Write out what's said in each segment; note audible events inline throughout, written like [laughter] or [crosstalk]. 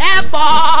Apple!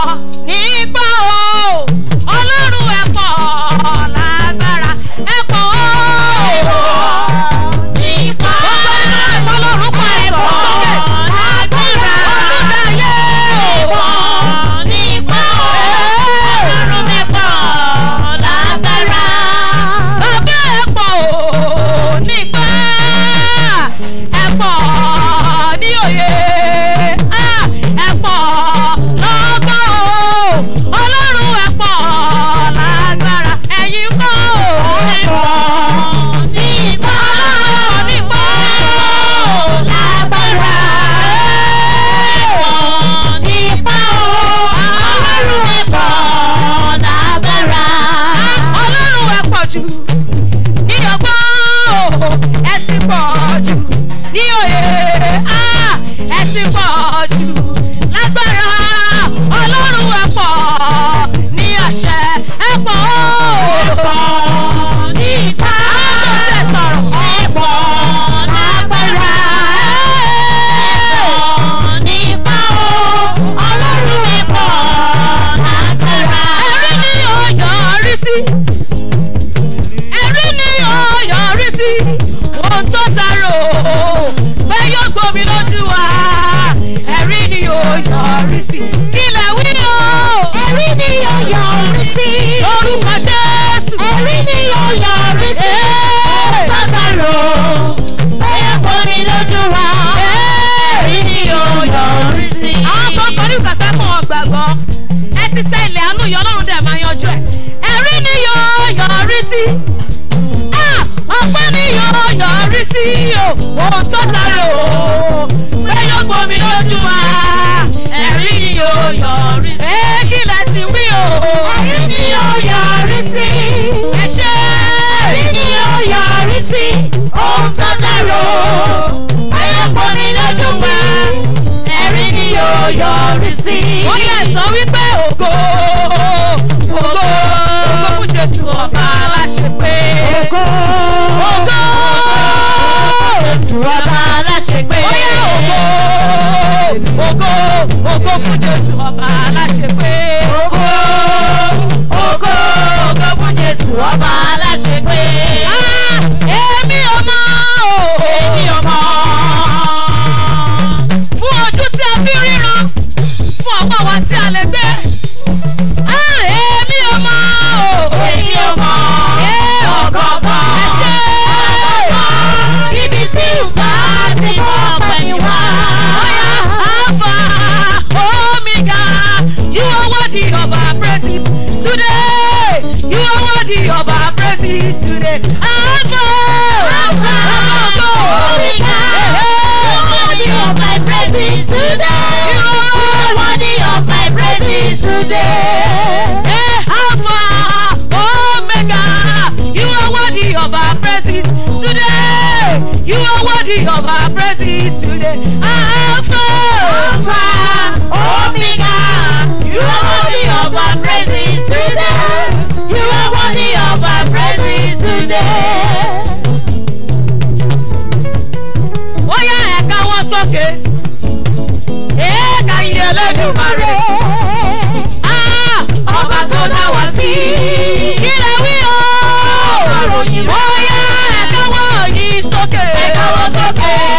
okay.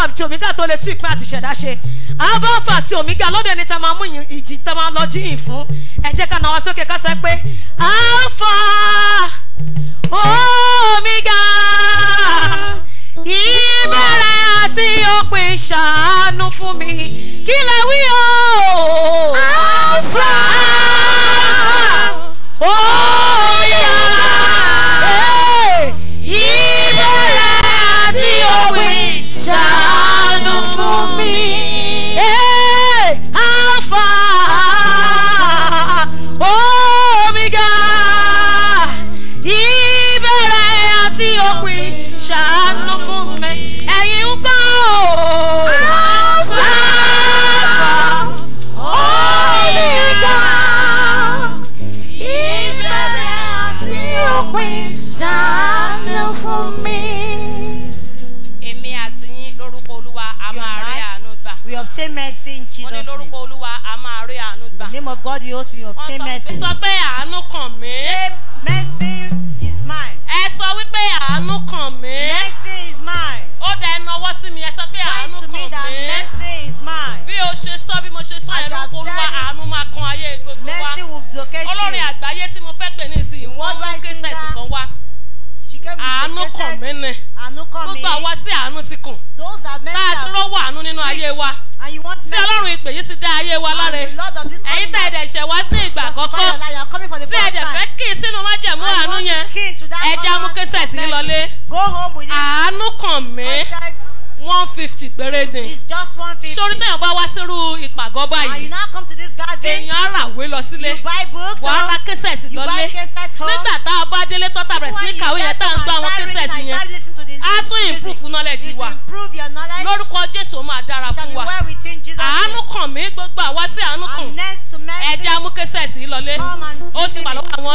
alpha àti omega tó lè tú ìpín àti ìṣẹ̀dá ṣe alpha àti omega lọ́dọ̀ ẹni tá a máa mú ìjì tá a máa lọ jíyìn fún ẹ ká náwó sókè ká sọ pé a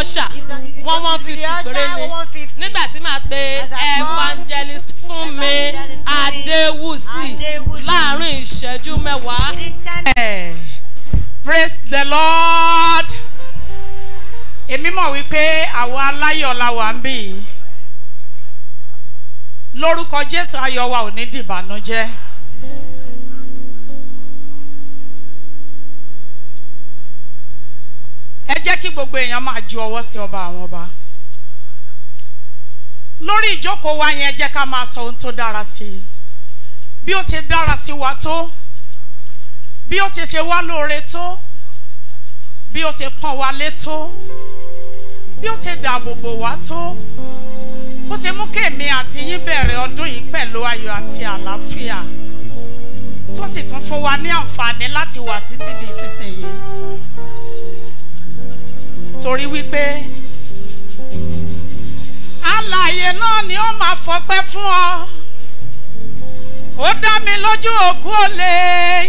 Osha one one fifty péré ni nígbà tí màá pe evangelist fún mi Adéwùsì láàrin ìṣẹ́jú mẹ́wàá. Eh, praise the Lord. Èmi mọ̀ wípé àwọn aláyọ̀ la wà ń bì. Lórúkọ Jésù ayọ̀ wa ò ní dìbànújẹ́. jẹ́ kí gbogbo èèyàn máa ju ọwọ́ sí ọba àwọn ọba lórí ìjókòó wa yẹn jẹ́ ká máa sọ ohun tó dára sí i bí ó ṣe dára sí wa tó bí ó ṣe ṣe wá lóore tó bí ó ṣe pọ́n wa lé tó bí ó ṣe dáàbò bò wá tó bó ṣe mú kèmí àti yín bẹ̀rẹ̀ ọdún yìí pẹ̀lú ayọ̀ àti àlàáfíà tó sì tún fún wa ní àǹfààní láti wà títí di ìsinsìnyí torí wípé alààyè náà ni ó máa fọpẹ́ fún ọ ó dá mi lójú òkú ò lè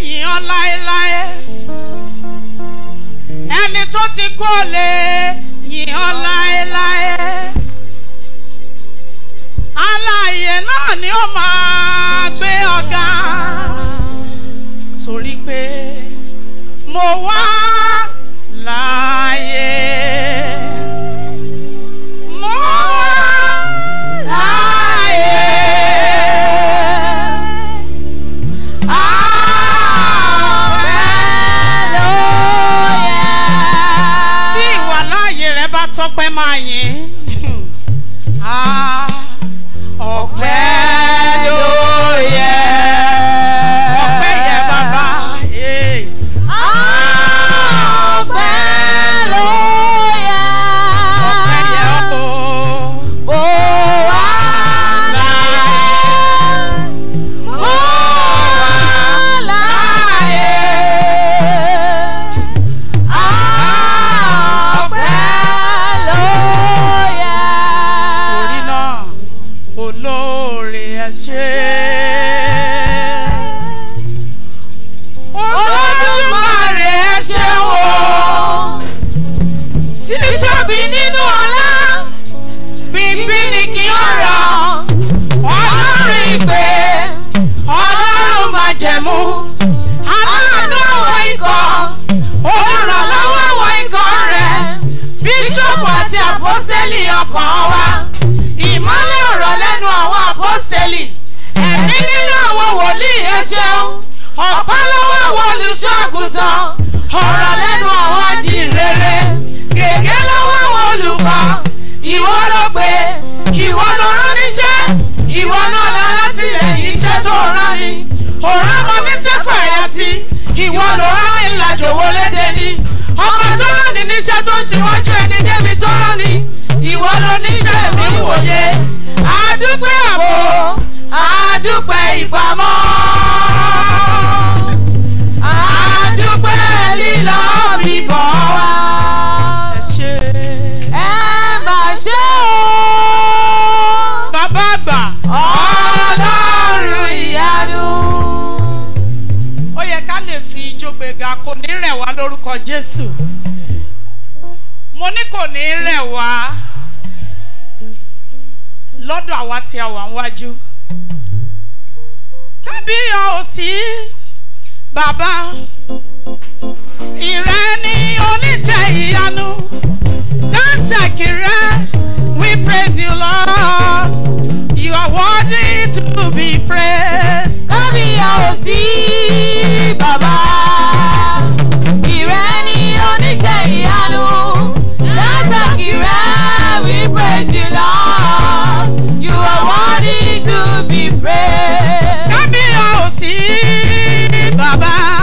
yìn ọ́ láéláé ẹni tó ti kú ò lè láéláé alààyè náà ni ó máa gbé ọ̀gá torí pé mo wá láàyè. ọkàn wa ìmọ́lẹ̀ ọ̀rọ̀ lẹ́nu àwọn àpọ́sẹ̀lì ẹ̀mí nínú àwọn wòlíì ẹ ṣeun ọ̀pá lọ́wọ́ àwọn olùṣọ́ àgùntàn ọ̀rọ̀ lẹ́nu àwọn ajíǹrere gègé lọ́wọ́ àwọn olùkọ́ ìwọ ló pé ìwọ ló rán níṣẹ́ ìwọ náà la látìlẹ́yìn iṣẹ́ tó rán ni òrán mọ mi sẹ́fà ẹ̀ àti ìwọ ló rán ní wọlé dé ni ọmọ tó rán ní níṣẹ́ tó ń ṣíwájú ẹni pé àbò àdúpẹ́ ìpamọ́ àdúpẹ́ lílọ bíbọ̀ wá. ẹ mà ṣe o. bàbá àgbà. ọlọ́run ìyanu. ó yẹ ká lè fi ijó gbéga kò ní rẹ̀ wá lórúkọ Jésù mo ní kò ní rẹ̀ wá lọ́dọ̀ àwa tí a wà níwájú tàbí ọ ò sí bàbá ìrẹ ní oníṣẹ́ ìyanu lásàkì rẹ we praise you lord you are worthy to be praised tàbí ọ sí bàbá. pray. Dábì ò sí bàbá.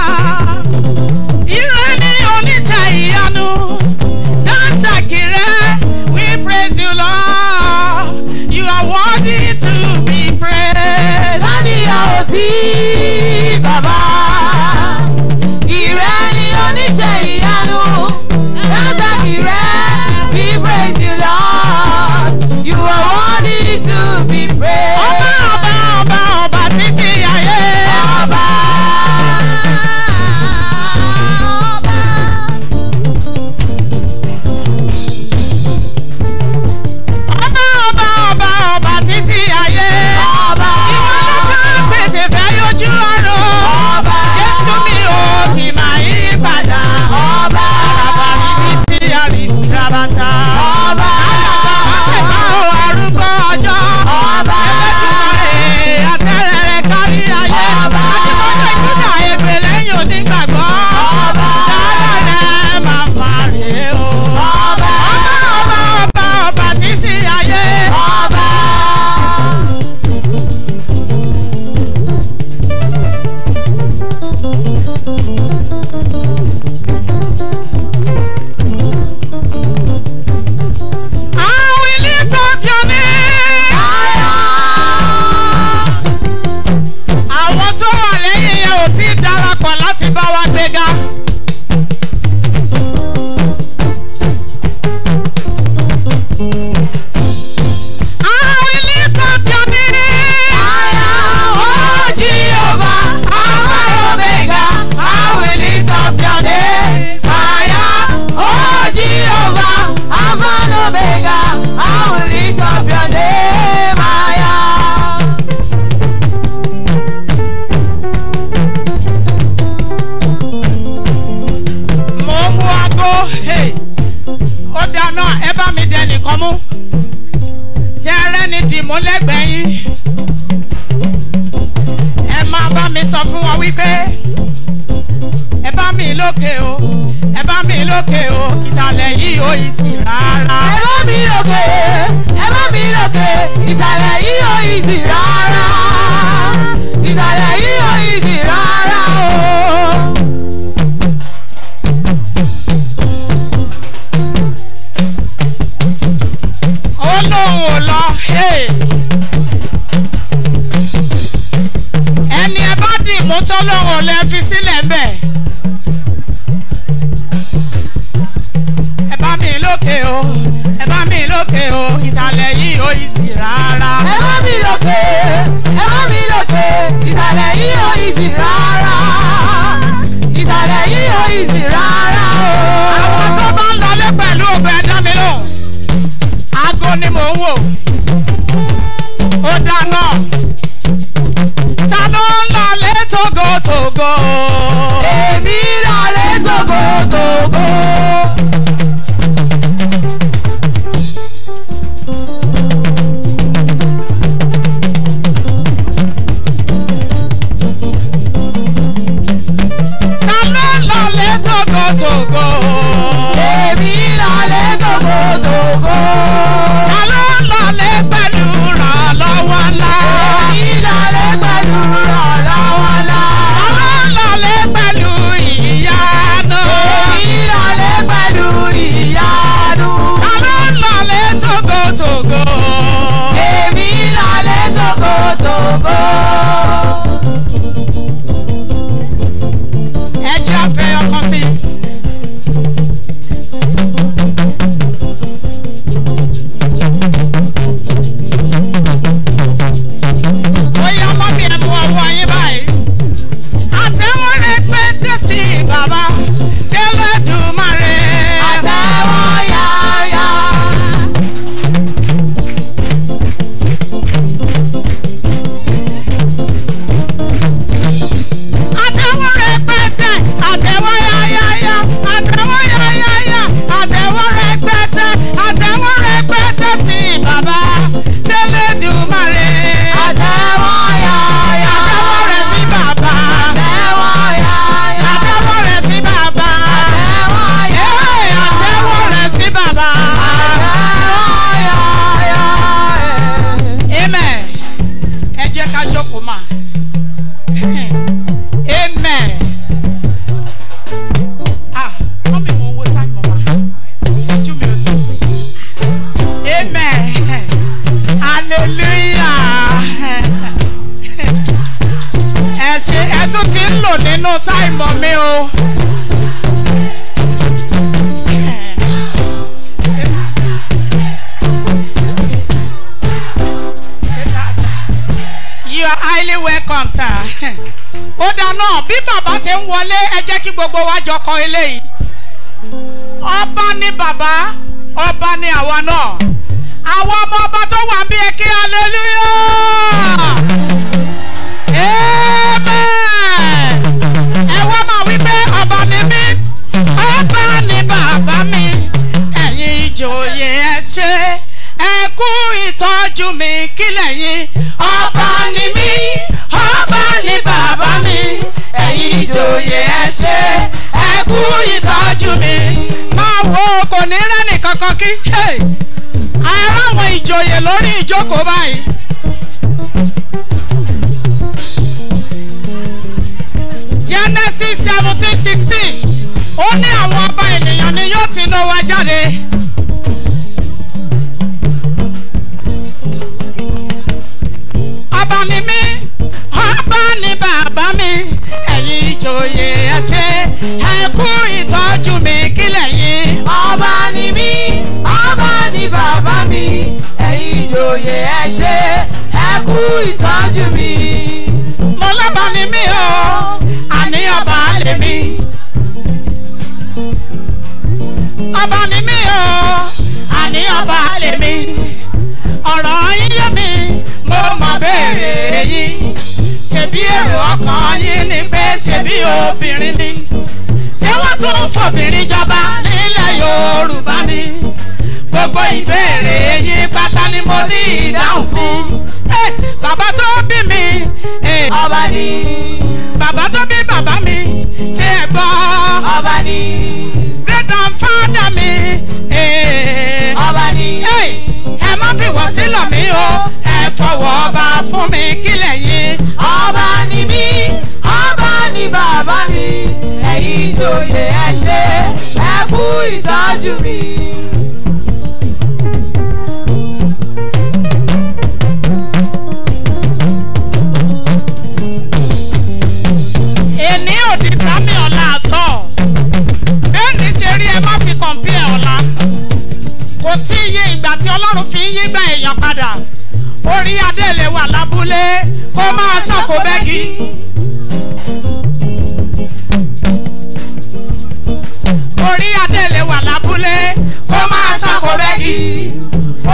ló máa sako rẹ́gí.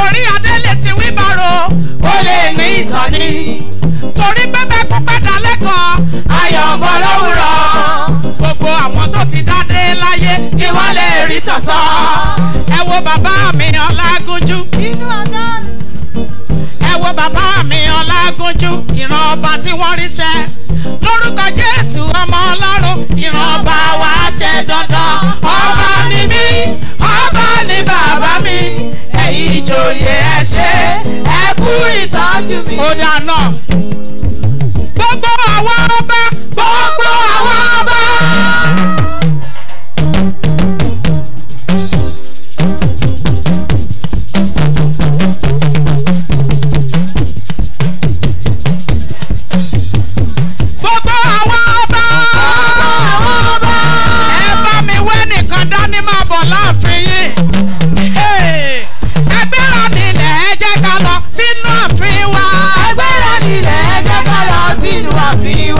orí adélè ti wí bàrò ó lè ní ìtàn ni. torí bẹ́bẹ́ pípẹ́ dalẹ́ kan ayọ̀ ń bọ̀ lówùrọ̀. gbogbo àwọn tó ti dádé láyé ni wọ́n lè rí tọ̀sán. ẹ wo bàbá mi ọlágúnjú. inú ọjọ́ ẹ wo bàbá mi ọlágúnjú ìran ọba tí wọ́n ríṣẹ́ lórúkọ jésù ọmọ ọlọ́run ìran ọba wa ṣe dandan ọba ni mí ọba ni bàbá mi ẹ̀yin ìjòyè ẹ ṣé ẹ kú ìtọ́jú mi. ó dáa náà gbogbo àwọn ọba gbogbo àwọn ọba. ọba.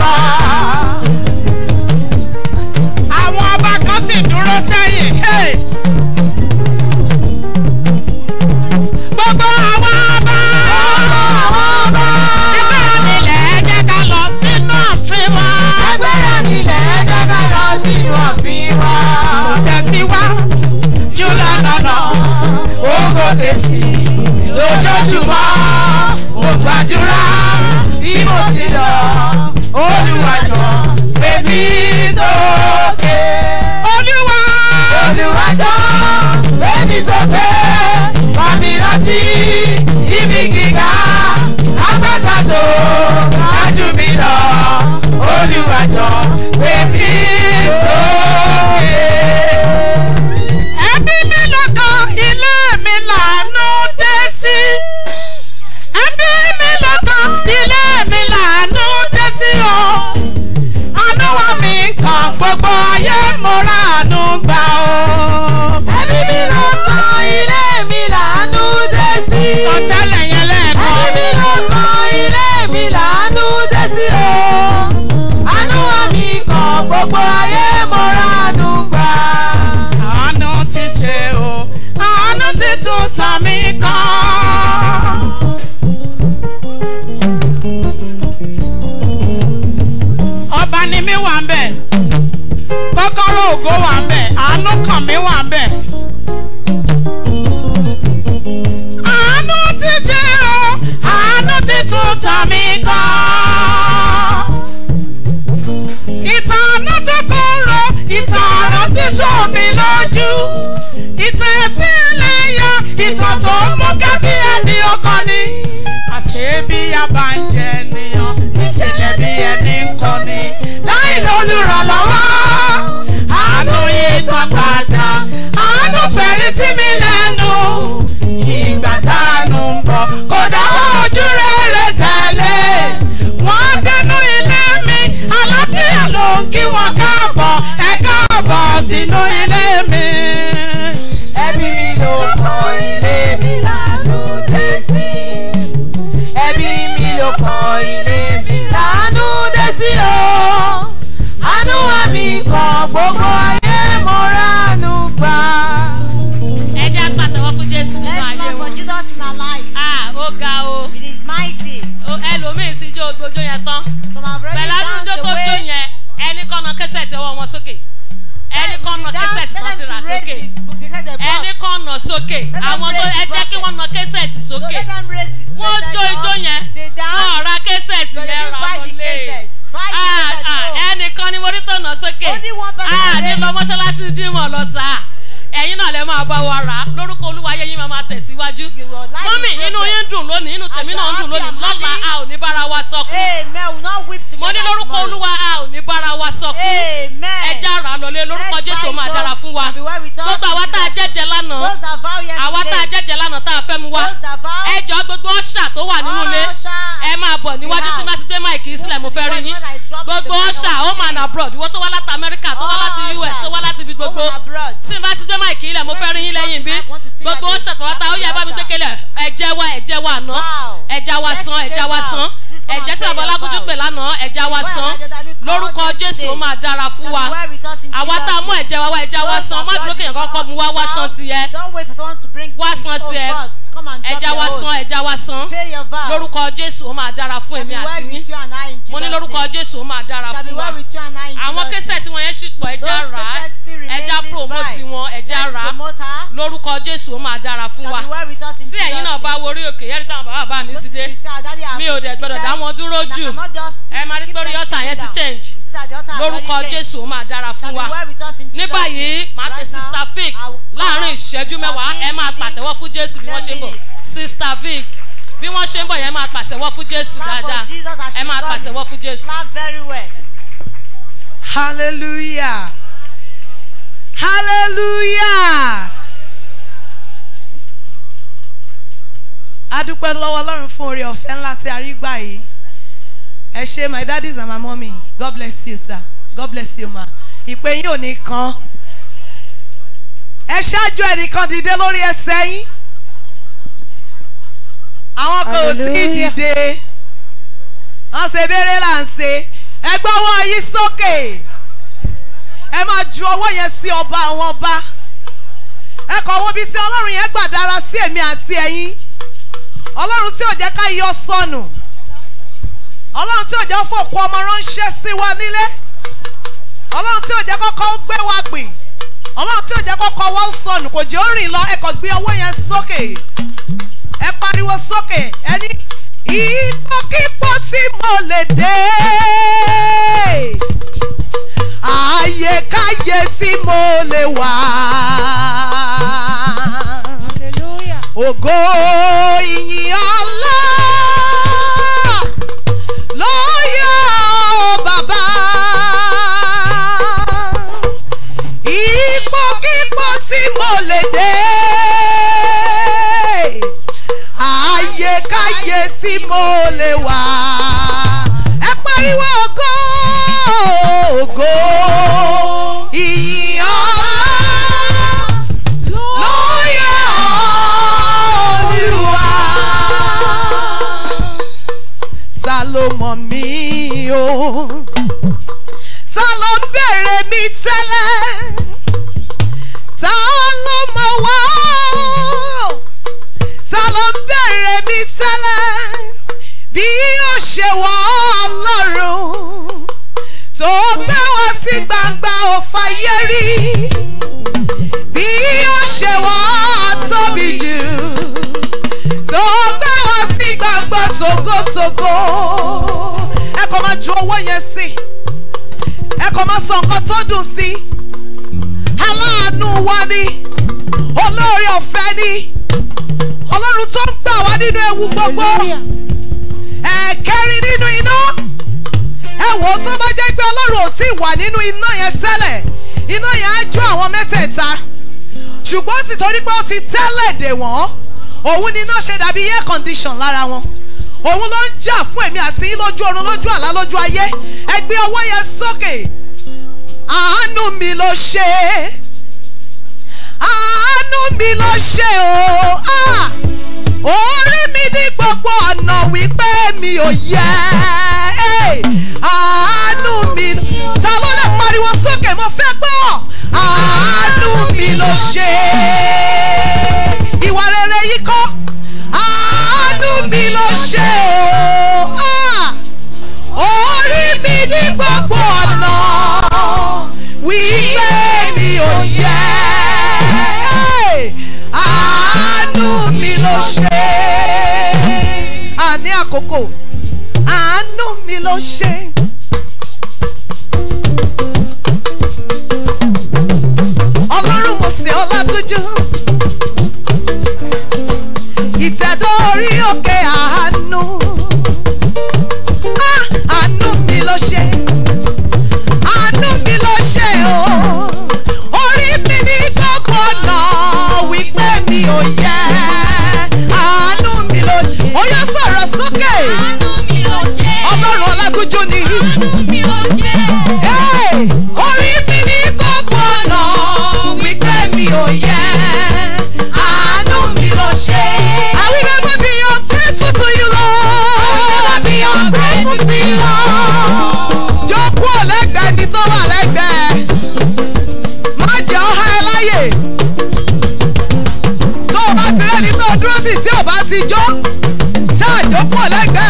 àwọn ọba kan sì dúró sẹ́yìn. gbogbo àwọn ọba. gbogbo àwọn ọba. agbára mi lẹ̀ ẹ́ jẹ́ ká lọ sínú ààfin wa. agbára mi lẹ̀ ẹ́ jẹ́ ká lọ sínú ààfin wa. tẹ̀síwá jùlọ lọ́nà lójoojúmọ́ mo bí mo ti lọ olúwa jọ gbé mi sókè olúwa olúwa jọ gbé mi sókè. o. ẹbí mi ló kan ilé mi làánú dé sí. sọtẹ́lẹ̀ yẹn lẹ́ẹ̀kan. ẹbí mi ló kan ilé mi làánú dé sí o. àánú àmì kan gbogbo ayé mọ́ra nù gbà. àánú ti ṣe o àánú ti tún tàmí kan. màmí wà ń bẹ̀. àánú ti ṣe o àánú ti tún tà mí kọ́. ìtànú ti kún ro ìtànú ti sùn mí lójú. ìtẹ̀sí lè yọ ìtàn tó ń mú kẹ́bí ẹni ọkàn ni. àṣé bí a bá ń jẹ ènìyàn níṣẹ́ lẹ́bí ẹni ń kọ́ni láì lólùrànlọ́wọ́ lè tán padà àánú fẹ̀rí sí mi lẹ́nu ìgbà tánu ń bọ̀ kò dáwọ́ ojú rere tẹ̀lé wọ́n dẹnu ilé mi àlàáfíà ló ń kí wọn káàbọ̀ ẹ káàbọ̀ sínú ilé mi ẹbí mi ló kọ ilé mi lánàá dé sí ẹbí mi ló kọ ilé mi lánàá dé sí o àánú àmì kan gbogbo ayé mo ránú ẹ dá pàtàkì fún jésù nínú ayé wọn. let's clap for jesus in our life. ah ó ga o. it is mighty. ẹlòmíín sí jó gbójó yẹn tán. our brothers dance the way. pẹ̀lú àdúgbò tó jó yẹn ẹnì kan náà kẹsẹ̀ ti ọwọ́ wọn sókè ẹnì kan nà kẹsẹ̀tì kan ti rà sókè ẹnì kan nà sókè àwọn tó ẹ jẹ́ kí wọ́n nà kẹsẹ̀tì sókè wọ́n jó ijó yẹn wọ́n ra kẹsẹ̀tì yẹn ra wọlé. Ah, ah, ẹnìkan ni mo rí tọ̀nà sókè ah, ní lọ mọ́ṣáláṣí dímọ̀ lọ sáà ẹ̀yin náà lè máa bá wa rà á lórúkọ olúwa ayé yín máa máa tẹ̀síwájú mọ́mì inú yín dùn lónìí inú tèmi náà ń dùn lónìí lọ́la a ò ní bára wa sọkún mo ní lórúkọ olúwa a ò ní bára wa sọkún ẹja rà lọlé lórúkọ jésù máa dára fún wa gbogbo àwa tá a jẹ́jẹ́ lánàá àwa tá a jẹ́jẹ́ lánàá tá a fẹ́ mu wa ẹjọ́ gbogbo ọ̀ṣà tó wà nínú ilé ẹ máa bọ̀ níwájú tí má ti gbé máìkì sílẹ̀ mo fẹ́ rí yín gbogbo ọ̀ṣà home and abroad ìwọ tó wá láti amẹ́ríkà tó wá láti us tó wá láti ibi gbogbo tí má ti gbé máìkì ilẹ̀ mo fẹ́ rí yín lẹ́yìn bí gbogbo ó ṣẹ̀tọ̀ wá ta ó yẹ bá mi pékele ẹ̀jẹ̀ wa ẹ̀jẹ̀ wa àná ẹ̀jẹ̀ wa san ẹ̀jẹ̀ wa san ẹ̀jẹ̀ tí bàbá Ọlágúnjú pè lánàá ẹ̀jẹ̀ wa san lórúkọ Jésù ó máa dára fún wa àwa tá a mú ẹ̀jẹ̀ wa wá ẹ̀jẹ̀ wa san má dúró kéèyàn kọ́kọ́ mu wá wá san tiẹ̀ wá san tiẹ̀ come and drop your own. ẹja wa san ẹja wa san. pay your vow. lórúkọ jésù ó máa dára fún èmi àti yín. mo ní lórúkọ jésù ó máa dára fún wa. àwọn kẹsẹ̀ tí wọ́n yẹn ṣì pọ̀ ẹja rà á ẹja promote wọn ẹja rà á lórúkọ jésù ó máa dára fún wa. sí ẹ̀yin náà bá worí òkè yẹ́rì táwọn bàbá bàbá mi ti dé mi ò dẹ̀ gbọ́dọ̀ dá wọn dúró jù ẹ máa rí pé orí ọ̀sán yẹn ti change lórúkọ jésù ó máa dára fún wa ní báyìí màá sista vic láàrin ìṣẹ́jú mẹ́wàá ẹ máa pàtẹ́wọ́ fún jésù bí wọ́n ṣe ń bọ̀ sista vic bí wọ́n ṣe ń bọ̀ yẹn máa pàtẹ́wọ́ fún jésù dáadáa ẹ máa pàtẹ́wọ́ fún jésù. hallelujah hallelujah. adúpẹ́ lọ́wọ́ ọlọ́run fún oore ọ̀fẹ́ ńlá tí a rí gbà yìí ẹ ṣe my daddy's and my mommy god bless you sir god bless you ma ìpè yín ò ní kan ẹ ṣáájú ẹnìkan dìde lórí ẹsẹ̀ yín àwọn kan ò tí ì dìde wọn ṣe béèrè là ń ṣe ẹ gbọ́ ọwọ́ yín sókè ẹ máa ju ọwọ́ yẹn sí ọba àwọn ọba ẹ kọ owó bíi tí ọlọ́run yẹn gbà dára sí èmi àti ẹ̀yin ọlọ́run tí ò jẹ́ ká yọ sọnù ọlọ́run tí ò jẹ́ fòkú ọmọ ránṣẹ́ sí wa nílé ọlọ́run tí ò jẹ́ kọ́kọ́ ó gbé wa gbìn ọlọ́run tí ò jẹ́ kọ́kọ́ wọ́n sọnù kò jẹ́ ó rìn lọ ẹ gbé ọwọ́ yẹn sókè ẹ pariwo sókè ẹni ìpọ́kípọ́ tí mo lè dé àyèkáyè tí mo lè wà ògo ìyìn ọlọ́run lóyè o bàbá. ipòkípò tí mo lè dé. ayékáyé tí mo lè wà. ẹ pariwo ògo ògo. ló mọ̀ mí o ta ló ń béèrè mi tẹ́lẹ̀ ta ló mọ̀ wá o ta ló ń béèrè mi tẹ́lẹ̀ bí ó ṣe wà ọlọ́run tó gbé wá sí gbangba ò fàyè rí bí ó ṣe wà tóbi jù tó gbé ní gbàgbọ́ togotogo ẹ kò máa ju owó yẹn sí ẹ kò máa sọ nǹkan tó dùn sí aláàánú wa ni olóore ọ̀fẹ́ ni ọlọ́run tó ń gbà wá nínú ewu gbogbo ẹ kẹrin nínú iná ẹ wò ó tó bá jẹ́ pé ọlọ́run ò tí ì wà nínú iná yẹn tẹ́lẹ̀ iná yẹn á jó àwọn mẹ́tẹ̀ẹ̀ta ṣùgbọ́n tìtorí pé ó ti tẹ́lẹ̀ dè wọ́n òun ni iná ṣe dàbí air condition lára wọn òun ló ń jà fún èmi àti yín lójú ọ̀run lójú àlá lójú ayé ẹ gbé ọwọ́ yẹn sókè àánú mi ló ṣe àánú mi ló ṣe o ah! orí mi ní gbogbo ọ̀nà wípé mi ò yẹ àánú mi ta ló lè pariwo sókè mo fẹ́ gbọ́ àánú mi ló ṣe ìwà rere yìí kọ́ àánú mi ló ṣe o ah! orí mi ní gbogbo ọ̀nà wípé mi ò yẹ àánú mi ló ṣe àní àkókò àánú mi ló ṣe. ọlọ́run mo sìn ọ́ ládójú dórí òkè àánú ah, àánú mi ló ṣe àánú mi ló ṣe o orí mi ní gbogbo ọ̀nà wípé mi ò yẹ àánú mi ló ṣe ó yá sọ̀rọ̀ sókè ọlọ́run ọlágúnjú ni. àánú mi ló ṣe. orí mi ní gbogbo ọ̀nà wípé mi àjọ ṣáàjọ pọ̀ lẹ́gbẹ̀ẹ́.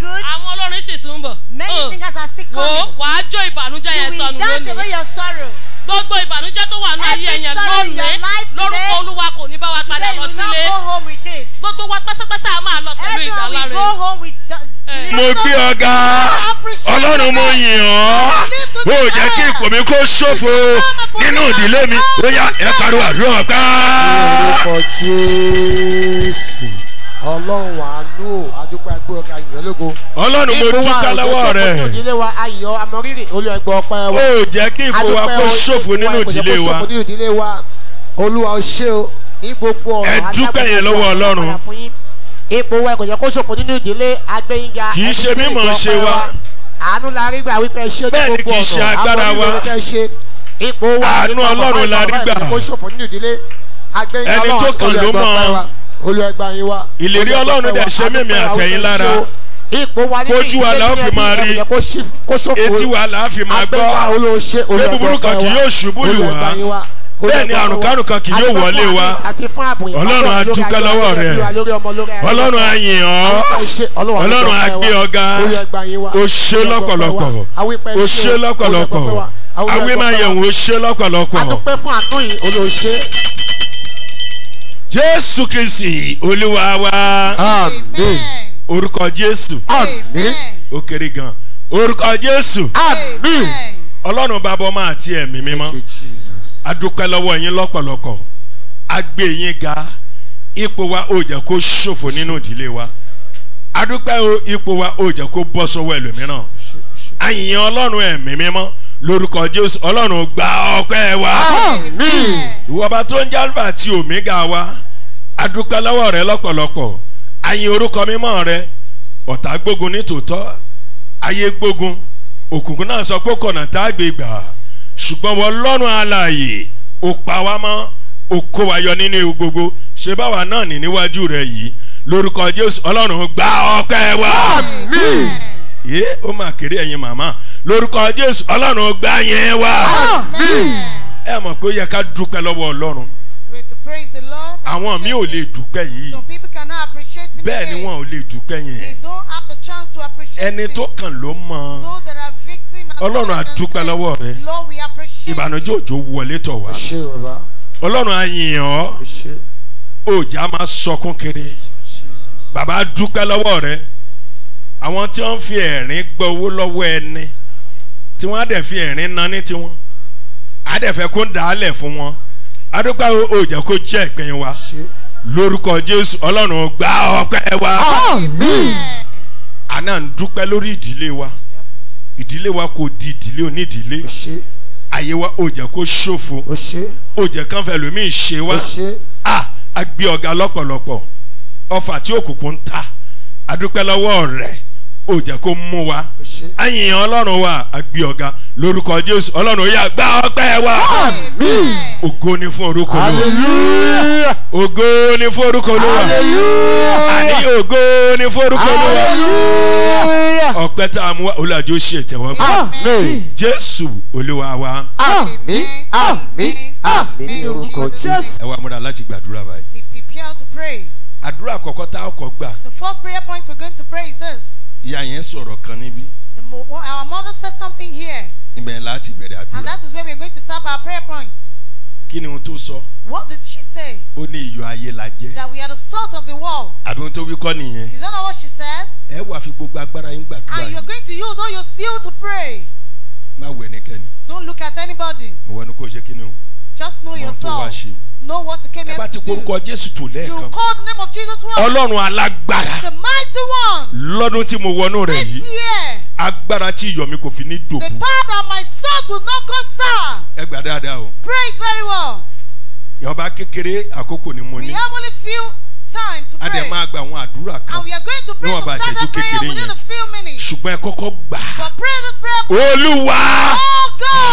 good. àwọn olórin sì tún bọ̀. many oh, singers are still coming. wo wàá jó ìbànújẹ́ yẹn sọnù lónìí. you will dance away your sorrow gbogbo ìbànújẹ́ tó wà ní ayé ẹ̀yàn lónìí lórúkọ olúwa kò ní bá wa padà lọ sílé gbogbo wa pẹ́sẹ́pẹ́sẹ́ a máa lọ pẹ̀lú ìdáláre. Eh. mo gbé ọ̀gá ọlọ́run mo yìn ọ́ ó jẹ́ kí ipò mi kó ṣòfò nínú ìdílé mi ó yá ẹ pariwo àdúrà ọ̀gá. orúkọ jésù ọlọ́run àánú ò àdúpẹ́ ẹgbẹ́ ọ̀gá ìyẹn ọlọ́run mo dúpẹ́ lọ́wọ́ rẹ̀. ìfowópamọ́ ìdílé wa ayọ̀ amọ̀rírì olùẹ̀gbọ́ ọpẹ́ wa. ó jẹ́ kí ìfowópamọ́ wa kó ṣòfò nínú ìdílé wa. olúwa ó ṣe o ní gbogbo ọ̀rọ̀ adágbàgbọ́ ẹ̀ lọ́wọ́ ọlọ́run. ipò wa ẹ̀kọ́jọ́ kó ṣòfò nínú ìdílé agbẹ́yìnga kì í ṣe mímọ̀ ṣe wa. àánú la rí gbà wípé ṣé ní gbogbo ọ̀rọ̀ àbọ̀ ipò wa ìlànà ọlọ́run la rí gbà ẹni tó kàn ló mọ olùwẹ̀ gbà yín wá. ìlérí ọlọ́run dẹ̀ ṣe mímí àtẹ̀yìn lára ipò wa ní la fi máa rí etí wa la fi máa gbọ́ pé búburú kan kì yóò ṣubú lù wá bẹ́ẹ̀ ni àrùnkárùn kan kì yóò wọlé wa ọlọ́run á dúpẹ́ lọ́wọ́ rẹ̀ ọlọ́run á yìn ọ́ ọlọ́run á ọ̀gá o lọ́pọ̀lọpọ̀ o lọ́pọ̀lọpọ̀ awé máa yẹ̀wò o lọ́pọ̀lọpọ̀ jésù kìsì olúwa amen orúkọ jésù amen ó kéré gan orúkọ jésù amen ọlọ́run bàbá ọmọ àti ẹ̀mí mímọ́ adúpẹ́ lọ́wọ́ yín lọ́pọ̀lọpọ̀ agbé yín ga ipò wa ò jẹ́ kó ṣòfò nínú ìdílé wa adúpẹ́ ipò wa ò jẹ́ kó bọ́ sọ́wọ́ ẹlòmíràn àyìnyàn ọlọ́run ẹ̀mí mímọ́ lórúkọ jésù ọlọ́run gba ọpẹ́ wa ìwọba tó ń jẹ́ alfa àti omega wa adúpẹ́ lọ́wọ́ rẹ lọ́pọ̀lọpọ̀ ayin orúkọ mímọ́ rẹ ọ̀tá gbógun ní tòótọ́ ayé gbógun òkùnkùn náà sọ pé kọ̀nà tá a gbé gbà ṣùgbọ́n wọ́n lọ́rùn alààyè ó pa wá mọ́ ó kó wa yọ nínú ewu gbogbo ṣe báwa náà ní níwájú rẹ yìí lórúkọ jésù ọlọ́run gba ọpẹ́ wa. Amen. Amen yé ó mà kéré ẹ̀yin màmá lórúkọ jésù ọlọ́run gbá yẹn wá ẹ mọ̀ pé ó yẹ ká dúpẹ́ lọ́wọ́ ọlọ́run àwọn mi ò lè dúpẹ́ yìí bẹ́ẹ̀ ni wọn ò lè dúpẹ́ yẹn ẹni tó kàn ló mọ̀ ọlọ́run àdúpẹ́ lọ́wọ́ rẹ ìbànújẹ́ òjò wọlé tọ̀ wá ọlọ́run àyìn ọ́ òjà máa sọkún kiri bàbá dúpẹ́ lọ́wọ́ rẹ àwọn tí wọ́n fi ẹ̀rín gbọ́ owó lọ́wọ́ ẹni tí wọ́n á dẹ̀ fi ẹ̀rín ná ní tiwọn á dẹ̀ fẹ́ kó ń dà á lẹ̀ fún wọn adúgbò òòjà kó jẹ́ ìpín wa lórúkọ jésù ọlọ́run gba ọpẹ́ wa àná ń dúpẹ́ lórí ìdílé wa ìdílé wa kò di ìdílé onídìílé àyè wa òòjà kó ṣòfò òòjà kan fẹ́ lómi ṣe wa a gbé ọ̀gá lọ́pọ̀lọpọ̀ ọfà tí òkùnkùn ń ta adúpẹ́ lọ́wọ́ rẹ̀ ò jẹ́ kó mú wa àyìn ọlọ́run wa àgbẹ̀ ọ̀gá lórúkọ jésù ọlọ́run ó yá gba wa ògo ni fún orúkọ olúwa ògo ni fún orúkọ olúwa àní ògo ni fún orúkọ olúwa ọpẹ́ tá a mú wa olùwàjò ṣe ìtẹ̀wọ́ gbà jésù olúwa wa. àmì àmì àmì ní orúkọ jésù. ẹ wá múra láti gbàdúrà báyìí. to pray. àdúrà àkọ́kọ́ tá a kọ́ gbà. the first prayer point we are going to pray is this ìyá yẹn sọ̀rọ̀ kan níbí. our mother said something here. ibẹ̀ yẹn láti bẹ̀rẹ̀ àdúrà. and that is where we are going to start our prayer point. kí ni ohun tó sọ. what did she say. ó ní iyọ̀ ayé la jẹ́. that we are the salt of the world. àbí ohun tó wí kọ́ nìyẹn. is that not what she said. ẹ wàá fi gbogbo agbára yín gbàdúrà yín. and you are going to use all your skill to pray. má wo ẹnikẹ́ni. don't look at anybody. ìwọ ni kò ṣe kí ni o just know yourself know what you came here to do. you call the name of Jesus well. Ọlọ́run alágbára. the mighty one. lọ́dún tí mo wọnú rẹ̀ yìí. this year. agbára tí iyọ̀ mi kò fi ní dòkú. the power that my soul will not go sour. ẹ gbà dáadáa o. pray it very well. ìyọba kékeré àkókò ni mo ní. we have only few time to pray. and we are going to pray no, some further prayer within a few minutes. but pray this prayer. olúwa oh,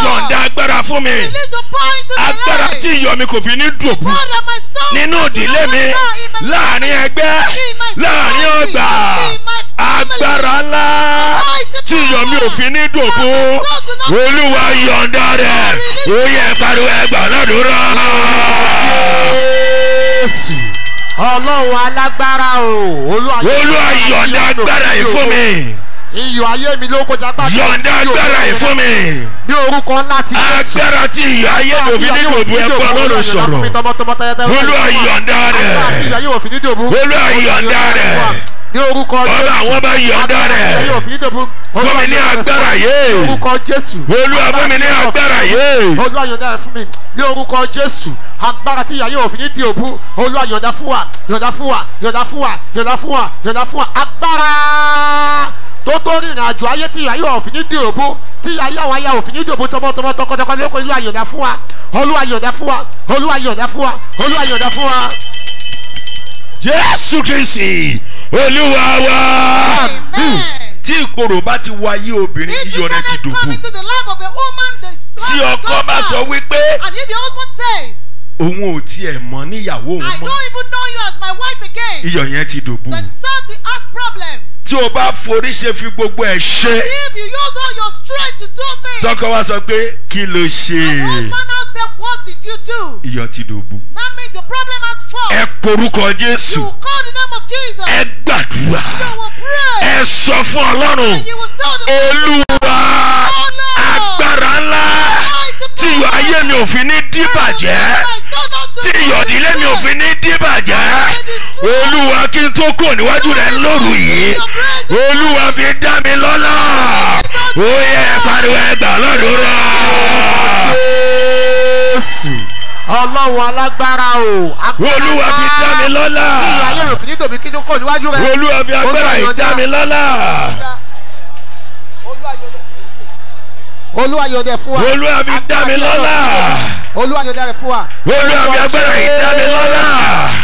yọ̀ǹda agbára fún mi. release the power into my life. agbára tí iyọ̀ mi kò fi ní dòbù. the power my soul nínú ìdílé mi láàrin ẹgbẹ́ láàrin ọgbà agbára ńlá tí iyọ̀ mi ò fi ní dòbù. olúwa yọ̀ǹda rẹ̀ ó pariwo ẹgbàá lọ́dún rẹ̀. Jésù ọlọ́run alágbára o olúwa yọ̀ǹda agbára yìí fún mi iyọ̀ ayé mi ló kọjá gbàgbé. yọ̀ǹda agbára yìí fún mi. ní orúkọ ńlá ti Jésù. agbára tí iyọ̀ ayé mi òfin ní òbu ẹ̀kọ́ lọ́dún sọ̀rọ̀. olúwa yọ̀ǹda rẹ̀. olúwa yọ̀ǹda rẹ̀ ní orúkọ jésù ọba àwọn bá yọ̀ǹda rẹ̀ fún mi ní agbára yé olúwa fún mi ní agbára yé olúwa yọ̀ǹda rẹ̀ fún mi ní orúkọ jésù agbára tí yàyẹ òfin ní di òbu olúwa yọ̀ǹda fún wa yọ̀ǹda fún wa yọ̀ǹda fún wa yọ̀ǹda fún wa yọ̀ǹda fún wa agbára tó tó rìnrìn àjò ayé tí ìyá yóò òfin ní di òbó tí ìyá yóò wáyà òfin ní di òbó tọmọtọmọ tọkọtọkọ lóko olúwa yọ̀dá fún wa olúwa yọ̀dá fún wa jésù kìí sìn olúwa wa. tí ìkorò bá ti wá yé obìnrin iyọ̀ rẹ̀ ti dògbò. tí ọkọ bá sọ wípé òun ò tiẹ̀ mọ̀ níyàwó òun mọ́ iyọ̀ yẹn ti dògbò. the salty problem tí o bá forí ṣe fi gbogbo ẹ̀ ṣe. if you use all your strength to do things. tọkọ wa sọ pé kí ló ṣe. and husband now say what did you do. iyọ̀ ti dòbu. that means your problem has fallen. ẹ korúkọ jésù. you call the name of jesus. ẹ gbàdúrà. you will pray. ẹ sọ fún ọlọ́run. and you will tell the people. olúwa agbára ńlá tí ayé mi ò fi ní díbàjẹ́ tí ìyọ̀dílé mi ò fi ní dìbàjẹ́ olúwa kí n tó kò níwájú rẹ̀ lóru yìí olúwa fi dá mi lọ́lá ó yẹ pariwo ẹgbà lọ́dúnrún. Ọlọ́run alágbára o. Olúwa fi dá mi lọ́lá. Ìyá yóò rò fún ní dòbí kí ló kọ̀ níwájú rẹ̀. Olúwa fi agbára yìí dá mi lọ́lá olúwa yóò dẹ fún wa. olúwa fi dá mi lọ́lá olúwa yóò dára fún wa. olúwa mi agbára yìí dá mi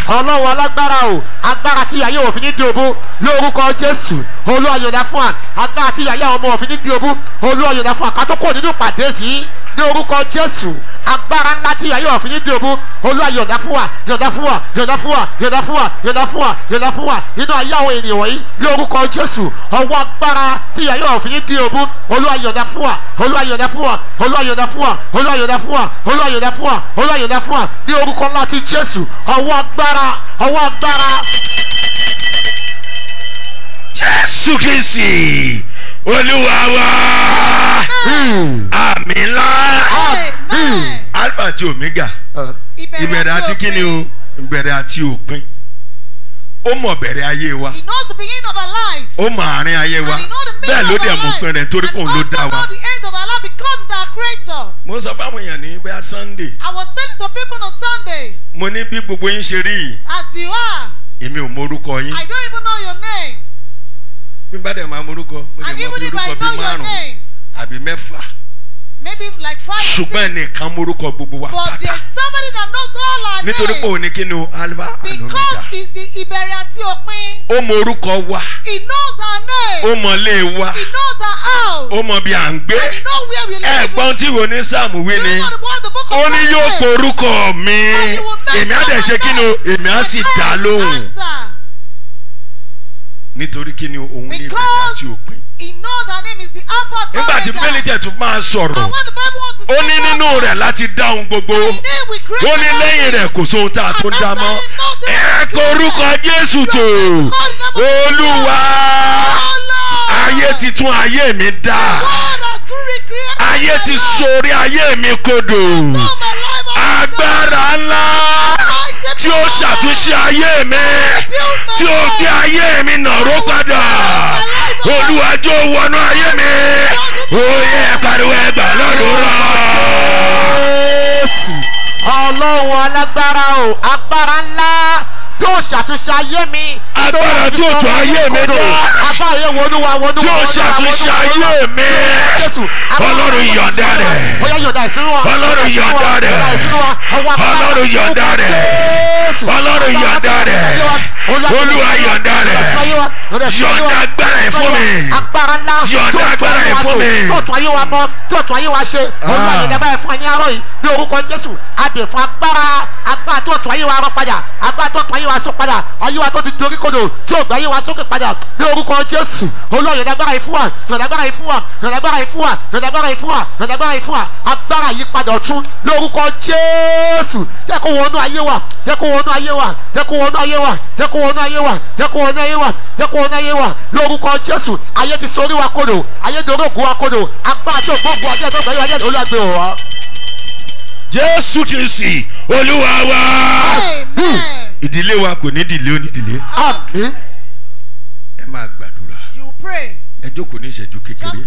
ọlọ́run alágbára o agbára tí ìyáyé òfin ní dìbò lórúkọ jésù olúwa yóò dá fún wa agbára tí ìyáyé ọmọ òfin ní dìbò olúwa yóò fún wa kátó kò nínú pàdé sí ní orúkọ jésù agbára ńlá tí yàrá òfin yín dìbò olúwa yọ̀dá fún wa yọ̀dá fún wa yọ̀dá fún wa yọ̀dá fún wa yọ̀dá fún wa yọ̀dá fún wa nínú ayé àwọn ènìyàn wọ̀nyí ní orúkọ jésù ọwọ́ agbára tí yàrá òfin yín dìbò olúwa yọ̀dá fún wa olúwa yọ̀dá fún wa olúwa yọ̀dá fún wa olúwa yọ̀dá fún wa olúwa yọ̀dá fún wa olúwa yọ̀dá fún wa ní orúkọ ńlá tí jésù ọwọ́ agbára ọwọ́ agbára. jésù kìí olúwa wa àmì ńlá alpha àti omega ìbẹ̀rẹ̀ àti kíni o ìbẹ̀rẹ̀ àti òpin ó mọ̀ bẹ̀rẹ̀ ayé wa ó mọ̀ àárín ayé wa bẹ́ẹ̀ ló dẹ̀ mú pin rẹ̀ torí kò ló dá wa. mo sọ fáwọn èèyàn ní bẹ́ẹ̀ sunday. I was telling some people on Sunday. mo ní bí gbogbo yín ṣe rí yìí. as you are. èmi ò mọ orúkọ yín. I don't even know your name bí n bá dẹ̀ máa morúkọ mo lè mọ bí bí márùn àbí mẹ́fà. maybe like five ṣùgbọ́n nìkan morúkọ gbogbo wa pátá. but there somebody that knows all our names. nítorí pé òun kí ni o alva alomega. because he the ìbẹ̀rẹ̀ àti òpin. ó mọ wa. he knows our name. ó mọ wa. he knows our house. ó mọ bí à ń gbé. he knows where we live. ẹ̀gbọ́n tí wo ní sáàmù wí ni. ó ní yóò porúkọ mi. èmi á dẹ̀ ṣe kí ni o èmi á sì dá lóhùn nítorí kí ni òun ní ìbẹ̀rẹ̀ àti òpin. he knows her name is the alpha and omega. nígbà tí bẹ́ẹ̀lì tẹ̀ tún máa sọ̀rọ̀ ó ní nínú rẹ̀ láti dáhùn gbogbo ó ní lẹ́yìn rẹ̀ kò sóhun tá a tún dá mọ́ ẹ korúkọ jésù tó olúwa ayé ti tún ayé mi dá ayé ti sorí ayé mi kodo. agbára ńlá tí ó ṣàtúnṣe ayé mi tí ó gbé ayé mi nàró padà olùwàjò wọnú ayé mi òye pariwo ẹgbà lọ́dúnrún. ọlọ́run alágbára o agbára ńlá yóò ṣàtúnṣe ayé mi. agbára tí o tún ayé mi dùn. agbára yẹn wọnú wa wọnú wa. yóò ṣàtúnṣe ayé mi. ọlọ́run yọ̀ǹda rẹ̀. ọlọ́run yọ̀ǹda rẹ̀. ọlọ́run yọ̀ǹda rẹ̀. ọlọ́run yọ̀ǹda rẹ̀ olúwa yọ̀ǹda rẹ̀ yọ̀ǹda agbára ẹ̀ fún mi ah. yọ̀ǹda agbára ẹ̀ fún mi. tó tún ayé wa bọ́ tó tún ayé wa ṣe olúwa yọ̀ǹda agbára ẹ̀ fún ẹni arọ́ yìí ní orúkọ jésù àbẹ̀ fún agbára agbára tó tún ayé wa rọ padà agbára tó tún ayé wa sọ padà ayé wa tó ti dorí kodò tí ò gbà ayé wa sókè padà ní orúkọ jésù olúwa yọ̀ǹda agbára ẹ̀ fún wa yọ̀ǹda agbára ẹ̀ fún wa yọ̀ǹda agbára ẹ̀ fún wa yọ̀ǹda agbára ẹ̀ fún wa yọ̀ǹda agbára ẹ̀ fún wa agbára yí padà ọ̀tún lórúkọ jésù jẹ́ kó wọnú ayé wa jẹ́ kó wọnú ayé wa kó wọnú ayé wa jẹ́ kó wọnú ayé wa jẹ́ kó wọnú ayé wa lórúkọ jésù ayé ti sorí wa kodò ayé dorí òkú wa kodò agbá àti ògbóògbó ọjọ́ ìgbàgbọ́ ayé olùwàgbé wọ̀ jésù kìrìsì olúwa wa hmm. ìdílé wa kò ní ìdílé onídìlé ẹ máa gbàdúrà ẹ jókòó ní ìṣẹ́jú kékeré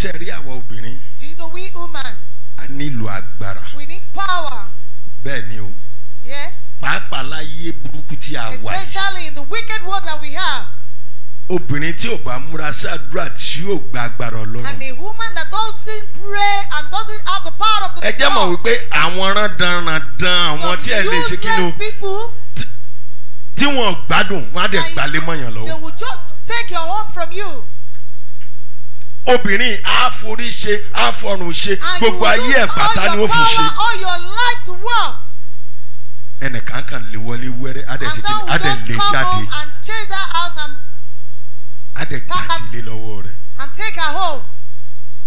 ṣe rí àwa obìnrin a nílò agbára bẹ́ẹ̀ ni o. Yes pàápàá láyé burúkú tí a wà. especially in the wicked world that we have. obìnrin tí ò bá múra sí tí ò gba agbára ọlọ́run. and a woman that doesn't pray and doesn't have the power of the. ẹ jẹ́ mọ̀ wípé àwọn randanrandan àwọn tí ẹ lè ṣe kí ni tí wọn gbádùn wọn á dẹ̀ gbalé mọ̀yàn lọ́wọ́. they will just take your home from you obìnrin á forí ṣe á fọrùn ṣe gbogbo ayé ẹ̀ bàtà ó fi ṣe. and you will lose all your power all your life to work ẹnì kankan lè wọlé wẹ́rẹ́ adẹ̀ lè jáde adẹ̀ gbàdílé lọ́wọ́ rẹ̀ and take her home.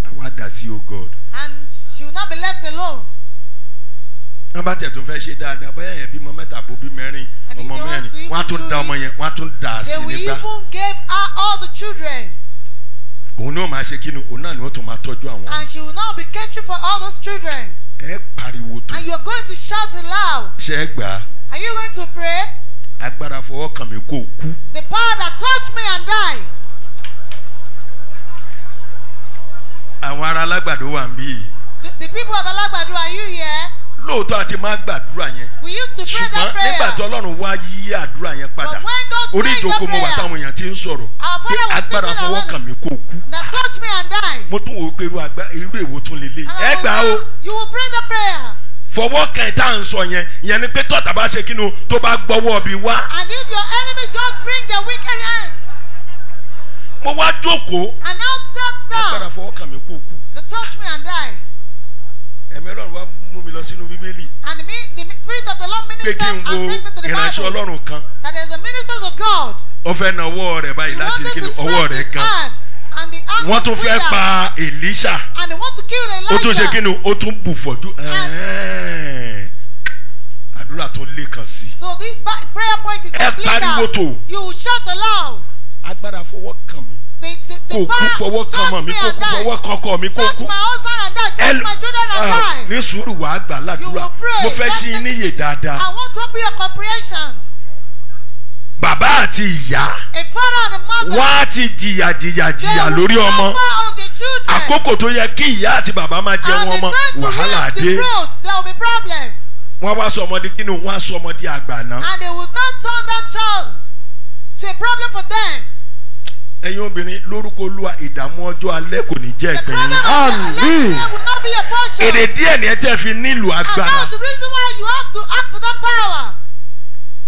àwa dà sí o oh God. and she will not be left alone. wọ́n bá tẹ̀ tún fẹ́ ṣe dáadáa bóyá yẹn bímọ mẹ́ta bó bí mẹ́rin ọmọ mẹ́rin wọ́n tún da ọmọ yẹn wọ́n tún dà sí nígbà. even give all the children. òun náà máa ṣe kí òun náà ni wọ́n tún máa tọ́jú àwọn. and she will now be catering for all those children ẹ pariwo tó. and you are going to shout aloud. ṣe é gbà. are you going to pray. agbára fọwọ́ kàn mí kó kú. the power that touched me and die. àwọn ará alágbàdo wà ń bí. the people of alágbàdo are you here lóòótọ́ àti máa gbàdúrà yẹn ṣùgbọ́n nígbà tí ọlọ́run wá yí àdúrà yẹn padà orí ìdókòó mo wà táwọn èèyàn ti ń sọ̀rọ̀ pé agbára fọwọ́ kàn mí kó kú mo tún wò ó pé irú èwo tún lélẹ̀ ẹ gbà á fọwọ́ kan tá à ń sọ yẹn yẹn ni pé tọ́ta bá ṣe kínú tó bá gbọ́wọ́ bí wá. and if your enemy just bring the wicked hand. mo wá jókòó. and now set down. agbára fọwọ́ kàn mí kó kú. the touch me and die ẹ̀mí ọlọ́run wá mú mi lọ sínú bíbélì. and me the spirit of the lord minister, and take me to the bible. pé kí n wo ìránṣẹ́ ọlọ́run kan. that is the ministers of God. ó fẹ́ na ọwọ́ rẹ̀ báyìí láti kí ni ọwọ́ rẹ̀ kan wọ́n tún fẹ́ pa Elisha ó tún ṣe kí ni ó tún bù fọ́jú àdúrà tó lé kan sí. so this prayer point is applicable. ẹ pariwo tó. you shout aloud. agbára fọwọ́ kàn mí kò kú fọwọ́ kan mọ̀ mi kò kú fọwọ́ kan kọ̀ mi kò kú ẹlò ah, ní sùúrù wàá gbà ládùúrà mo fẹ́ ṣí i níyè dáadáa. I want to open your comprehension. Bàbá àti ìyá wá ti jìyà jìyà jìyà lórí ọmọ àkókò tó yẹ kí ìyá àti bàbá máa jẹ wọn mọ wàhálà dé wọ́n wá sọ ọmọdé kí ni wọ́n á sọ ọmọdé àgbà náà. And they will not turn that child to a problem for them ẹ̀yin obìnrin lórúkọ olúwa ìdààmú ọjọ́ alẹ́ kò ní jẹ́ ìpín yín. àmín. èrè díẹ̀ ni ẹ tẹ́ fi nílùú agbára. the reason why you have to ask for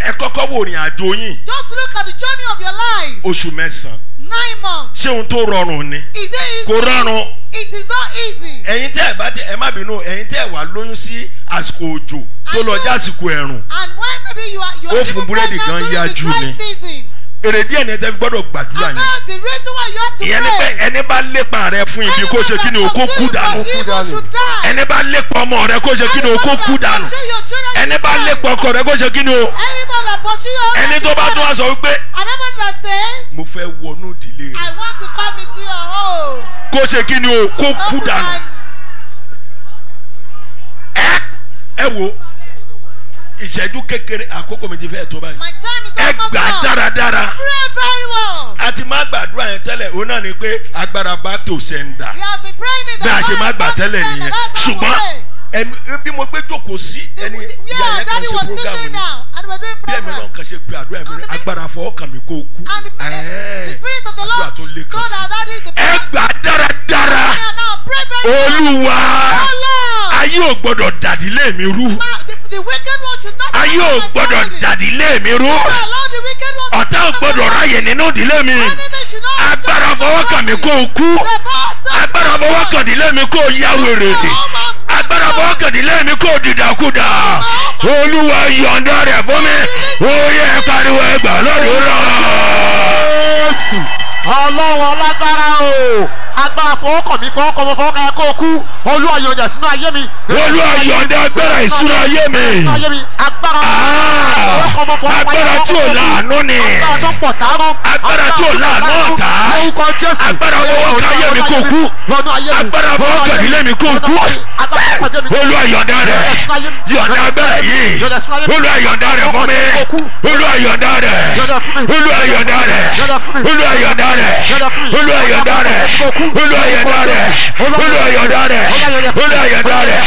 ẹ kọ́kọ́ wo ìrìn àjò yín. just look at the journey of your life. oṣù mẹ́sàn nine months. ṣé ohun tó rọrùn ni. it kò rọrùn. it is not easy. ẹ bá tẹ ẹ má bínú ẹ̀yin tẹ́ ẹ wà lóyún sí àsìkò òjò tó lọ jásìkò ẹ̀rùn. and when maybe you are you are season èrèdí ẹni ẹjẹ gbọ́dọ̀ gbàdúrà yẹn ìyẹn ni pé ẹni bá lépa rẹ fún ibi kó ṣe kí ni o kó kú dànù ẹni bá lépa ọmọ rẹ kó ṣe kí ni o kó kú dànù ẹni bá lépa ọkọ rẹ kó ṣe kí ni o ẹni tó bá tún wá sọ wípé mo fẹ́ wọnú ìdílé rẹ kó ṣe kí ni o kó kú dànù ẹ wo ìṣẹ́jú kékeré àkókò mi ti fẹ́ tó báyìí. my time is almost up. dáradára. pray very well. a ti máa gbàdúrà yẹn tẹ́lẹ̀ òun náà ni pé agbára back to sender. we have been praying in the past. bí a ṣe máa gbà tẹ́lẹ̀ nìyẹn ṣùgbọ́n ẹmi bí mo gbé jókòó sí ẹni yàrá kan ṣe programu ni bí ẹmi náà kan ṣe pe àdúrà mi agbára fọ ọkàn mi kó kú àdúrà tó lé kan sí ẹ gbà dáradára olúwa oh, ayé ò gbọdọ̀ dàdílé mi rú ayé ò gbọ́dọ̀ dàdí ilé mi rú ọ̀tá ò gbọ́dọ̀ ráyè nínú ìdílé mi agbára fọwọ́ kàn mí kó o kú agbára fọwọ́ kàn ìdílé mi kó o yá wèrè agbára fọwọ́ ìdílé mi kó dìdàkudà olúwa yọ̀ǹda rẹ̀ fún mi ó pariwo ẹgbàá lọ́dún rọ̀. ọlọ́run ọlágbára o agbára fọwọ́kàn mi fọwọ́kàn mo fọwọ́kàn ẹ kó o kú olúwa yọ̀ǹda sínú ayé mi. olúwa yọ̀ǹda agbára ìṣúná ayé mi. agbára fọwọ́kàn mo fọwọ́kàn agbára tí ò láàánú ni agbára tí ò láàánú ọ̀tá agbára fọwọ́kàn ayé mi kó o kú agbára fọwọ́kàn ilé mi kó o kú olúwa yọ̀ǹda rẹ̀ yọ̀ǹda agbára yìí olúwa yọ̀ǹda rẹ̀ fún mi olúwa yọ̀ǹda rẹ̀ olúwa yọ̀ǹda rẹ̀ olúwa yọ̀ǹda rẹ̀ olúwa yọ̀ǹda rẹ̀ olúwa yọ̀dá rẹ̀ olúwa yọ̀dá rẹ̀ olúwa yọ̀dá rẹ̀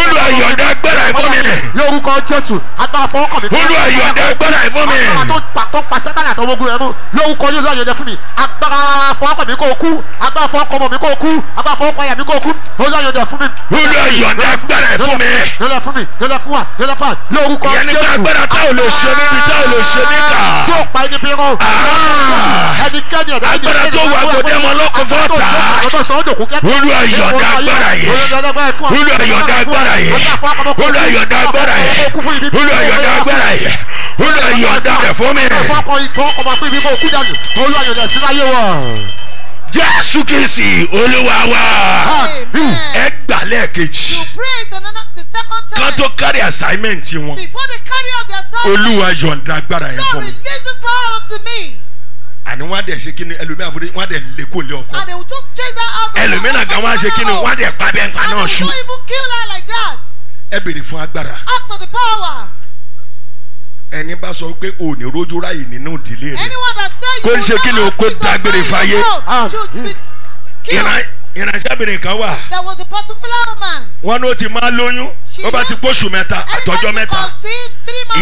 olúwa yọ̀dá agbára ẹ̀ fún mi. lórúkọ jésù agbára fọwọ́ kàn mí. olúwa yọ̀dá agbára ẹ̀ fún mi. agbára tó pa sátani àtàwọn ogun rẹ̀ mú lórúkọ yóò lọ́ọ̀ yọ̀dá fún mi agbára fọwọ́ kàn mí kó kú agbára fọwọ́ kàn mí kó kú agbára fọwọ́ kàn mí kó kú olúwa yọ̀dá fún mi. olúwa yọ̀dá agbára ẹ̀ fún mi. yọ̀dá fún mi yọ̀dá fún wa yọ̀dá fún wa lórúkọ jésù. yẹnni agbára tá ò lè ṣe níbi tá ò lè ṣe níkà. tí ò pa ẹni bí rán. Ah. ẹnikẹ́ni ọ̀dọ́ ẹni olú ayọ̀dá agbára yẹ olú ayọ̀dá agbára yẹ olú ayọ̀dá agbára yẹ olú ayọ̀dá agbára yẹ olú ayọ̀dá rẹ̀ fún mi. olú jésù kìsì olúwa wa ẹ gbà lẹ́ẹ̀kejì kan tó carry assignment wọn olúwa yọ̀ǹda agbára yẹn fún mi àní wọn á dẹ̀ ṣe kíni àfọdé wọn á dẹ̀ kó lé ọkọ. and they will just chase her out. ẹlòmíì náà gan wọn á ṣe kíni wọn á dẹ̀ pa bẹ́ẹ̀ náà ṣú. even kill her like that. ẹ béèrè fún agbára. ask for the power. ẹni bá sọ pé o rojú ráyè nínú ìdílé rẹ. anyone that say you will not have peace of mind in your home ah. should ìránṣẹ́bìnrin kan wà. there was a particular woman. wọ́n ní ó ti máa lóyún ó bá ti pósù mẹ́ta àtọ́jọ́ mẹ́ta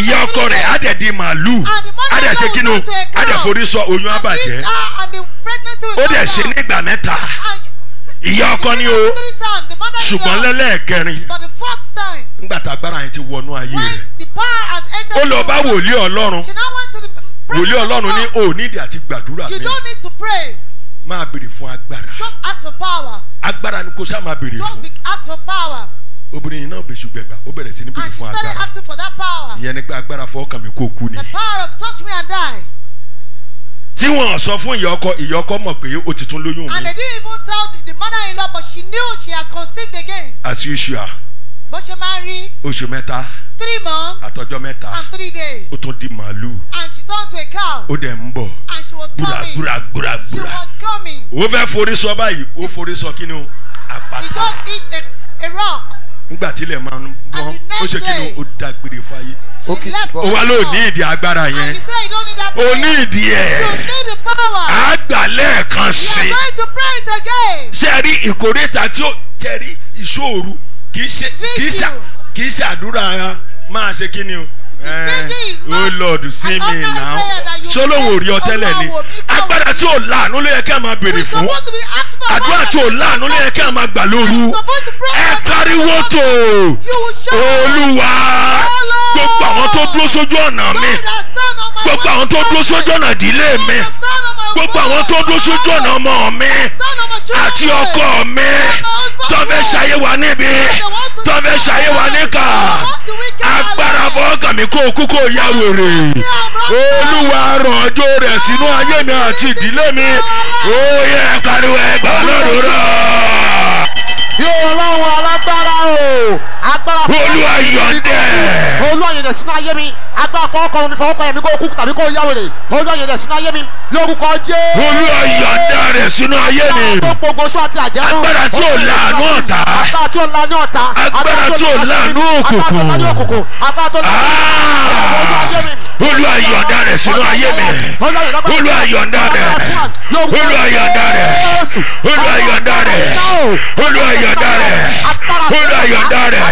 ìyá ọkọ rẹ̀ á dẹ̀ di màálù á dẹ̀ ṣe kínú á dẹ̀ forí sọ oyún á bàjẹ́ uh, ó dẹ̀ ṣe nígbà mẹ́ta ìyá ọkọ ni o ṣùgbọ́n lẹ́lẹ́ẹ̀kẹrin nígbà tá agbára yẹn ti wọnú ayé rẹ̀ ó lọ bá wòlíì ọlọ́run wòlíì ọlọ́run ní o nídìí àti gbàdúrà mi máa béèrè fún agbára. just ask for power. agbára ni kò sá máa béèrè fún. just ask for power. obìnrin yìí náà bèṣù gbẹgbà ó bẹ̀rẹ̀ sí ní béèrè fún agbára. and she started asking for that power. ìyẹn ni pé agbára fọwọ́kàn mi kó kú ni. the power of touch me and die. tí wọn sọ fún ìyá ọkọ ìyá ọkọ mọ̀ pé ó ti tún lóyún mi. and they didn't even tell the mother in law but she knew she has conceived again. as usual bó ṣe máa ń rí. oṣù mẹ́ta. three months. àtọjọ́ mẹ́ta. and three days. ó tún di màálù. and she turned to a cow. ó dẹ̀ ń bọ̀. and she was coming. gbúra gbúra gbúra she was coming. ó fẹ́ forí sọ báyìí ó forí sọ kí ni o. àpáta. she just eat a, a rock. nígbà tí ilẹ̀ máa ń gbọ́n ó ṣe kí ni o ó dágbére fáyé. Okay. ó wá ló ní ìdí agbára yẹn ó ní ìdí ẹ àgbà lẹ́ẹ̀kan sí i ṣe rí ìkórètà tí ó jẹ́rí ìṣòro kì í ṣe àdúrà máa ṣe kí ni o Eh, oh lord see me now ṣọlọ́wọ́ ò rí ọ tẹ́lẹ̀ ni agbára tí ò láàánú ló yẹ kí a máa béèrè fún àdúrà tí ò láàánú ló yẹ kí a máa gbà lóru ẹ káríwó tó olúwa oh, gbogbo àwọn tó dúró sójú ọ̀nà mi gbogbo àwọn tó dúró sójú ọ̀nà ìdílé mi gbogbo àwọn tó dúró sójú ọ̀nà ọmọ mi àti ọkọ mi tọ́fẹ́ ṣayé wa níbi tọ́fẹ́ ṣayé wa níkà agbára fọwọ́kàn mi kó o kú kó o ya wèrè olúwa rọ̀ ọjọ́ rẹ̀ sínú ayé mi àti ìdílé mi ó yẹ kariwo ẹgbẹ́ ọlọ́run rọ̀. yóò ọlọ́run alágbára o agbára fún mi. olúwa yọ̀ǹdẹ̀. olúwa yọ̀ǹdẹ̀ sínú ayé mi agbá fọwọ́kọ ní fọwọ́kọ ẹ̀mí kó kú tàbí kó yá wèrè olú ọ̀yẹ̀dẹ̀ sínú ayé mi lórúkọ jẹ́. olú ọ̀yọ̀dẹ̀ rẹ̀ sínú ayé mi. agbára tí ò láàánú ọ̀tá. agbára tí ò láàánú ọ̀tá. agbára tí ò láàánú òkùnkùn. olú ọ̀yọ̀dẹ̀ rẹ̀ sínú ayé mi. olú ọ̀yọ̀dẹ̀ rẹ̀. olú ọ̀yọ̀dẹ̀ rẹ̀. olú ọ̀yọ̀dẹ̀ rẹ̀ olùyọ̀dá rẹ̀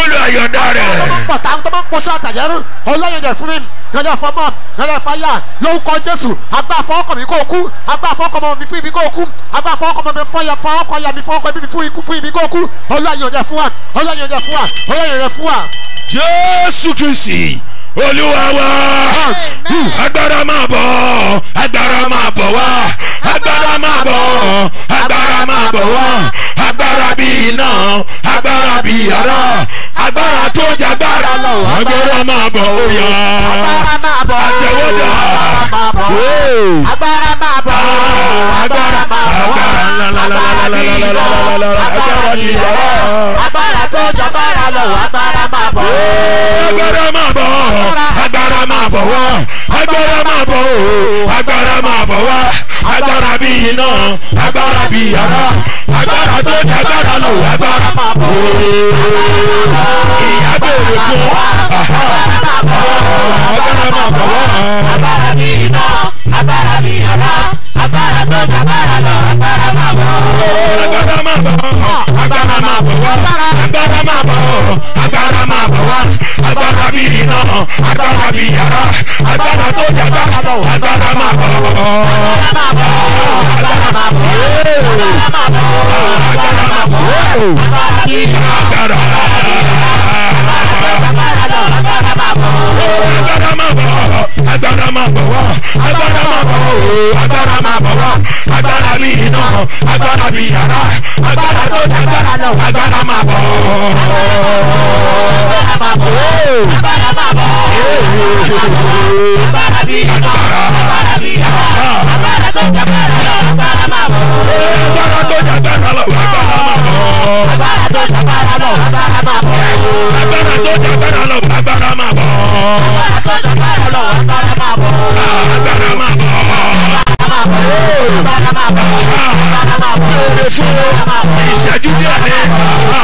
olùyọ̀dá rẹ̀. pàtà tó máa ń pọṣọ àtàjẹrù ọlọ́yọ̀dẹ̀ fún mi yọ̀dẹ̀ fọmọ yọ̀dẹ̀ fàyà lórúkọ jésù agbá fọwọ́kọ̀ mi kò kú agbá fọwọ́kọ̀ mi fún ibi kò kú agbá fọwọ́kọ̀ mi fọyà fọwọ́kọ̀ yà mi fọwọ́kọ̀ mi fún ibi kò kú ọlọ́yọ̀dẹ̀ fún wa ọlọ́yọ̀dẹ̀ fún wa ọlọ́yọ̀dẹ̀ fún wa. jésù kìí olúwa wa agbára máa bọ̀ agbára máa bọ̀ wá agbára máa bọ̀ agbára máa bọ̀ wá agbára bí iná agbára bí yàrá agbára tó jagbára lọ agbára máa bọ̀ ó yá agbára máa bọ̀ agbára máa bọ̀ agbára bí iná agbára bí yàrá agbára tó jagbára lọ agbára máa bọ̀ ó. náà agbára bí yàrá agbára tó ní agbára lò agbára máa bọ̀ ìyá béèrè fún agbára máa bọ̀ wá. agbára bí iná agbára bí yàrá agbára tó jábára lọ agbára máa bọ̀. agbára máa bọ̀ agbára máa bọ̀ wá agbára máa bọ̀ agbára máa bọ̀ wá agbára bí iná agbára bí yàrá agbára tó jábára lọ agbára máa bọ̀. agbára máa bọ̀ agbára máa bọ̀ agbára máa bọ̀ agbára máa bọ̀ agbára bí iná agbára bí yàrá agbára lọ agbára máa bọ̀. agbára máa bọ̀ agbára máa bọ̀ wá agbára máa bọ̀ agbára máa bọ̀ máa bọ̀ wá agbára bí iná agbára bí yàrá agbára tó dágbára lọ agbára máa bọ̀ agbára máa bọ̀ agbára máa bọ̀ agbára bí iná agbára bí yàrá agbára tó dágbára lọ agbára máa bọ̀ agbára tó dágbára lọ agbára máa bọ̀ agbára tó dágbára lọ agbára máa bọ̀ agbára tó dágbára lọ agbára máa bọ̀ agbára tó dágbára lọ agbára máa bọ̀ agbára máa bọ̀ ìṣẹ́jú díẹ̀ ní àgbà.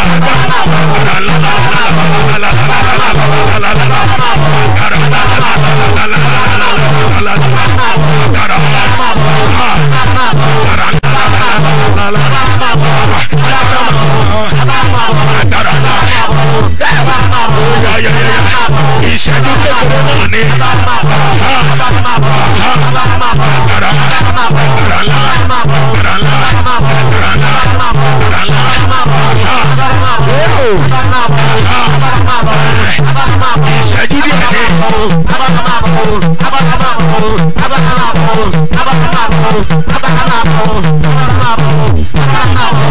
Abba, Abba, Abba, Abba,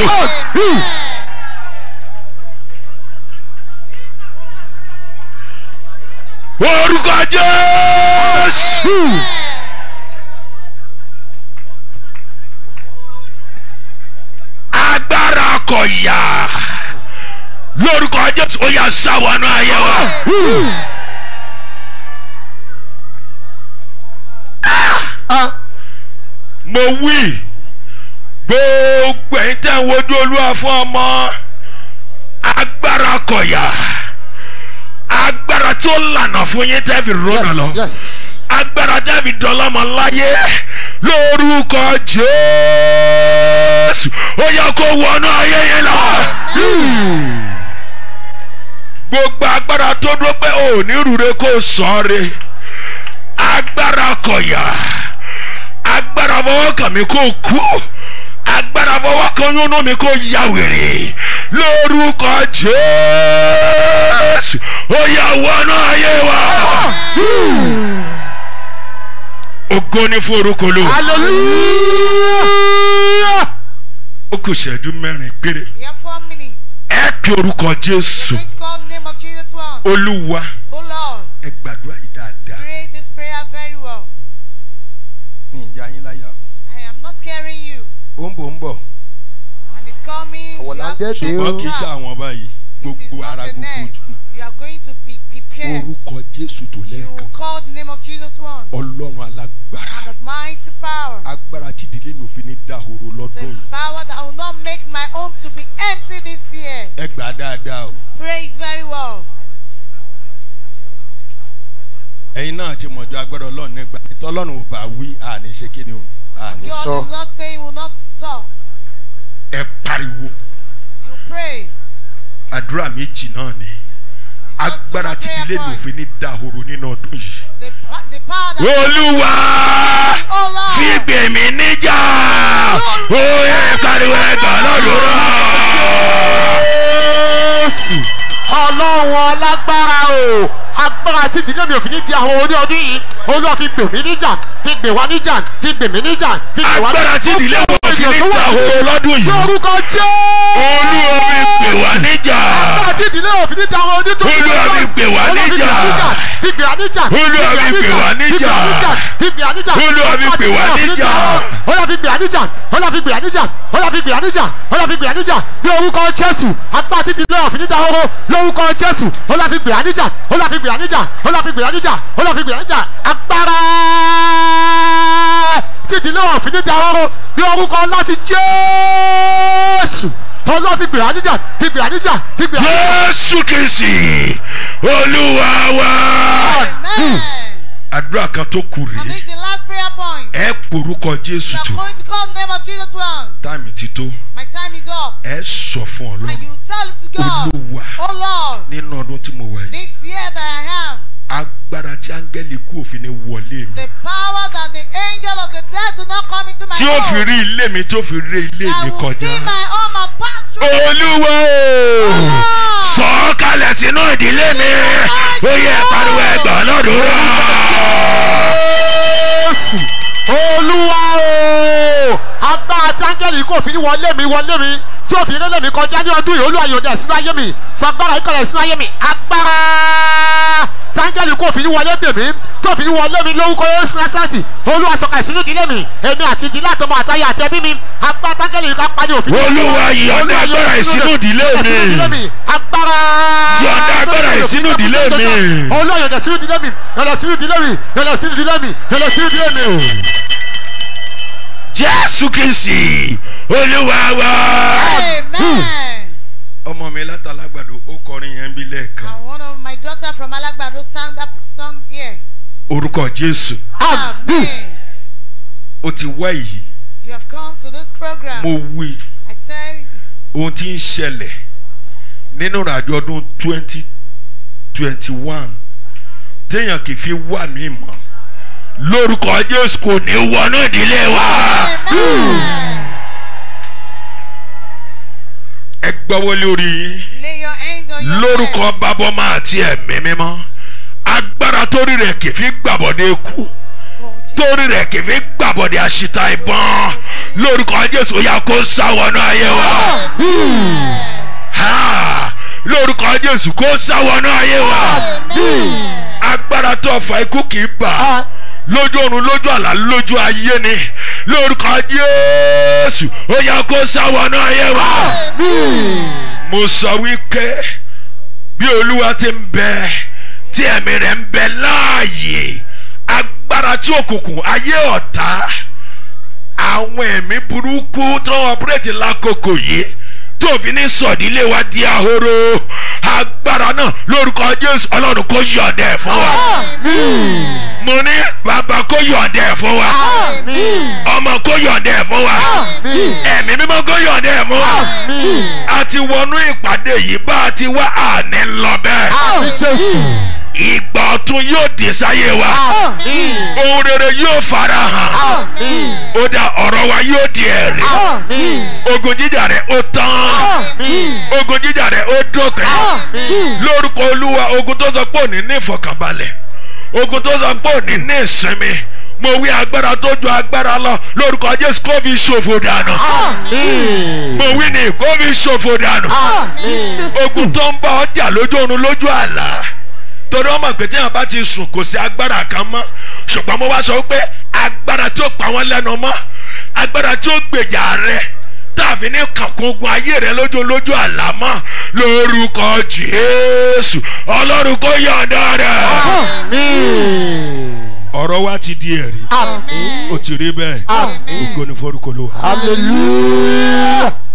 Jesus. orúkọ jẹ́. wojú olúwa fún ọmọ agbára kọ̀yà agbára tí ó lànà fún yín tẹ́ fi rọ́nà lọ agbára tẹ́ fi dọ́lọ́mọ láyé lórúkọ jésù ó yẹ kó wọnú ayé yẹn lọ. gbogbo agbára tó dúró pé ò ní rúre kó sọ́ọ́re agbára kọ̀yà agbára fọwọ́kàn mi kó kú padà fọwọ́ kan yúnú mi kó ya wèrè lórúkọ jésù ó yà wọnú ayé wa. Hmm. ògo ni fún orúkọ lò. hallelujah. ó kù ṣẹ́jú mẹ́rin péré. ẹ pe orúkọ jésù. olúwa ẹ gbàdúrà yìí dáadáa. pray this prayer very well. ǹjẹ́ ayé láyà o. I am not scaring you. ó ń bọ̀ ń bọ̀ là ń o. ṣùgbọ́n kì í ṣe àwọn báyìí gbogbo ara gbogbo jù. you are going to be prepared. orúkọ jésù tó lẹ́ẹ̀kan. you call the name of Jesus once. ọlọ́run alágbára. power. agbára tí ìdílé mi ò fi ní dahoro lọ́dún yìí. the power that will not make my own to be empty this year. ẹ gbà dáadáa o. pray it very well. ẹ̀yin náà ti mọ̀jọ́ agbára ọlọ́run nígbà tí ò bá wí àní ṣe kí ni o àní sọ. God will not say he will not talk. ẹ pariwo àdúrà méjì náà ni agbára tí ilé mi ò ní dahoro nínú ọdún yìí. olúwa fi gbèmí níjà ó yẹ káríwé ẹgbà lọ́dúnrún. ọlọ́run alágbára o agbára tí ìdílé mi ò fi ní di àwọn orí ọdún yìí olúwa fi gbè mí níjà fi gbè wá níjà fi gbè mí níjà fi gbè wá níjà. agbára tí ìdílé mi fi ní di àwọn orí ọdún yìí olúwa fi gbè wá níjà. agbára tí ìdílé mi fi ní di àwọn orí ọdún yìí olúwa fi gbè wá níjà. fi gbè wá níjà. olúwa fi gbè wá níjà. fi gbè wá níjà. olúwa fi gbè wá níjà. olúwa fi gbè wá níjà. olúwa fi gbè wá níjà. olúwa fi gbè wá níjà. olúwa fi gbè wá níjà. bí fi ní di àwọn olúwa fi gbè wá níjà. olúwa fi gbè gbìyà níjà ó là fi gbìyà níjà ó là fi gbìyà níjà agbára kídìlé ọ̀fìn níta ọ̀rọ̀ ní orúkọ láti jésù ọlọ́ fi gbìyà níjà fi gbìyà níjà fi gbìyà jésù kìsì olúwa wa hmm. àdúrà kan tó kù rèé prayer point. ẹ porúkọ Jésù tó. you are going to call the name of Jesus well. táìmì ti tó. my time is up. ẹ sọ fún Ọlọ́run. and you tell it to God. Olúwa. Oh Lord. nínú ọdún tí mo wà yìí. this year that I am agbára tí áńgẹ́lì kú òfin ni wọlé mi. the power that the angel of the dead will not come into my home. tí ó fi rí ilé mi tí ó rí ilé mi kọjá. I will see my own and pass through. olúwa o sọ̀kalẹ̀ sínú ìdílé mi ó yẹ pariwo ẹgbàá náà dúró. olúwa o agbára tí áńgẹ́lì kú òfin ni wọlé mi wọlé mi tí o fi rélé mi kọjá ní ọdún yìí olúwa yóò dẹ̀ sínú ayé mi sọ agbára yìí kọlẹ̀ sínú ayé mi agbára tángẹ́lì kò fi ní wọlé bèmí tó fi ní wọlé mi lórúkọ yéésù lásàtì olúwa sọ̀kà ìsínú ìdílé mi èmi àti ìdílé àtọmọ àtayé àti ẹbí mi agbára tángẹ́lì yìí ká parí òfin. olúwa yọ̀ọ̀dá agbára ìsínú ìdílé mi agbára yọ̀ọ̀dá agbára ìsínú ìdílé mi olúwa yọ̀ọ̀dá sínú ìdílé mi yọ̀ọ̀dá sínú ìdílé mi yọ̀ọ̀dá sínú ìdílé mi jésù kìsì olúwa wá. ọmọ mi látàlágbàdo ó kọrin yẹn bí lẹ́ẹ̀kan. and one of my daughter from alagbado sang that song here. orúkọ jésù. amen. o ti wá èyí. you have come to this program. mo wí. I said it. ohun tí ń ṣẹlẹ̀ nínú ìrìnàjò ọdún twenty twenty one téèyàn kì í fi wà mí mọ́ lórúkọ jésù kò ní wọnú ìdílé wa. ẹ gbọ́wọ́ lórí yín lórúkọ bàbá máa àti ẹ̀mí mímọ́ agbára torí rẹ̀ kì í fi gbàbọ̀dé kú torí rẹ̀ kì í fi gbàbọ̀dé àṣìta ìbọn lórúkọ jésù ó yá kó sáwọnú ayé wa lórúkọ jésù kó sáwọnú ayé wa agbára tó fa ikú kì í bà á lójú ọ̀run lójú àlá lójú ayé ni lórúkọ Jésù ó yẹ kó sáwọnú ayé wa. mo sọ wípé bí Olúwa ti ń bẹ tí ẹ̀mí rẹ̀ ń bẹ láàyè agbára tí òkùnkùn ayé ọ̀tá àwọn ẹ̀mí burúkú tó ń ọpẹ́rẹ́tì lákòókò yìí tó fi ní sọ̀dílé wa di ahoro agbára náà lórúkọ jésù ọlọ́run kó yọ̀ọ̀dẹ̀ ẹ̀ fún wa mo ní bàbá kó yọ̀ọ̀dẹ̀ ẹ̀ fún wa ọmọ kó yọ̀ọ̀dẹ̀ ẹ̀ fún wa ẹ̀mí mímọ́ kó yọ̀ọ̀dẹ̀ ẹ̀ fún wa a ti wọnú ìpàdé yìí bá a ti wá àní lọ bẹ́ẹ̀ ìgbà ọ̀tun yóò dé sáyé wa ohun rere yóò fara hàn ó dá ọ̀rọ̀ wa yóò di ẹ̀rí ogun jíjà rẹ̀ ó tán ogun jíjà rẹ̀ ó dópin lórúkọ olúwa ogun tó sọ pé òní ní ìfọ̀kànbalẹ̀ ogun tó sọ pé òní ní ìsinmi mo wí agbára tó ju agbára lọ lórúkọ jésù kó fi ṣòfò dànù mo wí ni kó fi ṣòfò dànù ogun tó ń bá ọjà lójú oorun lójú àlá torí wọn mọ̀ pé téèyàn bá ti sùn kò sí agbára kan mọ́ ṣùgbọ́n mo wá sọ pé agbára tí ó pa wọ́n lẹ́nu mọ́ agbára tí ó gbèjà rẹ̀ tàbí ní kankungun ayé rẹ lójoolójú àlá mọ́ lórúkọ jésù ọlọ́run kò yọ̀ǹda rẹ̀. ọ̀rọ̀ wa ti di ẹ̀rí. o ti rí bẹ́ẹ̀. ògo ni forúkọ ló wà. hallelujah.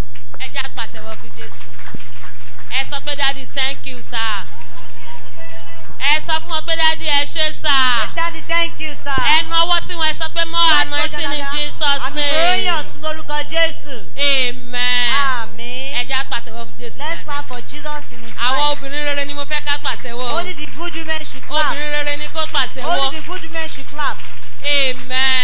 sir. Daddy, thank you, sir. Ẹnu ọwọ́ tí wọ́n sọ pé more anointing in Jesus name. Àmì ìròyìn ọ̀tún lórúkọ Jésù. Amen. Àmín. Ẹja pàtẹ́wọ́ fún Jésù. Let's clap for Jesus in his life. Àwọn obìnrin rere ni mo fẹ́ ká pàṣẹwọ́. Only the good women should clap. Obìnrin rere ni kó pàṣẹwọ́. Only the good women should clap. Amen.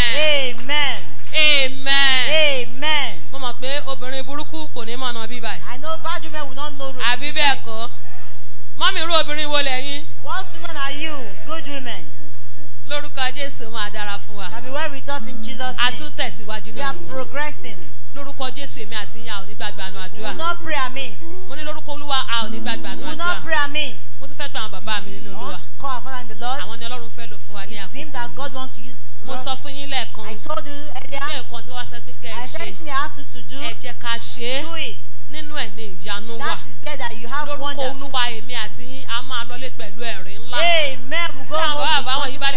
a tún tẹ̀síwájú lórí. we are progressing. lórúkọ Jésù èmi àti yín a ò ní gbàgbà àánú àdúrà. we will not pray amiss. mo ní lórúkọ Olúwa a ò ní gbàgbà àánú àdúrà. we will not pray amiss. mo tún fẹ́ gba àwọn bàbá mi nínú Olúwa. call our father in the Lord. àwọn ni Ọlọ́run fẹ́ lò fún wa ní àkókò. it's him that God wants to use for us. mo sọ fún yín lẹ́ẹ̀kan. I told you earlier. ilé ẹ̀kan tí wọ́n sọ pé kẹ́ ẹ ṣe. I said anything I ask you to do. ẹ jẹ́ ká ṣe é. do it. nínú ẹ̀ ní ìyanu wà. that is there that you have wonders. lórúkọ Olúwa èmi àti yín a máa lọlé pẹ̀lú ẹ̀rín ńlá. amen we go home to continue. tí àwọn bàbá wọn yìí bá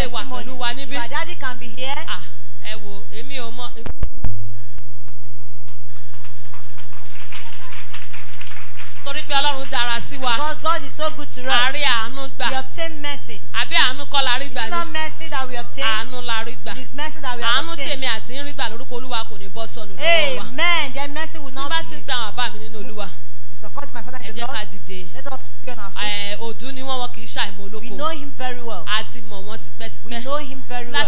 wa. because God is so good to us. a àánú gbà. we obtain mercy. àbí àánú kọ́ la rí gbà ni. it's not mercy that we obtain. àánú la rí gbà. it is mercy that we obtain. àánú tèmi àti ń rí gbà lórúkọ olúwa kò ní bọ́ sọnù lọ́wọ́ wa. amen their mercy will not be. tí bá sì gbà mi nínú olúwa. so God my father in the Lord. ẹ jẹ́ ká dìde. let us be on our feet. ọ̀dún ni wọ́n wọn kì í ṣàìmọ̀ olóko. we know him very well. a sì mọ̀ wọ́n tipẹ́tipẹ́. we know him very well.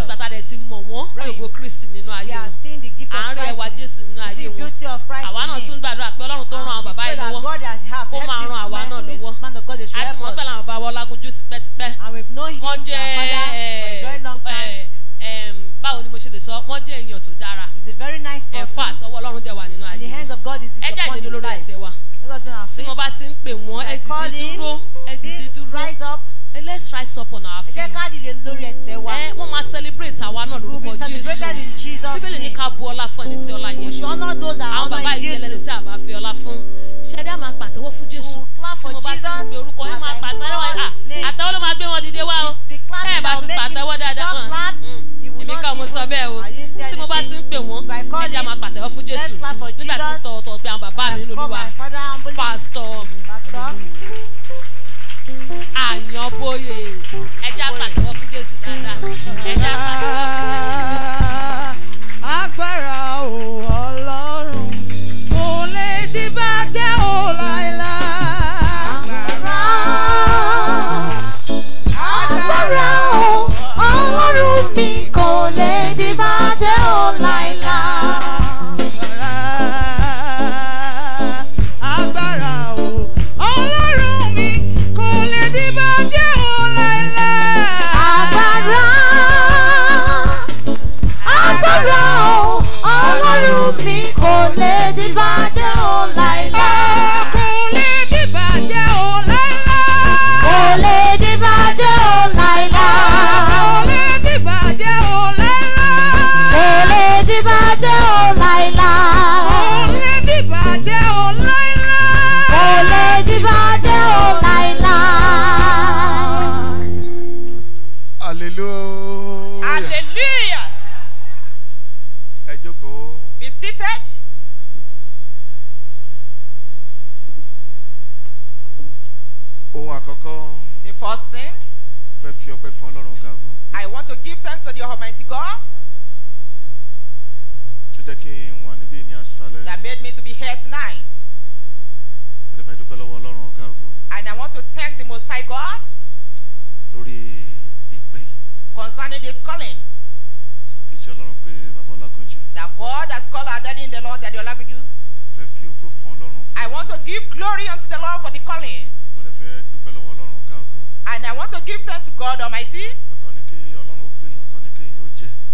want to give thanks to God Almighty.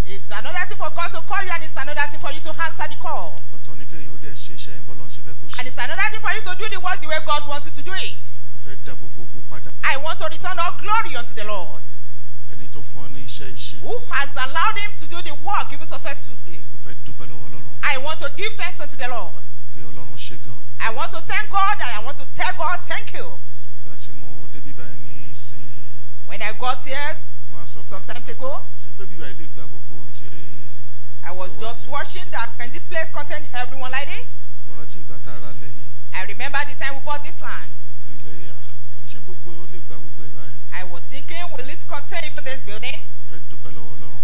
it's another thing for God to call you and it's another thing for you to answer the call. and it's another thing for you to do the work the way God wants you to do it. I want to return all glory unto the Lord. who has allowed him to do the work even successfully. I want to give thanks unto the Lord. I want to thank God and I want to tell God thank you. When I got here, sometimes ago, I was just watching that can this place contain everyone like this? I remember the time we bought this land. Ah, I was thinking, will it contain even this building?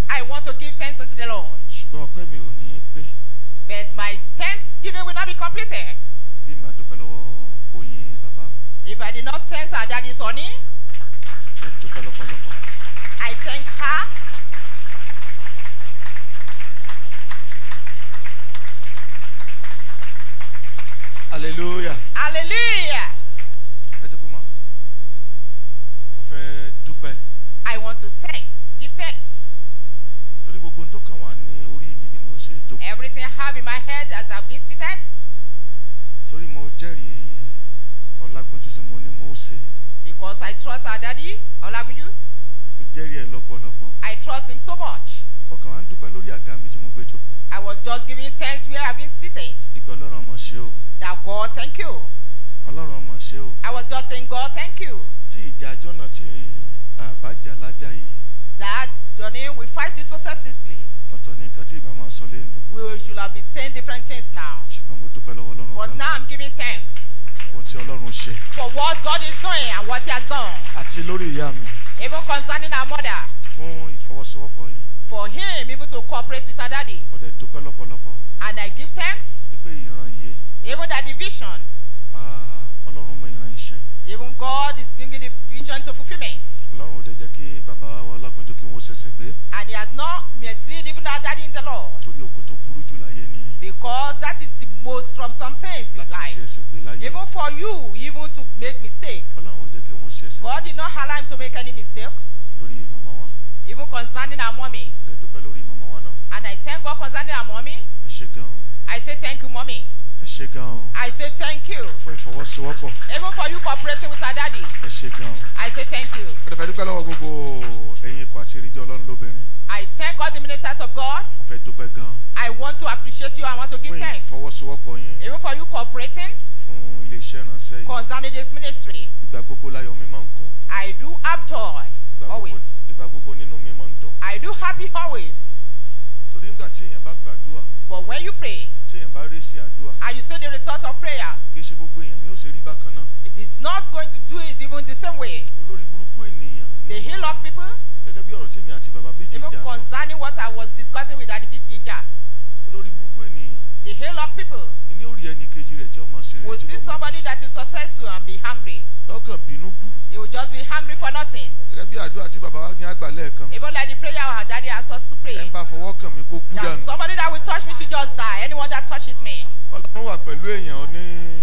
I want to give thanks unto the Lord. But my thanks giving will not be completed. If I did not thanks our daddy Sonny, I thank her. hallelujah. hallelujah. ẹ jókòó ma mo fẹ́ dúpẹ́. I want to thank give thanks. torí gbogbo ohun tó kàn wá ní orí mi everything I have in my head as I've been seated. torí mo jẹ́rìí Ọlágúnjú sí mo ní Mósè. because I trust our daddy. Ọlágúnjú. Mo jẹ́rìí ẹ̀ lọ́pọ̀lọpọ̀. I trust him so much. Mo kàn wá ń dúpẹ́ lórí àga mi tí mo gbé jókòó. I was just giving thanks where I've been seated. Ìgbà Ọlọ́run ọmọ ṣe o. That God thank you. Ọlọ́run ọmọ ṣe o. I was just saying God thank you. Tí ìjà àjọ náà tí àbájá lájà yìí. That journey we fight it successfully. Ọ̀tọ̀ ni nǹkan tí ìbá máa sọ lẹ́nu. We should have been saying different things now. Ṣùgbọ́n mo dúpẹ́ lọ́wọ́ Ọlọ́run. But now I'm giving thanks ohun tí Ọlọ́run ṣe. for what God is doing and what he has done. àti lórí ìyá mi. even concerning our mother. fún ìfọwọ́sowọ́pọ̀ yìí. for him even to cooperate with her daddy. mo dẹ̀ dúpẹ́ lọ́pọ̀lọpọ̀. and I give thanks. wípé ìran yìí. even that division. Ọlọ́run mú ìran iṣẹ́. even God is bringing the vision to fulfilment. Ọlọ́run ò dẹ̀ jẹ́ kí bàbá wa Ọlágúnjú kí wọ́n ṣẹ̀ṣẹ̀ gbé. and he has not misled even our daddy in the Lord. torí ogun tó burú jù láyé nìyẹn. because that is most from some things in life. Even for you, even to make mistake. God did not allow him to make any mistake. Even concerning our mommy. And I thank God concerning our mommy. I say thank you, mommy ṣe gan o. I say thank you. Fún ìfọwọ́sowọ́pọ̀. Even for you cooperating with her daddy. gan o. I say thank you. Mo dẹ̀fẹ̀ dúpẹ́ lọ́wọ́ gbogbo ẹ̀yin ikọ̀ àti ìrìnjẹ́ Ọlọ́run lóbìnrin. I thank all the ministers of God. Mo fẹ́ dúpẹ́ gan. I want to appreciate you. I want to give thanks. Fún ìfọwọ́sowọ́pọ̀ yín. Even for you cooperating. Fún ilé-iṣẹ́ ìránṣẹ́ yìí. Concerning this ministry. Ìgbà gbogbo láyọ̀ mi máa ń kún. I do have joy. Always. in the same way. olórí burúkú ènìyàn. the hillock people. gẹ́gẹ́ bí ọ̀rọ̀ tí mi àti bàbá bíjì ìjà sọ. even concerning what I was discussing with Daddy Big Ginger. olórí burúkú ènìyàn. the hillock people. ní orí ẹnì kejì rẹ̀ tí ọmọ sí rẹ̀ tí ọmọ sí. will see somebody that is successful and be hungry. lọ́kàn bínú kú. he will just be hungry for nothing. gẹ́gẹ́ bí àdúrà tí bàbá wa ní àgbà lẹ́ẹ̀kan. even like the prayer our daddy asked us to pray. ẹ ń bá fọwọ́ kàn mí kó kú dànù. that somebody that will touch me should just die anyone that touches me. ọlọ́run wà pẹ̀lú èèyàn ní.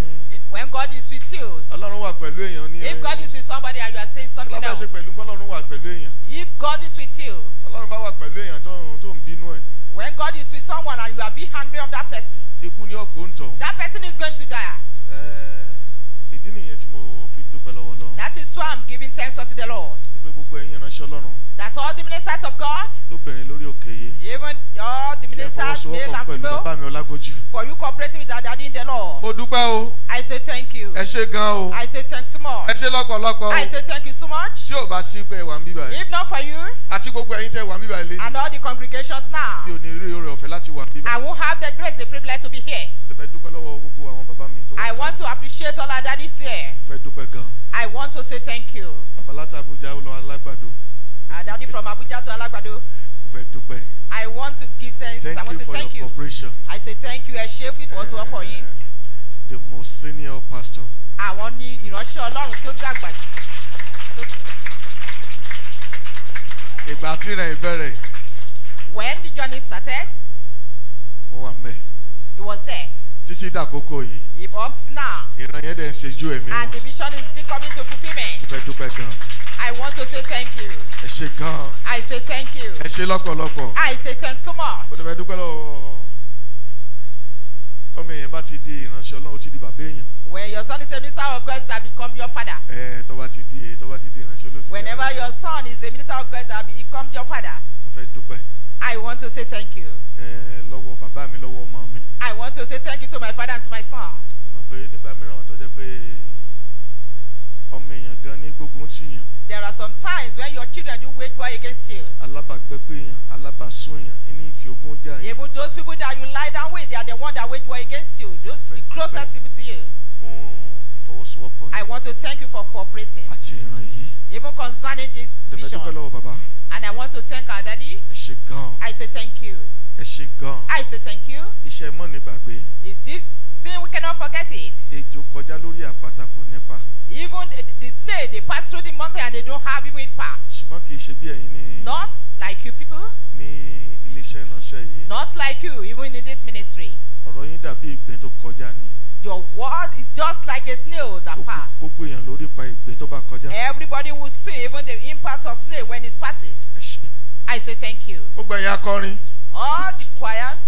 God is with you. Ọlọ́run wà pẹ̀lú èèyàn ní. If God is with somebody and you are saying something else. Kí ṣe pẹ̀lú Ọlọ́run wà pẹ̀lú èèyàn? If God is with you. Ọlọ́run bá wà pẹ̀lú èèyàn tó ń tó ń bínú ẹ̀. When God is with someone and you are being angry of that person. Ikú ni ọ̀pọ̀ ń tọ̀. That person is going to die. Ìdí nìyẹn tí mo fi dúpẹ́ lọ́wọ́ Ọlọ́run. That is why I'm giving thanks unto the Lord pé gbogbo ẹ̀yin ìránṣẹ́ Ọlọ́run. that all the ministers of God. lóbìnrin lórí òkè yìí. even all the ministers male and female. tí fọwọ́sowọ́pọ̀ pẹ̀lú bàbá mi Ọlágójú. for you cooperating with our daddy in mo dúpẹ́ o. I say thank you. ẹ ṣé gan o. I say thanks so much. ẹ ṣé lọ́pọ̀lọpọ̀ o. I say thank you so much. tí ò bá sí pé wà ń bíbà yìí. if not for you. àti gbogbo ẹ̀yin tẹ wà ń bíbà yìí lé. and all the congregations now. mi ò ní rí oore ọ̀fẹ́ láti wà ń bíbà. I won't have the grace the privilege to be here. I want to appreciate all our daddies here. I want to say thank you. Babalata Abuja lọ Our daddy from Abuja to Alágbàdo. I want to give thanks. Thank I want you to for thank your you. cooperation. I say thank you. Ẹ ṣe fún ìfọwọ́sowọ́ for eh, yín. The most senior pastor. I Àwọn ni ìránṣẹ́ Ọlọ́run tó dàgbà jù. Ìgbà tí rẹ̀ bẹ̀rẹ̀. When the journey started. Ó wà mẹ́. It was there títí dàkókò yìí. if up to now. ìran yẹn dẹ̀ ń ṣejú ẹ̀mí wọn. and the vision is still coming to fulfilment. mo dúpẹ́ gan. I want to say thank you. ẹ ṣe gan. I say thank you. ẹ ṣe lọ́pọ̀lọpọ̀. I say thanks so much. ó dẹ̀ fẹ́ dúpẹ́ lọ́wọ́ ọmọ èèyàn bá ti di ìránṣẹ́ ọlọ́run ó ti di bàbá èèyàn. when your son is a minister of God that become your father. ẹ tó ti di tó ti di ìránṣẹ́ ọlọ́run whenever your son is a minister of God that become your father fẹ́ dúpẹ́. I want to say thank you. Ẹ lọ́wọ́ bàbá mi lọ́wọ́ ọmọ mi. I want to say thank you to my father and to my son. Ẹ pé nígbà mìíràn tó jẹ́ pé ọmọ èèyàn gan ní gbógun tì yàn. There are some times when your children do wage war against you. Alábàgbẹ́pẹ́ èèyàn, alábàsún èèyàn, ẹni ìfi ogún jà yẹn. Even those people that you lie down with, they are the one that wage war against you. Those the closest people to you. Fún ìfọwọ́sowọ́pọ̀ yẹn. I want to thank you for cooperating. Àti ìran yìí. Even concerning this vision. Dẹ̀fẹ̀ lọ́wọ́ bàbá. I want to thank our daddy. I say thank you. I say thank you. Iṣẹ́ mọ́ ni Is this thing we cannot forget it? Even the, the snake they pass through the mountain and they don't have even part. Ṣùgbọ́n Not like you people. Not like you even in this ministry. God is just like a snail that passed. Gbogbo èèyàn ló rí ipa ìgbín tó bá kọjá. Everybody will see even the impact of snail when it passes. I say thank you. Gbogbo ẹ̀yin akọrin. All the choirs.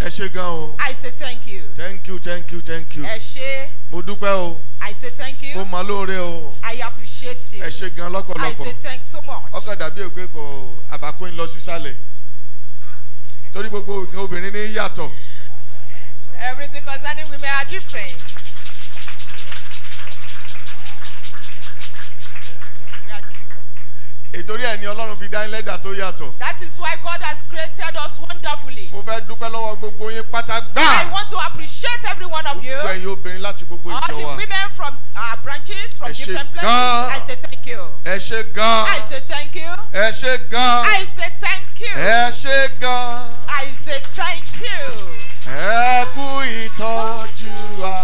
Ẹ ṣé gan o. I say thank you. Thank you, thank you, thank you. Ẹ ṣé. Mo dúpẹ́ o. I say thank you. Mo mọ lóore o. I appreciate you. Ẹ ṣé gan lọ́pọ̀lọpọ̀. I say thanks so much. Ọkàn dàbí èpè kò ń lọ sísàlẹ̀. Torí gbogbo nǹkan obìnrin ní yàtọ̀ everything concerning women are different. Ìtorí ẹ̀ Ọlọ́run fi dá lẹ́dà tó yàtọ̀. That is why God has created us wonderfully. Mo fẹ́ dúpẹ́ lọ́wọ́ gbogbo yín pátá I want to appreciate every one of you. Gbogbo ẹ̀yin obìnrin láti gbogbo ìjọ wa. All the women from our uh, branches from different places. I say thank you. Ẹ ṣé gan. I say thank you. Ẹ ṣé gan. I say thank you. Ẹ ṣé gan. I say thank you. Ẹ kú ìtọ́jú wa.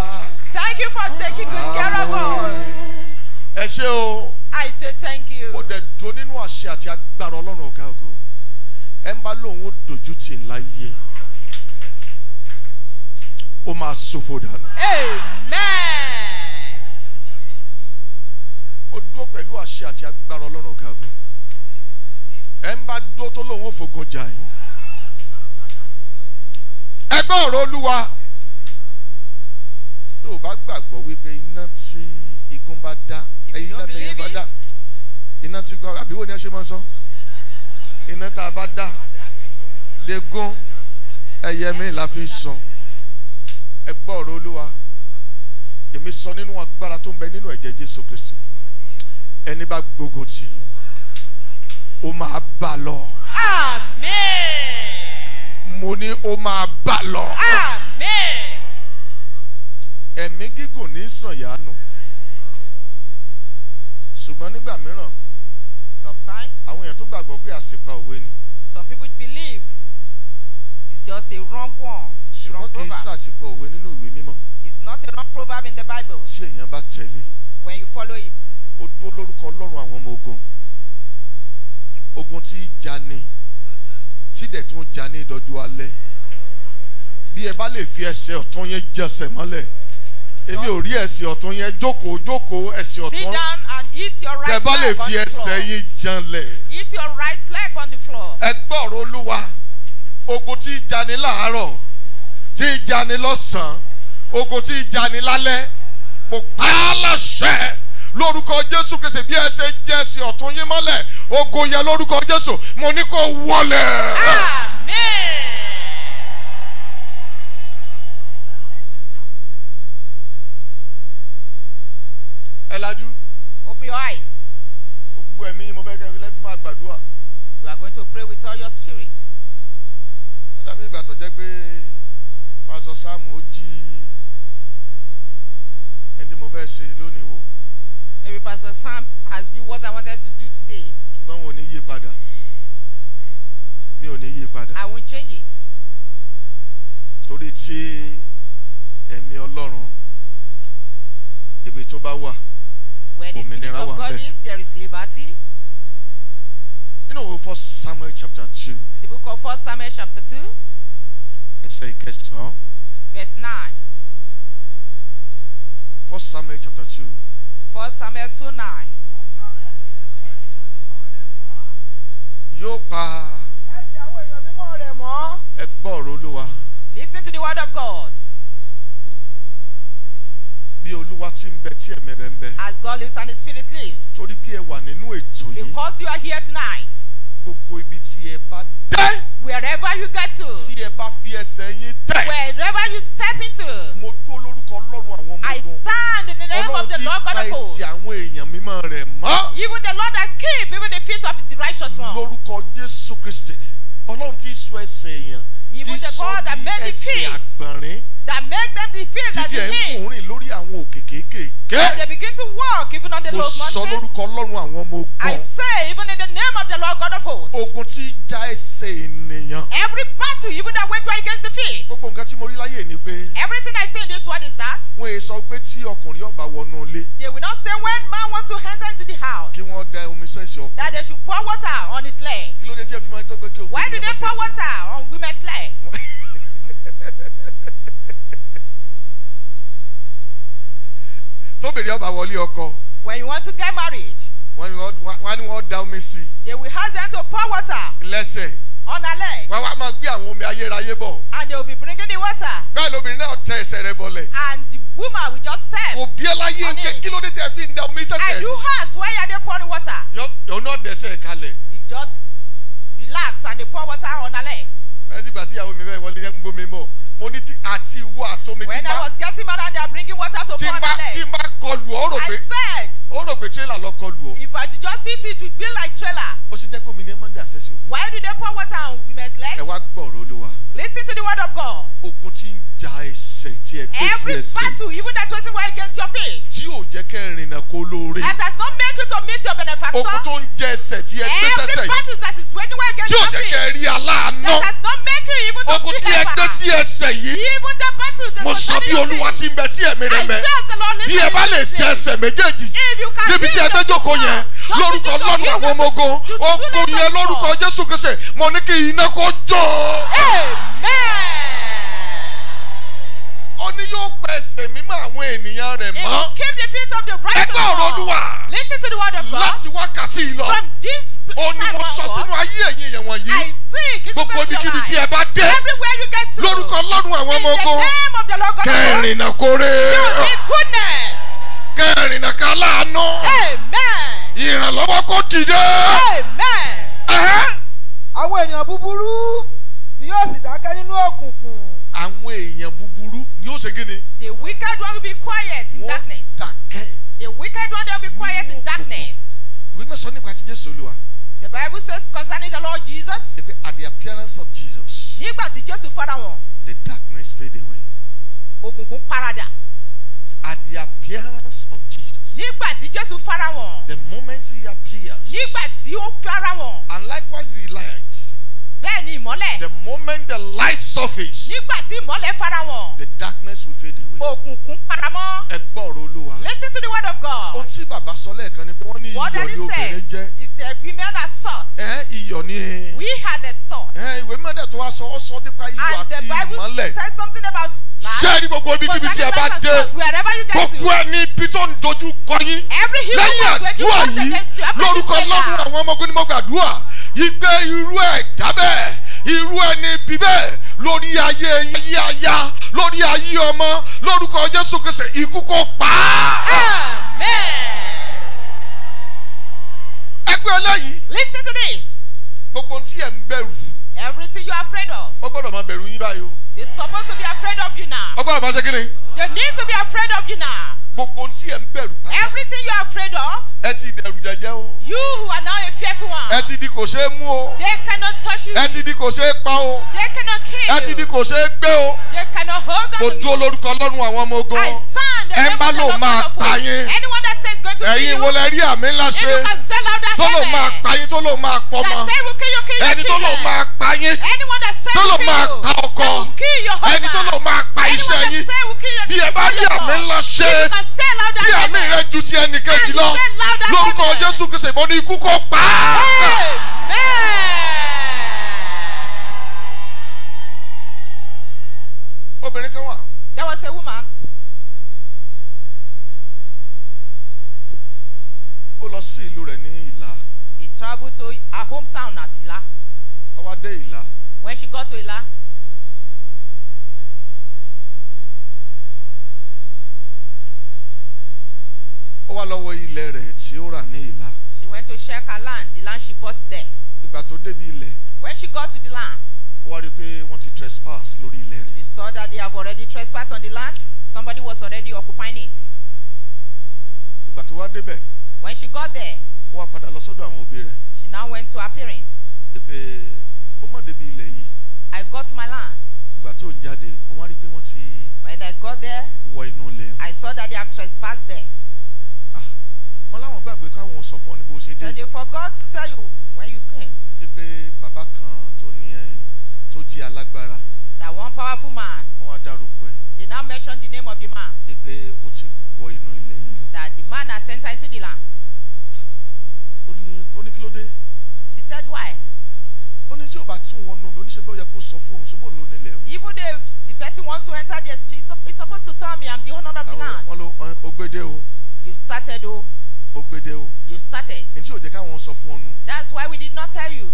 Thank you for taking good care of us. Ẹ ṣé o. I say thank you. Mo dẹ̀ dúró nínú àṣẹ àti agbára Ọlọ́run ọ̀gá ògo. Ẹ ń bá lóun ó dojú tì láyé. Ó máa ṣòfò dànù. Amen. Ó dúró pẹ̀lú àṣẹ àti agbára Ọlọ́run ọ̀gá ògo. Ẹ ń bá dúró tó lóun ó fògun jà yín. Ẹ ọ̀rọ̀ Olúwa. Tó bá gbàgbọ́ wípé iná tí egun bá dá ẹyin náà tẹ̀yìn bá dá iná tí gbọ́ àbí wo ni ẹ ṣe máa sọ iná tá a bá dá degun ẹyẹ mi la fi sùn ẹ gbọ́ ọ̀rọ̀ olúwa èmi sọ nínú agbára tó ń bẹ nínú ẹ̀jẹ̀ Jésù Kristi ẹni bá gbógun tì ó máa bá lọ. mo ní ó máa bá lọ. ẹ̀mí gígùn ní sànyánù ṣùgbọ́n nígbà mìíràn sometimes àwọn èèyàn tún gbàgbọ́ pé àṣìpa òwe ni. some people believe it's just a wrong one. a wrong proverb ṣùgbọ́n kì í ṣàṣìpa òwe nínú ìwé mímọ́. it's not a wrong proverb in the bible. tí èèyàn bá tẹ̀lé. when you follow it. ó dúró lórúkọ ọlọ́run àwọn ọmọ ogun ogun tí í jani tí dẹ̀ tún jani dọjú alẹ́ bí ẹ bá lè fi ẹsẹ̀ ọ̀tún yẹn jẹsẹ̀ mọ́lẹ̀ èmi ò rí ẹsẹ̀ ọ̀tún yẹn jókòó jókòó ẹsẹ̀ ọ̀tún. sit down Eat your right leg on the floor. Tẹ bá lè fi ẹsẹ̀ yín janlẹ̀. Eat your right leg on the floor. Ẹ gbọ́rọ̀ Olúwa, ogun tí ń jani láàárọ̀, tí ń jani lọ́sàn-án, ogun tí ń jani lálẹ́, mo pa á láṣẹ lórúkọ jésù kìsì bí ẹ ṣe jẹ sí ọ̀tún yín mọ́lẹ̀ ògo yẹn lórúkọ jésù mo ní kó wọlé. àmín. ẹ lajú your eyes. Gbogbo ẹ̀mí mo fẹ́ kẹ́ fi lẹ́tí máa gbàdúrà. You are going to pray with all your spirit. Ó dàbí ìgbà tó jẹ́ pé Pásítọ̀ Sáàmù ó jí ẹni tí mo fẹ́ ṣe lónìí wò. Maybe Pastor Sam has been what I wanted to do today. Ṣùgbọ́n wọn ò ní yí padà. Mi ò ní yí padà. I won't change it. Torí tí ẹ̀mí Ọlọ́run ibi tó bá wà. Where the spirit of God is, there is liberty. You know, First Samuel chapter 2. The book of First Samuel chapter two. Ẹsẹ̀ ìkẹsàn-án. Verse nine. First Samuel chapter two. First Samuel two nine. Yóò pa. Ẹ jà àwọn èèyàn mímọ́ rẹ̀ mọ́. Ẹ gbọ́ ọ̀rọ̀ Olúwa. Listen to the word of God bí olúwa ti ń bẹ tí ẹ̀mí rẹ̀ ń bẹ. as God lives and his spirit lives. torí pé ẹ wà nínú ètò yìí. because you are here tonight. gbogbo ibi tí ẹ bá dé. wherever you get to. tí ẹ bá fi ẹsẹ̀ yín tẹ̀. wherever you step into. mo dúró lórúkọ ọlọ́run àwọn ọmọ ogun. I stand in the name Lord of the Lord God of hosts. ọlọ́run ti pa ẹsẹ̀ àwọn èèyàn mímọ́ rẹ̀ mọ́. even the Lord that keep even the feet of the righteous one. lórúkọ Jésù Kristi ọlọ́run ti sọ ẹsẹ̀ èèyàn ti sọ di ẹsẹ̀ àgbọ̀nrín that make them feel that they need. Tíjẹ́ lórí àwọn òkè kéékèèké. And they begin to walk even on the low mountain. sọ lórúkọ Ọlọ́run àwọn ọmọ ogun. I say even in the name of the Lord God of hosts. Ogun tí já ẹsẹ̀ ènìyàn. Every battle even that wage war against the faith. Gbogbo nǹkan tí mo rí láyé ni pé. Everything I see in this world is that. pé tí ọkùnrin ọba wọnú ilé. They will not say when man wants to enter into the house. Kí wọ́n da omi sẹ́sì ọkùnrin. That they should pour water on his leg. Kí ló dé tí ẹ fi máa ń tọ́gbẹ́ kí o. Why do Every day pour water on women's leg. [laughs] Tóbìnrin ọba wọlé ọkọ. When you want to get married. Wọ́n ní wọ́n ní wọ́n da omi sí. They will have them to pour water. Let's say On a leg. Wọ́n wá máa gbé àwọn omi ayérayé bọ̀. And they will be bringing the water. Bẹ́ẹ̀ lóbìnrin náà tẹ ẹsẹ̀ rẹ bọlẹ̀. And the woman will just step. Òbí ẹ láyé ń gbé kí ló dé tẹ fi ń da omi And you ask why are they pouring water? Yóò náà dẹ̀sẹ̀ kalẹ̀. You just relax and they pour water on her leg. ẹ ti gbà ìyàwó mi fẹ́ wọlé ẹ ń gbómi bọ̀ mo ní tí àti ìwọ àtomi tí bá. when I was getting mad they are bringing water to pour my leg. tí n bá kọlù ọ rò pé. I said. ó rò pé trailer lọ kọlù ọ. if I just see it it would be like trailer. ó ṣe jẹ́ pé omi ni ẹ máa ń why do they pour water on women's leg. ẹ wá gbọ́ ọ̀rọ̀ olúwa. listen to the word of God. ogun tí ń ja ẹsẹ̀ tí ẹ gbé sí ẹsẹ̀. every battle even that waiting war against your faith. tí ò jẹ́ kẹ́ ìrìnà kó lóore. that has not made you to meet your benefactor. ogun tó ń jẹ ẹsẹ̀ tí ẹ gbé sẹ́sẹ̀ yìí. every battle that is waiting war against your faith. tí ò jẹ́ kẹ́ rí aláàánú. that has not made you even to see help. ogun ẹsẹ̀ ìgbésẹ̀ yìí mo sọ bí olúwa ti ń bẹ tí ẹ̀mí rẹ bẹ bí ẹ bá lè tẹ ẹsẹ̀ méjèèjì níbi tí ẹ fẹ́ jókòó yẹn lórúkọ lọ́nà àwọn ọmọ ogun ó kórìí lórúkọ jésù kristi mo ní kí iná kó jó ó ní yóò pa ẹsẹ̀ mímọ́ àwọn ènìyàn rẹ̀ mọ́. and keep the feet of the righteous man. ẹgbẹ́ ọ̀rọ̀ olúwa. listen to the word of God. láti wákàtí lọ. from this time onward. ó mo sọ sínú ayé ẹ̀yin èèyàn wọ̀nyí. I think it's gbogbo ibikíbi tí ẹ bá dé. everywhere you get to. lórúkọ ọlọ́run àwọn ọmọ ogun. in the name of the Lord God. kẹrin na kore. do his goodness. kẹrin na ká láàánú. amen. ìrànlọ́wọ́ kó dìde. amen. àwọn ènìyàn búburú ni yóò sì dákẹ́ nínú òkùnkùn àwọn èèyàn búburú yóò ṣe kíni. the wicked one will be quiet in darkness. wọ́n dákẹ́. the wicked one will be quiet in darkness. ìwé mẹ́sàn-án nípa ti Jésù Olúwa. the bible says concerning the lord Jesus. at the appearance of Jesus. nígbà tí Jésù fara wọn. the darkness fade away. òkùnkùn paradà. at the appearance of Jesus nígbà tí jésù fara wọn. the moment he appears. nígbà tí ó fara wọn. and likewise the light bẹ́ẹ̀ ni ìmọ́lẹ̀. the moment the light surface. nígbà tí ìmọ́lẹ̀ farahàn. the darkness will fade away. òkùnkùn paramọ́. ẹ gbọ́ ọ̀rọ̀ olúwa. listen to the word of God. ohun tí bàbá sọ lẹ́ẹ̀kan ni wọ́n ní iyọ̀ ni obìnrin jẹ́. is a woman that sought. ẹ iyọ̀ ni. E. we had a thought. ẹ ìwé mẹ́tẹ̀ tó wá sọ ọ sọ nípa iyọ̀ àti ìmọ́lẹ̀. and the bible says something about light. ṣé ní gbogbo ibi kíbi tí ẹ bá dé gbogbo ẹni ibi tó ń dojú kọ ìgbé irú ẹ̀dá bẹ́ẹ̀ irú ẹni bí lórí ayé ayé aya lórí ayé ọmọ lórúkọ Jésù Kristi ikú kò pa á. ẹgbẹ́ eléyìí. listen to this. gbogbo tí ẹ̀ ń bẹ̀rù. everything you are afraid of. ó gbọ́dọ̀ máa bẹ̀rù yín báyìí o. they supposed to be afraid of you now. ó gbọ́dọ̀ máa ṣe kí ni. they need to be afraid of you now gbogbo tí ẹ ń bẹ̀rù pátá. everything you are afraid of. ẹ ti dẹrù jẹjẹ o. you are now a fearful one. ẹ ti di kò ṣeé mú o. they cannot touch you. ẹ ti di kò ṣeé pa o. they cannot kill you. ẹ ti di kò ṣeé gbé o. they cannot hold on to you. mo dúró lórúkọ ọlọ́run àwọn ọmọ ogun. I stand the devil cannot hold on to you. anyone that says going to kill you. ẹ̀yin wo lẹ rí àmì ńlá ṣe. if you can sell out that heaven. tó ló máa pa yín tó ló máa pọ̀ mọ́. that say will kill you kill your children. ẹni tó ló máa pa yín. anyone that say will kill you. tó ló máa pa ọkọ. that will kill your husband. ẹni tó ló máa pa iṣẹ́ yín. anyone that say will kill your children. bí ẹ bá rí àmì ńlá ṣe. if you can Tí àmì rẹ ju ti ẹnìkejì lọ. Lórúkọ Jésù Kristi mo ní ikú kó pa á. Obìnrin kan wà. There was a woman. Ó lọ sí ìlú rẹ̀ ní Ìlà. He travelled to her hometown at Ìlà. Ó wá dé Ìlà. When she got to Ìlà. wá lọ́wọ́ ilẹ̀ rẹ̀ tí ó rà ní ìlà. she went to check her land the land she bought there. ìgbà tó débi ilẹ̀. when she got to the land. ó wá rí i pé wọ́n ti trespass lórí ilẹ̀ rẹ̀. they saw that they have already trespassed on the land somebody was already occupying it. ìgbà tó wá débẹ̀. when she got there. ó wá padà lọ sọ́dọ̀ àwọn òbí rẹ̀. she now went to her parents. pé o mọ̀ débi ilẹ̀ yìí. I got my land. ìgbà tó ń jáde wọ́n rí i pé wọ́n ti. when I got there. wọ inú ilẹ̀. I saw that they have trespassed there láwọn gbàgbé káwọn sọ fún ọ ní bó ṣe dé. so they forgot to tell you when you came. wípé bàbá kan tó ní eh, tó jí alágbára. that one powerful man. wọ́n á dárúkọ ẹ̀. they now mention the name of the man. wípé ó ti wọ inú ilẹ̀ yìí lọ. that the man has entered into the land. ó ní ó ní kí ló dé. she said why. ó ní tí ò bá tún wọnú mi oníṣẹ́ bí ó yẹ kó sọ fún òun ṣé bó ló nílẹ̀. even if the person wants to enter the street he's supposed to tell me i'm the owner of the land. àwọn ọlọ́gbẹ́dẹ́ o. you started o. Oh ó gbé dé o. you've started. n tí ò jẹ́ káwọn sọ fún ọ nù. that's why we did not tell you.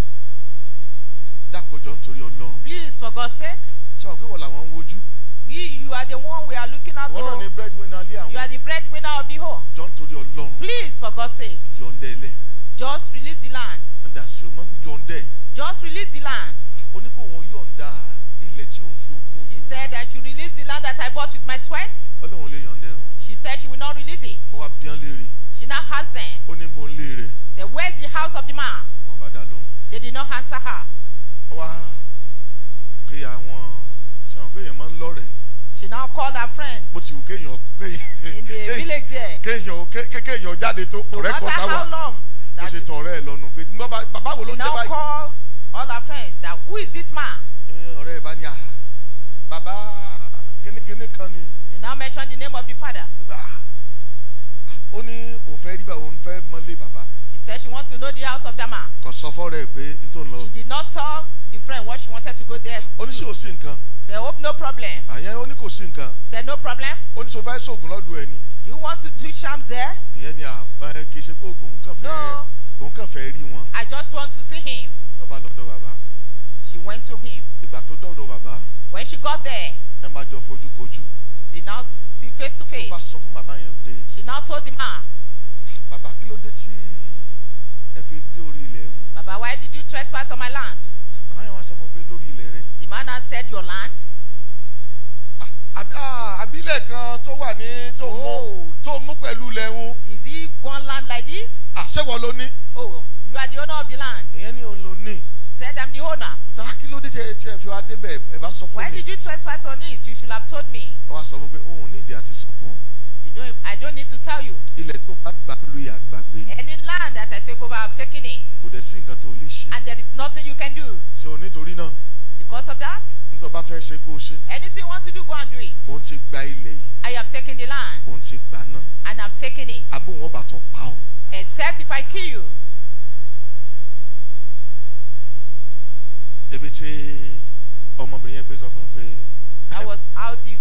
dákojọ nítorí ọlọ́run. please for God's sake. sọ pé wọ́n làwọn ń wojú. we you are the one we are looking at. wọ́n náà ni breadwinner alẹ́ àwọn. you are the breadwinner of the home. jọ nítorí ọlọ́run. please for God's sake. yọ̀ǹda ẹlẹ́. just release the land. ndàsí o máa ń yọ̀ǹda just release the land. ó ní kó wọn yọ̀ǹda ilẹ̀ tí òun fi òkú òun. she said I should release the land that I bought with my sweat. ọlọ́run lè yọ̀ǹda she said she will not release it. She now asked them, ó ní bo Say, where's the house of the man? Wọ́n bá dá They did not answer her. Ó wá pe àwọn ṣe àwọn kéèyàn máa ń lọ́rẹ̀ẹ́. She now called her friends. Bó ti wù kéèyàn kéèyàn. [laughs] In the village there. Kéèyàn kéèyàn jáde tó ọ̀rẹ́ kan sáwà. No matter how long. Ó ṣe tọ̀ ọ̀rẹ́ ẹ̀ lọ́nu pé bàbá wo ló ń jẹ́ She now call all her friends that who is this man? ọ̀rẹ́ rẹ̀ bá ní à ah, bàbá kínníkínní kan ni. You now mention the name of the father. Ah ó ní òun fẹ́ rí bá òun fẹ́ mọ́lé bàbá. she said she wants to know the house of that man. kò sọ fọ́ rẹ̀ pé n tó ń lọ. she did not tell the friend what she wanted to go there. oníṣẹ́ ò sí nǹkan. say hope no problem. àyẹ̀ ó ní kò sí nǹkan. say no problem. ó ní sọ fẹ́ sóògùn lọ́dún ẹni. you want to do charms there. ìyẹn ni kì í ṣe pé oògùn òun fẹ́ òun kàn fẹ́ rí wọn. I just want to see him. ó bá bàbá. she went to him. ìgbà tó dọ̀dọ̀ bàbá. when she got there. ẹ máa jọ fojú kojú they now see face to face. sọ fún bàbá yẹn pé. she now told the man. bàbá kí ló dé tí ẹ fi dé orí ilẹ̀ ẹ̀hún. bàbá why did you trespass on my land. bàbá yẹn wá sọ fún mi pé lórí ilẹ̀ rẹ. the man now said your land. Ah, ah, àbílẹ̀ kan tó wà ní tó mú oh. tó mú pẹ̀lú ilẹ̀ is he one land like this. àṣẹwọ̀ ah, ló ní. oh you are the owner of the land. ìyẹn ni òun ló ní said, I'm the owner. Why did you trespass on it? You should have told me. You don't, I don't need to tell you. Any land that I take over, I've taken it. And there is nothing you can do. because of that, anything you want to do, go and do it. I have taken the land. And I've taken it. Except if I kill you. débi tí ọmọbìnrin yẹn gbé sọ fún un pé. that was how the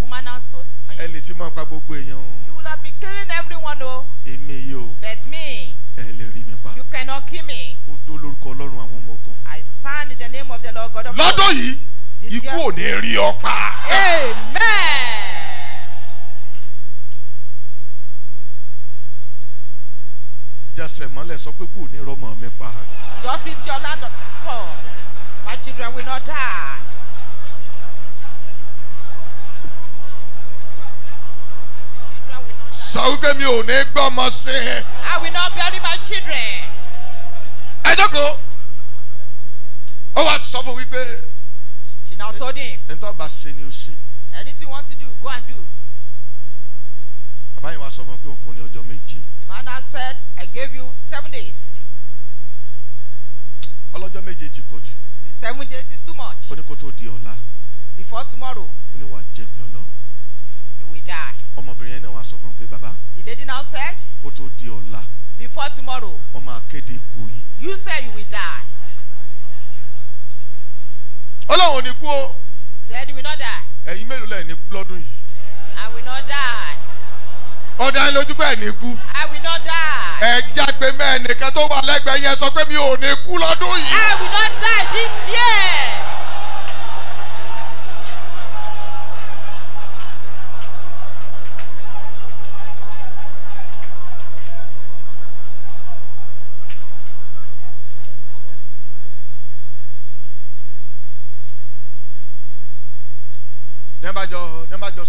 woman now told me. ẹ lè ti máa pa gbogbo èèyàn o. you will have been killing everyone o. èmi yìí o. but me. ẹ lè rí mi pa. you cannot kill me. o dó lórúkọ ọlọ́run àwọn ọmọ ogun. I stand in the name of the Lord God of. lọ́dọ̀ yìí ikú ò ní rí ọ pa. amen. jasẹ̀ mọ́lẹ̀ sọ pé kò ní rọmọ mi pa. dọ́sí tí ọlá dọ̀ pọ̀. My children will not die. Sọ wípé mi ò ní gbọ́ ọmọ sí i. I will not bury my children. Ẹ jókòó. Ó wá sọ fún wípé. She now told him. Ntọ́ bá ṣe ni ó ṣe. Anything you want to do, go and do. Bàbá yìí wá sọ fún mi pé òun fún ní ọjọ́ méje. The man now said, I gave you seven days. Ọlọ́jọ́ méje ti kọjú seven days is too much. ó ní tó di ọ̀la. before tomorrow. ó ní wàá jẹ́ pé ọlọ́run. you will die. ọmọbìnrin yẹn náà wá sọ fún un pé bàbá. the lady now said. kó tó di ọ̀la. before tomorrow. wọ́n máa kéde ikú yín. you say you will die. ọlọ́run ò ní kú o. said we will not die. ẹ̀yin mélòó lẹ́yìn ní lọ́dún yìí. I will not die. ọ̀dà ẹ̀ lójú pé ẹ̀ ní kú. I will not die ẹ jágbe mẹ́ẹ̀nìkan tó wà lẹ́gbẹ̀ẹ́ yẹn sọ pé mi ò ní kú lọ́dún yìí. I will not die this year.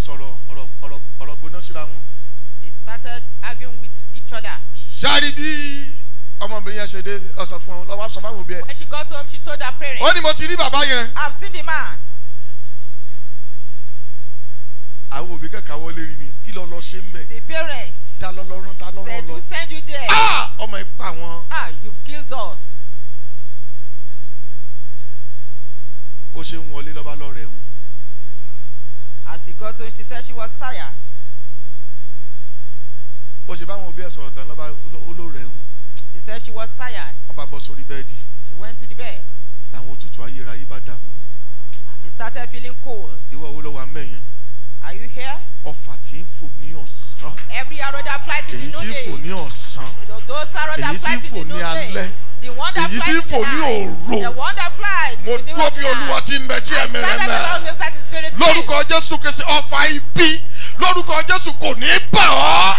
sọ̀rọ̀ ọ̀rọ̀ gbóná síra wọn. They started arguing with each other ṣáàrí bí ọmọbìnrin yẹn ṣe dé ọsọ fún ọ lọ́wọ́ sọ fáwọn òbí ẹ. when she got home she told her parents. ó ní mo ti rí bàbá yẹn. I have seen the man. àwọn òbí kẹ̀kẹ́ àwọn olè rí mi kí lọ lọ ṣe ń bẹ̀. the parents. ta lọ lọrun ta lọrun lọ. said who send you there. ah ọmọ ẹ pa wọn. ah you killed us. bó ṣe ń wọlé lọ́ba lọ́rẹ̀ o. as he got home she said she was tired ó ṣe báwọn òbí ẹ̀ sọ̀rọ̀ tán lọ́ba olóore ẹ̀hún. she said she was tired. ó bá sórí bẹ́ẹ̀dì. she went to the bed. làwọn òtútù ayérayé bá dàbò. she started feeling cold. ìwọ wo ló wà are you here? ọfà tí ń fò ní ọ̀sán. every arrow that flies in the noonday. èyí tí ń fò ní ọ̀sán. those arrow that flies in the noonday. èyí tí ń fò ní alẹ́ èyí tí ń fò ní òru mo dúró bí olúwa ti ń bẹ sí ẹ̀mẹ̀rẹ̀mẹ̀ lórúkọ jésù kristi lórúkọ Jésù kò ní bà ọ́.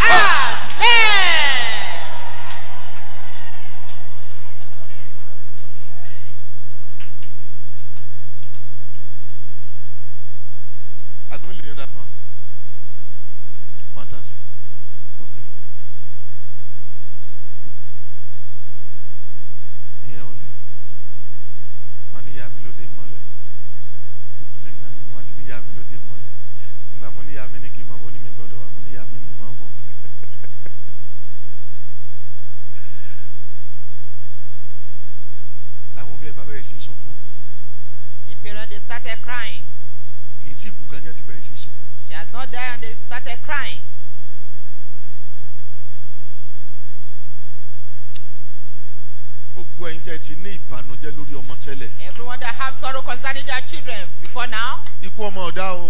ti ní ìbànújẹ́ lórí ọmọ tẹ́lẹ̀. everyone that have sorrow concerning their children before now. ikú ọmọ ọ̀dá o.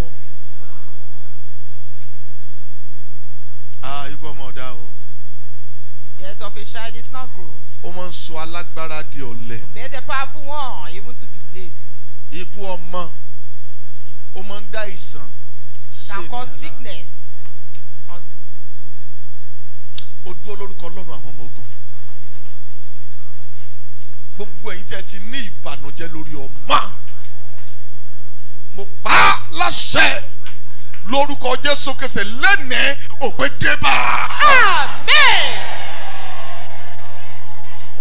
ah ikú ọmọ ọ̀dá o. death of a child is not good. ó máa ń sọ alágbára di ọ̀lẹ. to make the powerful one even to be lazy. ikú ọmọ ó máa ń dá ìsàn sí ènìyàn lára. can cause sickness. ó dúró lórúkọ ọlọ́run àwọn ọmọ ogun gbogbo ẹ̀yin tí ẹ ti ní ìbànújẹ́ lórí ọmọ mo pa á láṣẹ lórúkọ Jésù kẹsẹ̀ lẹ́nẹ̀ẹ́ òpè débà.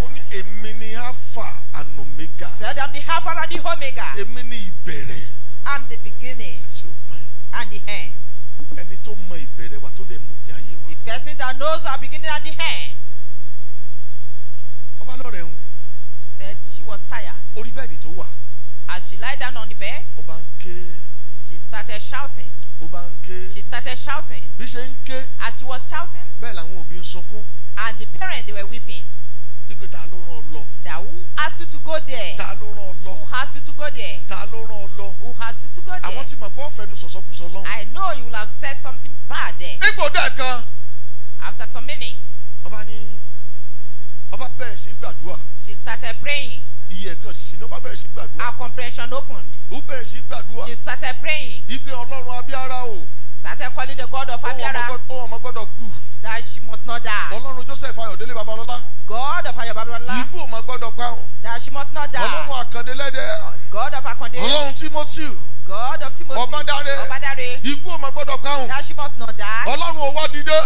ó ní èmi ni alpha and omega. said i'm the alpha and the omega. èmi ni ìbẹ̀rẹ̀. i'm the beginning. àti òpin. and the end. ẹni tó mọ ìbẹ̀rẹ̀ wa tó lè mú kí ayé wa. the person that knows our beginning and the end. ọba lọ́rẹ̀ ń was tired. orí bẹ́ẹ̀dì tó wà. as she lie down on the bed. ó bá ń ké. she started shouting. ó bá ń ké. she started shouting. bí ṣe ń ké. as she was shouting. bẹ́ẹ̀ làwọn òbí ń sunkún. and the parents they were weeping. ipe ta ló rán ọ lọ. that who asked you to go there. ta ló rán ọ lọ. who asked you to go there. ta ló rán ọ lọ. who asked you to go there. àwọn tí màá gbọ́ fẹnu sọ̀sọ́kùsọ lọ́hùn. I know you will have said something bad there. ipò dẹ̀ kan. after some minutes. ọba ní ọba bẹ̀rẹ̀ sí gbàdúrà. she started praying iye kan sì ni ó bá bẹ̀rẹ̀ sí gbàdúrà. her comprehension opened. ó bẹ̀rẹ̀ sí gbàdúrà. she started praying. ipe ọlọ́run abíára o. started calling the God of abíára. ohun ọmọ gbọ́dọ̀ kú. that she must not die. ọlọ́run joseph ayọ̀délé babalọ́lá. God of ayọ̀ babalọ́lá. ikú ọmọ gbọ́dọ̀ pa òun. that she must not die. ọlọ́run àkàndé lẹ́dẹ̀. God of àkàndé. ọlọ́run timothy. God of timothy. ọbadare. ọbadare. ikú ọmọ gbọ́dọ̀ pa òun. that she must not die. ọlọ́run ò wá dìde.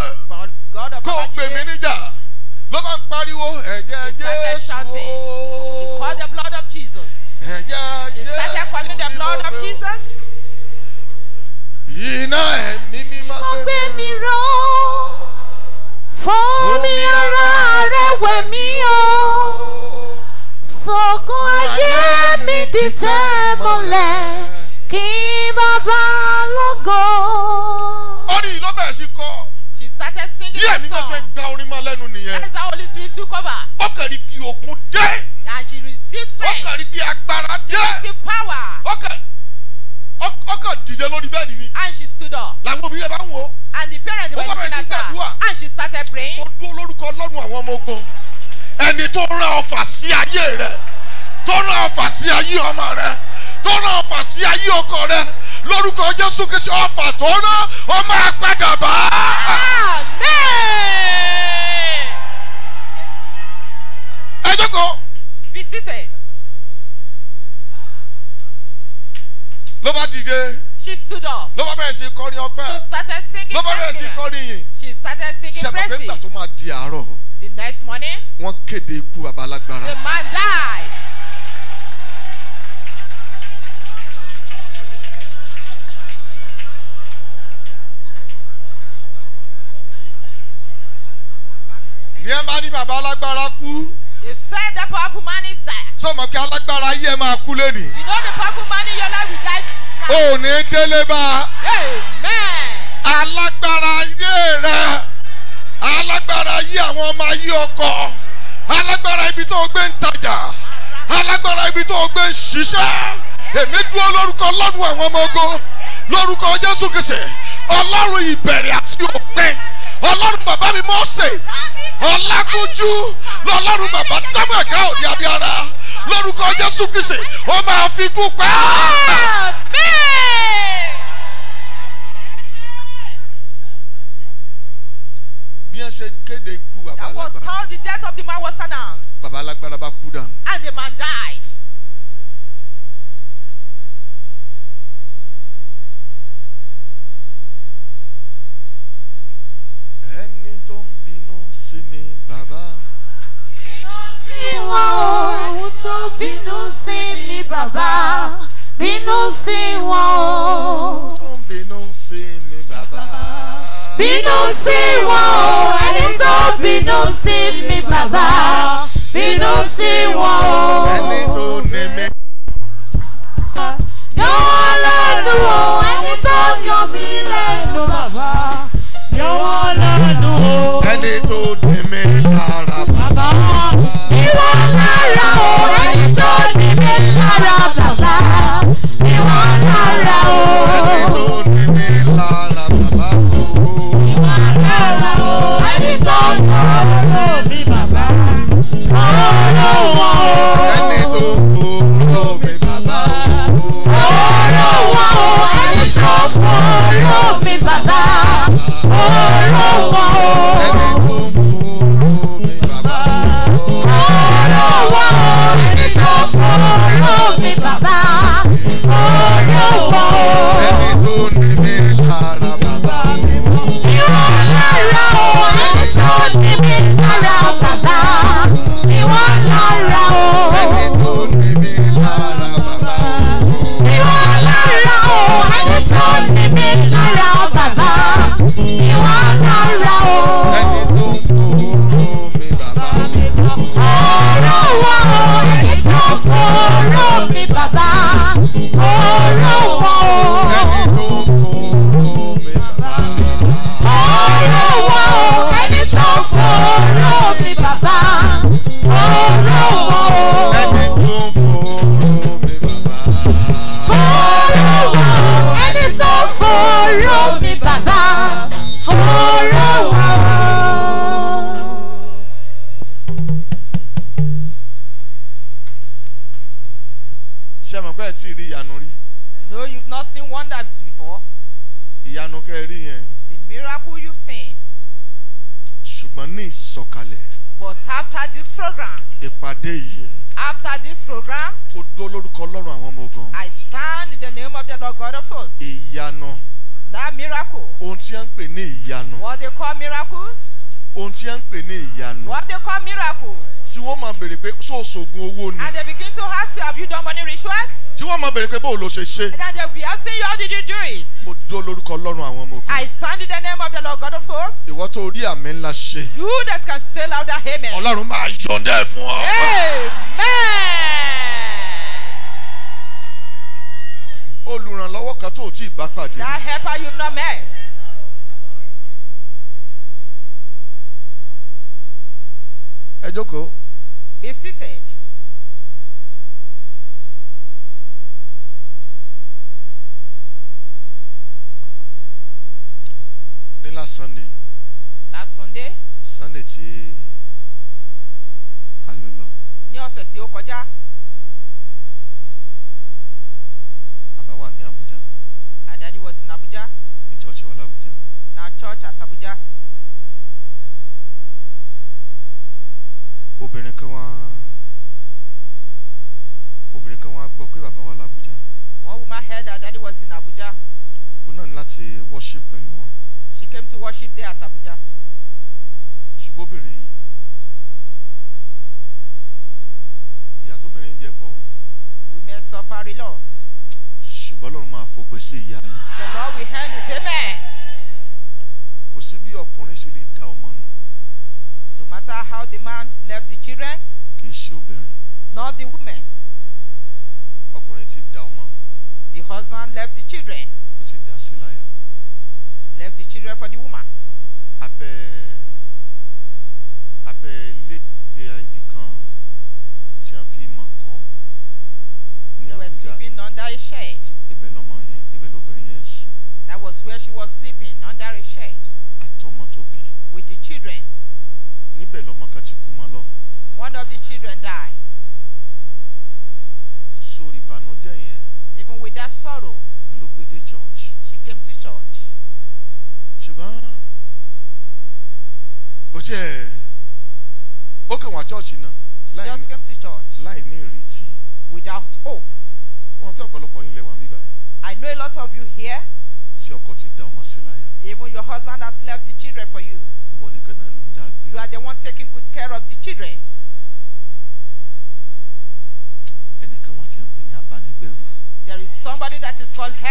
dìtẹ́ mọ́lẹ̀ kí bàbá lógo. orin yìí ló bẹ̀rẹ̀ sí kọ́. she started singing yeah, the song. bí ẹ̀mí náà ṣe gba orin máa lẹ́nu nìyẹn. that is how holy spirit took over. ó kàn rí kí òkun dé. and she received strength. ó kàn rí kí agbára dé. she received power. ó kàn ó kàn dìde lórí bẹ́ẹ̀dì ni. and she stood up. làwọn obìnrin bá ń wò. and the parents were looking at her. and she started praying. ó dúró lórúkọ ọlọ́run àwọn ọmọ ogun ẹni tó rán ọfà sí ayé rẹ̀ tó rán sí ayé ọmọ rẹ tó rán sí ayé ọkọ rẹ lórúkọ Jésù Kristi ọfà tó rán ó máa bá. ẹ jókòó. ló bá dìde. she stood up. ló bá bẹ̀rẹ̀ sí kọrin ọpẹ́. she started singing. ló bá bẹ̀rẹ̀ sí kọrin yìí. she started singing praises. ṣe àpapẹ̀ ńgbà tó máa di àárọ̀. the next morning. wọ́n kéde ikú abalagbara. the man died. ní ẹ bá ní bàbá alágbára kú. they said that powerful man is there. sọ ma pé alágbára ayé ẹ máa kú lónìí. you know the powerful man in your life will die tonight. o ò délé bá. amen. alágbára ayé rẹ alágbára ayé àwọn ọmọ ayé ọkọ alágbára ibi tó o gbé ń tajà alágbára ibi tó o gbé ń ṣiṣẹ́ èmi dúró lórúkọ lọ́dún àwọn ọmọ ogun lórúkọ jésù kìsì ọlọ́run ìbẹ̀rẹ̀ àti òpin ọlọ́run bàbá mi mọ̀ ọlágúnjú lọ́lọ́run bàbá samuel ká òní abíára lórúkọ jésù kristi ó máa fi kú pa. bí wọ́n ṣe kéde ikú bàbá alágbára. that was how the death of the man was announced. bá kú dànù. and the man died. sí mi bàbá. bínú sí wọn o tó bínú sí mi bàbá bínú sí wọn o. tó bínú sí mi bàbá. bínú sí wọn o ẹni tó bínú sí mi bàbá bínú sí wọn o. ẹni tó ní mi. yọ̀wọ́ lẹ́nu o ẹni tó yọ mí lẹ́nu bàbá. Ìwọ lọ́dún o. Ẹni tó ní mi lára. Bàbá ìwọ lára o. Ẹni tó mi lára mi lára bàbá o. Ìwọ lára o. Ẹni tó ní mi bàbá. Ọ̀rọ̀ wọn o. Ẹni tó fòrò mi bàbá o. Ọ̀rọ̀ wọn o. Ẹni kò fóró mi bàbá fóró wọn o. fóró wọn o Follow me, Baba. Follow me. fóró wọn o.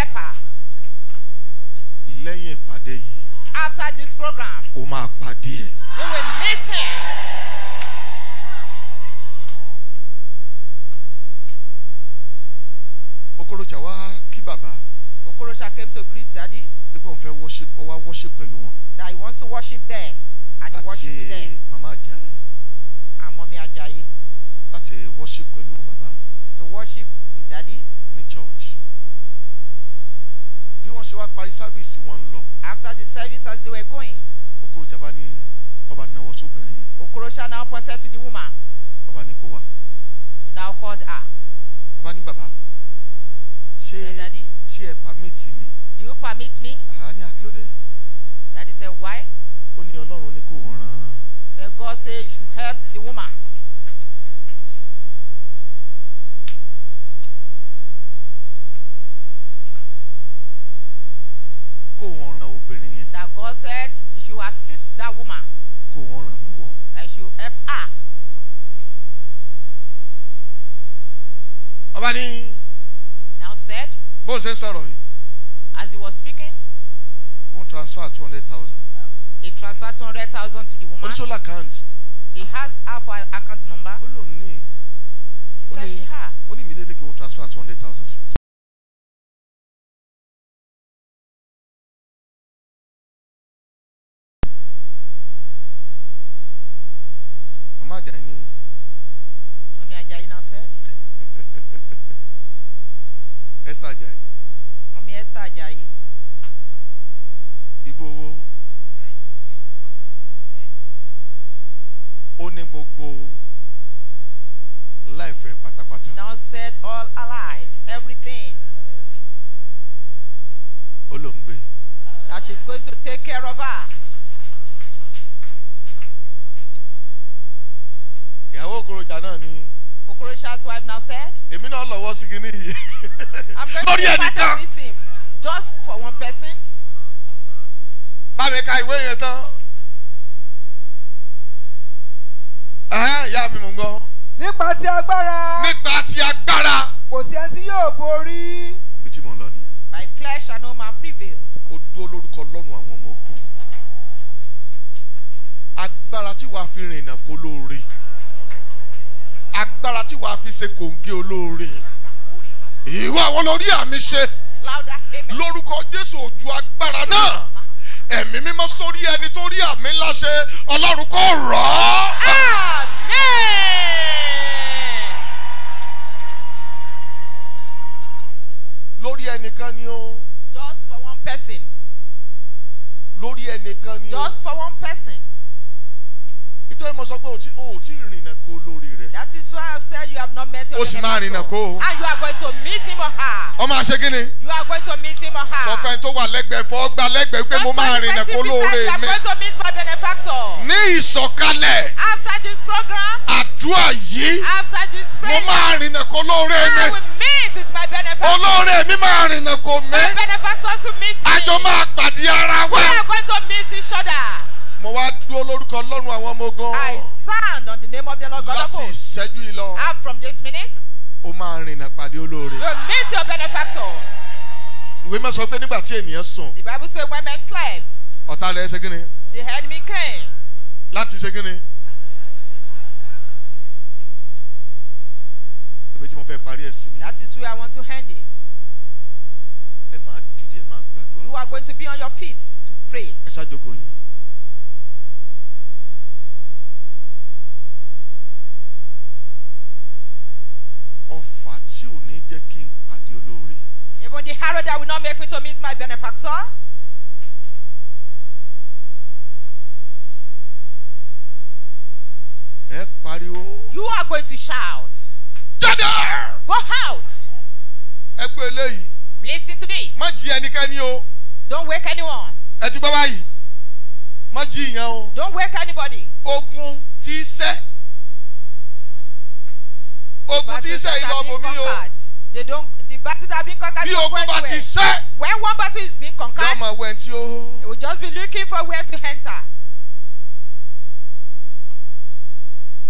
helper. Lẹ́yìn ìpàdé yìí. After this program. O máa pàdé ẹ̀. You will meet him. Okorocha wá kí bàbá. Okorocha came to greet daddy. Ibo n fẹ́ worship ọ wá worship pẹ̀lú wọn. That he wants to worship there and he worship there. Àti mama Ajayi. And mommy Ajayi. Láti worship pẹ̀lú bàbá. To worship with daddy. Ní church bí wọ́n ṣe wá parí sáfìsì wọn ń lọ. after the service as they were going. Okorocha bá ní ọba náwó sóbìnrin yẹn. Okorocha now pointed to the woman. ọba ní kó wá. he now called her. ọba ní bàbá. ṣé ṣé ẹ permit mi. do you permit me. àá ní akílódé. daddy said why. ó ní ọlọ́run ní kò ràn. say God say you should help the woman. should assist that woman. kò wọ́n ràn lọ́wọ́. I should help her. ọba ní. now said. bó o ṣe ń sọ̀rọ̀ yìí. as he was speaking. Go transfer two hundred thousand. he transferred two hundred thousand to the woman. oníṣòlá account. he has half her account number. ó lóun ní. she said she had. ó ní mi kí wọ́n transfer two hundred thousand alive, everything. Olongbe. That she's going to take care of her. Ìyàwó Okorocha náà ni. Okorocha's wife now said. Èmi náà lọ́wọ́ Sigi kinní yìí. I'm going [laughs] to be part of this thing just for one person. Bá mi ka ìwé yẹn tán. Ẹ̀hẹ́ ìyá mi mò ń nípa ti agbára. nípa ti agbára. kò sí ẹni tí yóò borí. ibi tí mo ń lọ nìyẹn. by flesh and no man prevail. ó dúró lórúkọ lọ́rùn àwọn ọmọ ogun. agbára tí wàá fi rìn ìnà kó lóore. agbára tí wàá fi ṣe kòǹgé olóore. ìwọ àwọn lórí àmì ṣe. lórúkọ Jésù ojú agbára náà ẹ̀mí mímọ́ sórí ẹni tó rí àmì ńlá ṣe ọlọ́run kò rọ̀ ọ́. àmín. lórí ẹnìkan ni o. just for one person. lórí ẹnìkan ni o. just for one person nítorí mo sọ pé o ti o ti rìnà kó lórí rẹ. that is why I said you have not met your mentor. o sì máa rìnà kó. and you are going to meet him or her. ọmọ àṣẹ kí ni. you are going to meet him or her. sọ fẹ́ni tó wà lẹ́gbẹ̀ẹ́ fọ́ gba lẹ́gbẹ̀ẹ́ pé mo máa rìnà kó lóore mi. I'm going to meet my benefactor. ní ìsọ̀kalẹ̀. after this program. àdúrà yìí. after this prayer. mo máa rìnà kó lóore mi. I will meet with my benefactor. olóore mi máa rìnà kó mi. my benefactors will meet me. àjọ máa pàdé ara wa. we are going to meet each other mo wá dúró lórúkọ ọlọ́run àwọn ọmọ ogun. I stand on the name of the Lord God of hosts. láti ìṣẹ́jú yìí and from this minute. ó máa rìnnà pàdé olóore. you meet your benefactors. ìwé mọ̀ sọ pé nígbà tí ènìyàn sùn. the bible say when men slept. ọ̀tá lẹ ṣe kí the enemy came. láti ṣe kí ni. tí mo fẹ́ parí ẹ̀ sí ni. that is where I want to end it. ẹ máa dìde ẹ máa gbàdúrà. you are going to be on your feet to pray. ẹ ṣáà jókòó yín. okùnfà tí ò ní jẹ́ kí n pàdé olóore. Even the arrow that will not make me to meet my benefactor. Ẹ pariwo. You are going to shout. Jáde! Go out. Ẹ gbé eléyìí. Listen to this. Má jí ẹnikẹ́ni o. Don't wake anyone. Ẹ ti gbọ́ báyìí. Má jí ìyẹn o. Don't wake anybody. Ogun ti sẹ́ ogun tí ń sẹ́ ìlú ọmọ o. they don't the battles that have been conquered. bí ogun bá ti sẹ́. when one battle is being conquered. yóò máa wẹ̀ tí ó. they will just be looking for where to enter.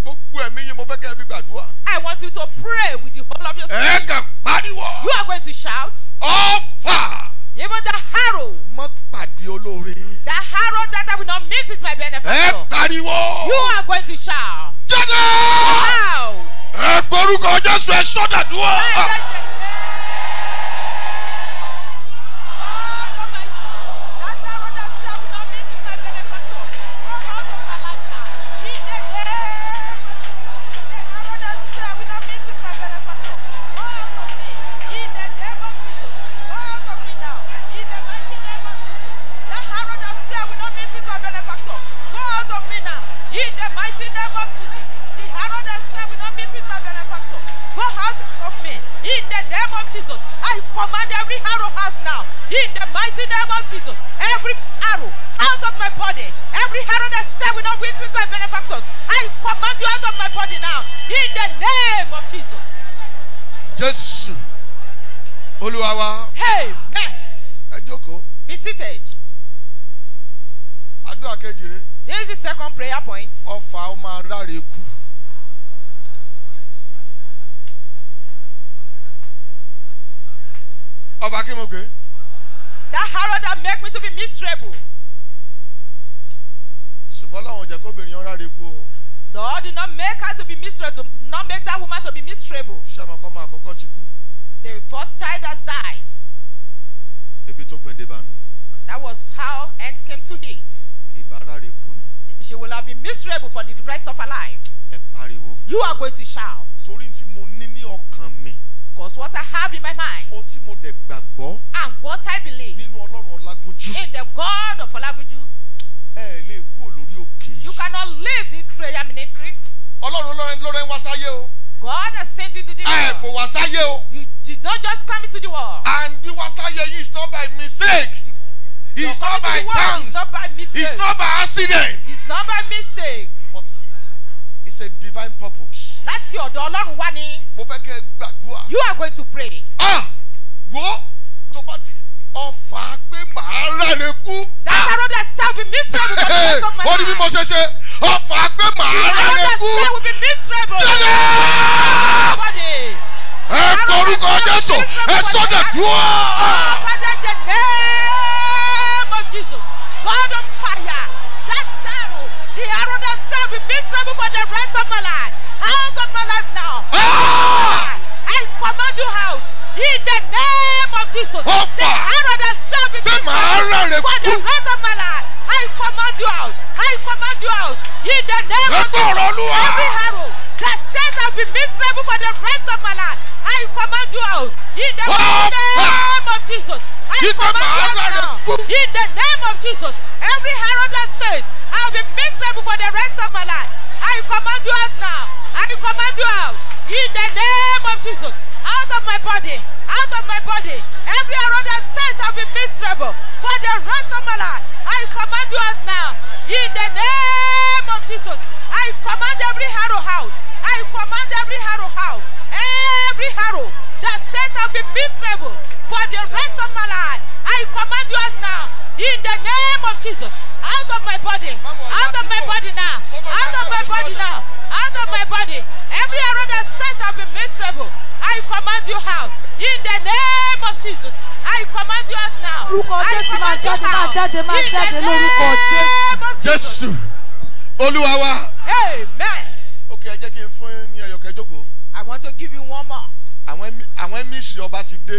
gbogbo ẹ̀mí yín mo fẹ́ kẹ́ ẹ fi gbàdúrà. I want you to pray with the whole of your spirit. ẹ kàn pariwo. you are going to shout. Offer. even the harrow. mo pàdé olóore. the harrow that I will not meet with my benefactor. ẹ pariwo. you are going to shout. jáde. shout ẹ gborúkọ jésù ẹ sọdàdúrà. in the mighty name of Jesus go out of me in the name of Jesus. I command every arrow out now in the mighty name of Jesus. Every arrow out of my body, every arrow that said will not win with my benefactors, I command you out of my body now in the name of Jesus. Jesus. Olúwa Hey. Amen. Ẹ jókòó. Be seated. Àdúrà kejì This is the second prayer point. Ọfà ọmọ aráre kú. of Akimoke. That harrow that make me to be miserable. Ṣùgbọ́n láwọn jẹ́ kóbìnrin ọ̀rá rẹ̀ kú o. Lord did not make her to be miserable, not make that woman to be miserable. Ṣé àmọ́ pọ́nmọ́ àkọ́kọ́ ti kú? The first child has died. Ebi tó pẹ́ dé That was how end came to it. Ìbára rẹ̀ kú ni. She will have been miserable for the rest of her life. Ẹ pariwo. You are going to shout. Torí tí mo ní ní ọkàn mi purpose, what I have in my mind, ohun tí mo dẹ̀ gbàgbọ́, and what I believe nínú Ọlọ́run Ọlágúnjú, in the God of Ọlágúnjú, ẹ lè kú lórí òkè You cannot leave this prayer ministry. Ọlọ́run lọ́rẹ́ lọ́rẹ́ ń wá sáyé o. God has sent you to this world. Ẹ wá sáyé o. You did not just come into the world. And wíwá sáyé yìí is not by mistake. It's not by chance. It's not It's not by accident. It's not by mistake. But it's a divine purpose láti ọ̀dọ̀ ọlọ́run wá ni. mo fẹ́ kẹ́ ẹ gbàdúrà. you are going to pray. ah wo tó bá ti ọfà pé màá rà lè kú. that arrow that serve be miserable for the rest of my life. ó ní bí mo ṣe ṣe ọfà pé màá rà lè kú. that arrow that serve be miserable. jẹ́lẹ̀ ẹ porúkọ jésù ẹ sọ́dẹ̀ dúró. father the name of jesus god of fire that arrow the arrow that serve be miserable for the rest of my life. out of my life now. Ah! I command you out in the name of Jesus. Offer. The arrow that served me for the rest of my life. I command you out. I command you out in the name of Jesus. Every arrow that says I'll be miserable for the rest of my life. I command you out in the name of Jesus. I command you out now in the name of Jesus. Every arrow that says I'll be miserable for the rest of my life. I command you out now. command you out in the name of Jesus. Out of my body, out of my body, every arrow that says I'll be miserable for the rest of my life, I command you out now in the name of Jesus. I command every arrow out. I command every arrow out. Every arrow that says I'll be miserable for the rest of my life, I command you out now in the name of Jesus. Out of my body, out of my body now. the name of Jesus. I command you out now. Lórúkọ Jésù máa jáde máa jáde máa jáde lórúkọ Jésù. Jésù Olúwa wa. Amen. Ok ẹ jẹ́ kí n fún yín ní ẹyọ I want to give you one more. Àwọn àwọn ẹ̀mísì ọba ti dé.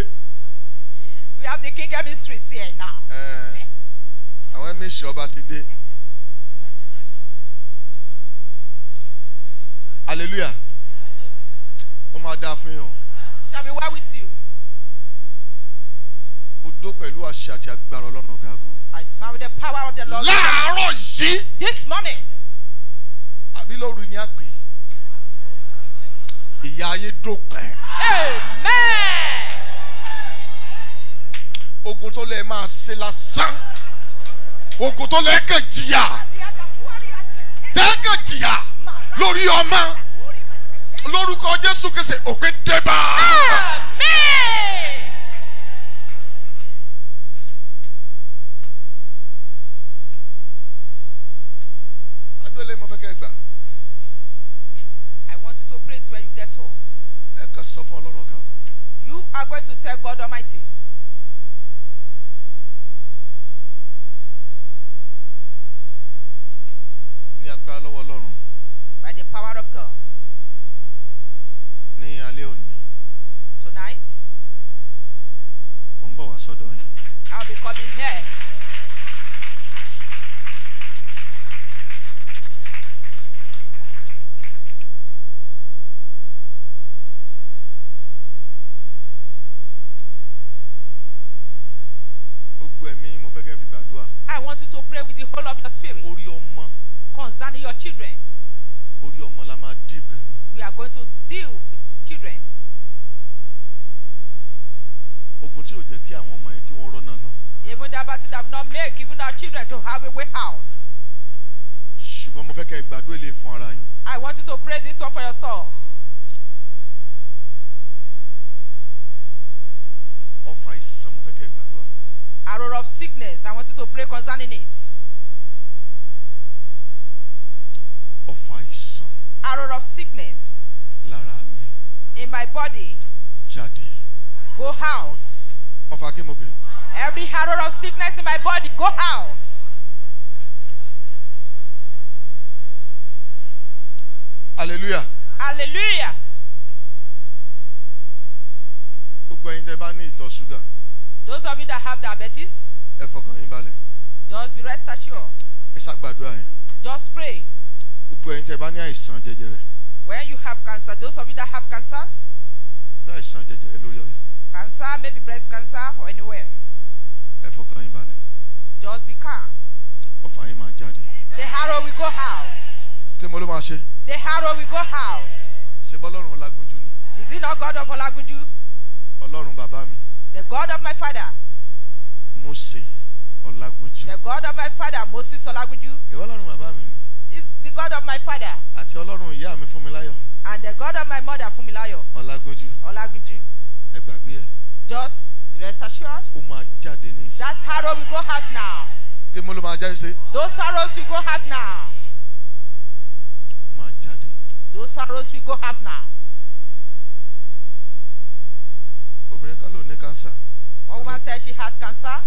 We have the king ministries here now. Àwọn ẹ̀mísì ọba ti dé. Hallelujah. Ó máa dáa fún yín o. Shall be well with you dó pẹ̀lú àṣẹ àti agbára ọlọ́run gágùn. I serve the power of the Lord. Láàárọ̀ yìí. This morning. Àbí lóru ni a pè. Ìyá yín dópin. Amen. Ogun tó lè máa ṣe lásán. Ogun tó lè kàn jìyà. Tẹ́kàn jìyà lórí ọmọ. Lórúkọ Jésù kìí ṣe òpin débà. Amen. said God Almighty children. Orí ọmọ la máa dì pẹ̀lú. We are going to deal with children. Ogun tí ò jẹ́ kí àwọn ọmọ yẹn kí wọ́n rọ́nà lọ. Even the Abbas have not make even our children to have a way out. Ṣùgbọ́n mo fẹ́ kẹ́ ìgbàdo ilé fún ara yín. I want you to pray this one for yourself. Ọfà ìsàn mo fẹ́ kẹ́ ìgbàdúrà. Arrow of sickness, I want you to pray concerning it. Of àìsàn. arrow of sickness. lára mi. in my body. jáde. go out. ọfà akémoge. every arrow of sickness in my body go out. hallelujah. hallelujah. gbogbo ẹyin tẹ bá ní ìtọ̀ ṣúgà. those of you that have diabetes. ẹ fọkàn yín balẹ̀. just be rest assured. ẹ ṣàgbàdúrà yẹn. just pray gbogbo ẹ̀yin tẹ́ bá ní àìsàn jẹjẹrẹ. when you have cancer those of you that have cancers. bí àìsàn jẹjẹrẹ lórí ọyọ. cancer maybe breast cancer or anywhere. ẹ fọkàn yín balẹ̀. just be calm. ọfà yín máa jáde. the harrow will go out. kí mo ló máa ṣe. the harrow will go out. ṣe bọ́lọ́run ọlágúnjú ni. is he not God of ọlágúnjú. ọlọ́run bàbá mi. the God of my father. Mose ọlágúnjú. the God of my father Moses ọlágúnjú. ìwọ lọ́run bàbá mi ni is the God of my father. àti ọlọ́run ìyá mi Fúnmiláyọ̀. and the God of my mother Fúnmiláyọ̀. Ọlágúnjú. Ọlágúnjú. ẹ gbàgbé ẹ. just rest assured. ó máa jáde ní ìsìn. that arrow will go out now. kí mo ló máa jáde ṣe. those arrows will go out now. máa jáde. those arrows will go out now. obìnrin kan ló ní kánsà. one woman said she had cancer.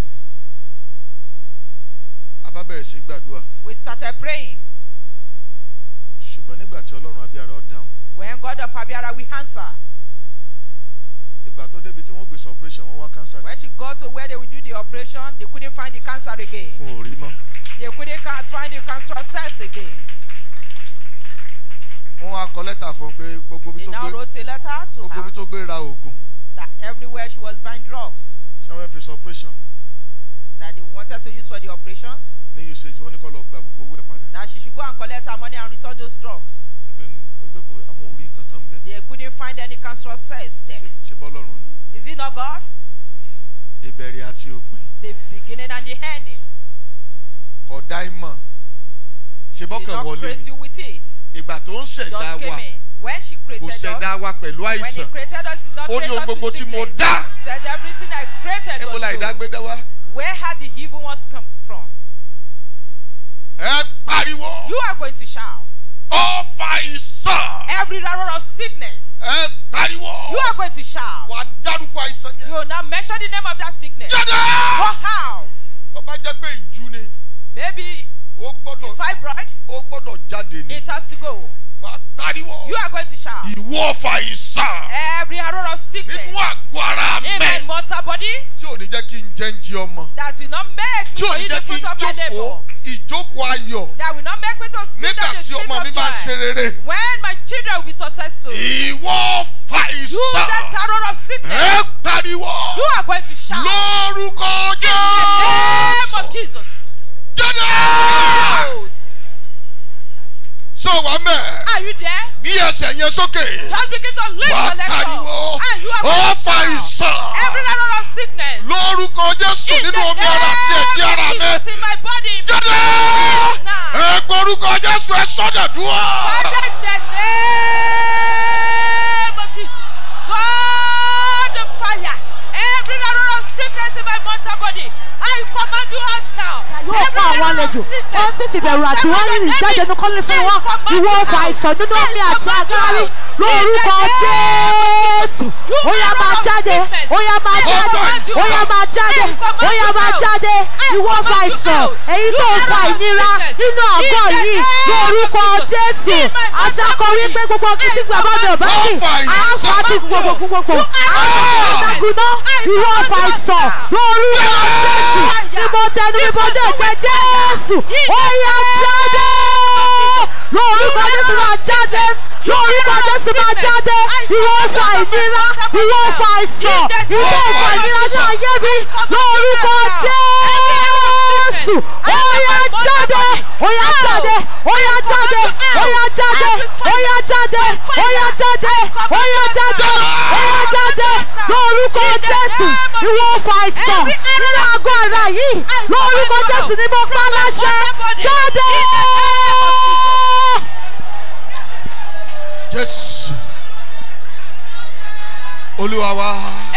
a bá bẹ̀rẹ̀ sí gbàdúrà. we started praying ṣùgbọ́n nígbà tí ọlọ́run abiyara ọ̀ dáhùn. when God of abiyara we answer. ìgbà tó débi tí wọ́n gbèsè operation wọ́n wá cancer. when she got to where they would do the operation they couldn't find the cancer again. wọn ò rí mọ́. they couldn't find the cancer cells again. wọ́n wá kọ lẹ́tà fún un pé gbogbo bí tó gbé. he now wrote a letter to her. gbogbo bí tó gbé ra oògùn. that everywhere she was buying drugs. tí wọ́n fẹ́ fi sọ operation that they wanted to use for the operations. ní usage wọ́n ní kó lọ gba gbogbo owó ẹ̀ padà. that she should go and collect her money and return those drugs. ẹgbẹ́ ẹgbẹ́ kò àwọn ò nǹkan kan bẹ́ẹ̀. they couldn't find any cancerous cells there. ṣe ṣe bọ́ lọ́rùn ni. is it not God? ìbẹ̀rẹ̀ àti òpin. the beginning and the ending. ọ̀dà ìmọ̀ ṣe bọ́kàn wọlé ni. did not create you with it. ìgbà tó ń ṣẹ̀dá wa kò ṣẹ̀dá wa pẹ̀lú àìsàn ó ní ohun gbogbo tí mo dá. said everything I created was good. ebola ìdágbédáwá. Where had the evil ones come from? Ẹ pariwo. You are going to shout. Ọfà ìsàn. Every round of sickness. Ẹ pariwo. You are going to shout. Wà á dárúkọ àìsàn yẹn. You will now measure the name of that sickness. Jáde. Go out. Ó jẹ́ pé ìjú ni. Maybe ó gbọ́dọ̀ ó gbọ́dọ̀ jáde ni. it has to go. wà á you are going to shout. ìwọ ọfà ìsà. every arrow of sickness. nínú àgọ́ ara mẹ́. in my mortal body. tí ò ní jẹ́ kí n jẹ́ ń jí ọmọ. that will not make me for you to put up my labour. ìjókòó ayọ̀. that will not make me to sit down the seat of joy. nígbà tí ọmọ mi bá ṣe rere. when my children will be successful. ìwọ ọfà ìsà. you that arrow of sickness. ẹ pariwo. you are going to shout. lórúkọ jésù. in the name of Jesus. Jonas. So wà mẹ́. Are you there? Yes, ẹsẹ̀ yẹn sókè. Just begin to lift your legs up. Wà á pariwo. Oh, fa ìsàn. Every level of sickness. Lórúkọ Jésù nínú omi ara tí ẹ di ara mẹ́. Jọ́dọ̀! Ẹ gborúkọ Jésù ẹ sọ́dọ̀ dúró. Father in the name of Jesus, God of fire, every level of sickness in my mortal body. I command you out now. Yóò pa àwọn àlejò. Wọ́n sì sì bẹ̀rù àti wọ́n rìnrìn jáde ní kọ́lé fún wọn. Ìwọ ọ̀fà àìsàn nínú omi àti agbárí lórúkọ Jésù. Ó yá máa jáde. Ó yá máa jáde. Ó yá máa jáde. Ó yá máa jáde. Ìwọ ọ̀fà àìsàn. Èyí tó ń fa ìnira nínú àgọ́ yìí lórúkọ Jésù. Àṣà kan wí pé gbogbo títí bàbá mi ò bá kì. Àáfà ti gbogbogbò. Àáfà ti gbogbogbò. Ìwọ ọ̀fà àìsàn lórúkọ Jésù ni mo tẹnu mi bọ́jú ẹ̀jẹ̀ Jésù ó yẹ jáde lórúkọ Jésù máa jáde lórúkọ jésù máa jáde ìwọ ọfà ìnira ìwọ ọfà ìsàn ìwọ ọfà ìnira ní ayé mi lórúkọ jésù ó yá jáde ó yá jáde ó yá jáde ó yá jáde ó yá jáde ó yá jáde ó yá jáde ó yá jáde lórúkọ jésù ìwọ ọfà ìsàn nínú àgọ ara yìí lórúkọ jésù ni mo pa láṣẹ jáde. Jésù Olúwa wa.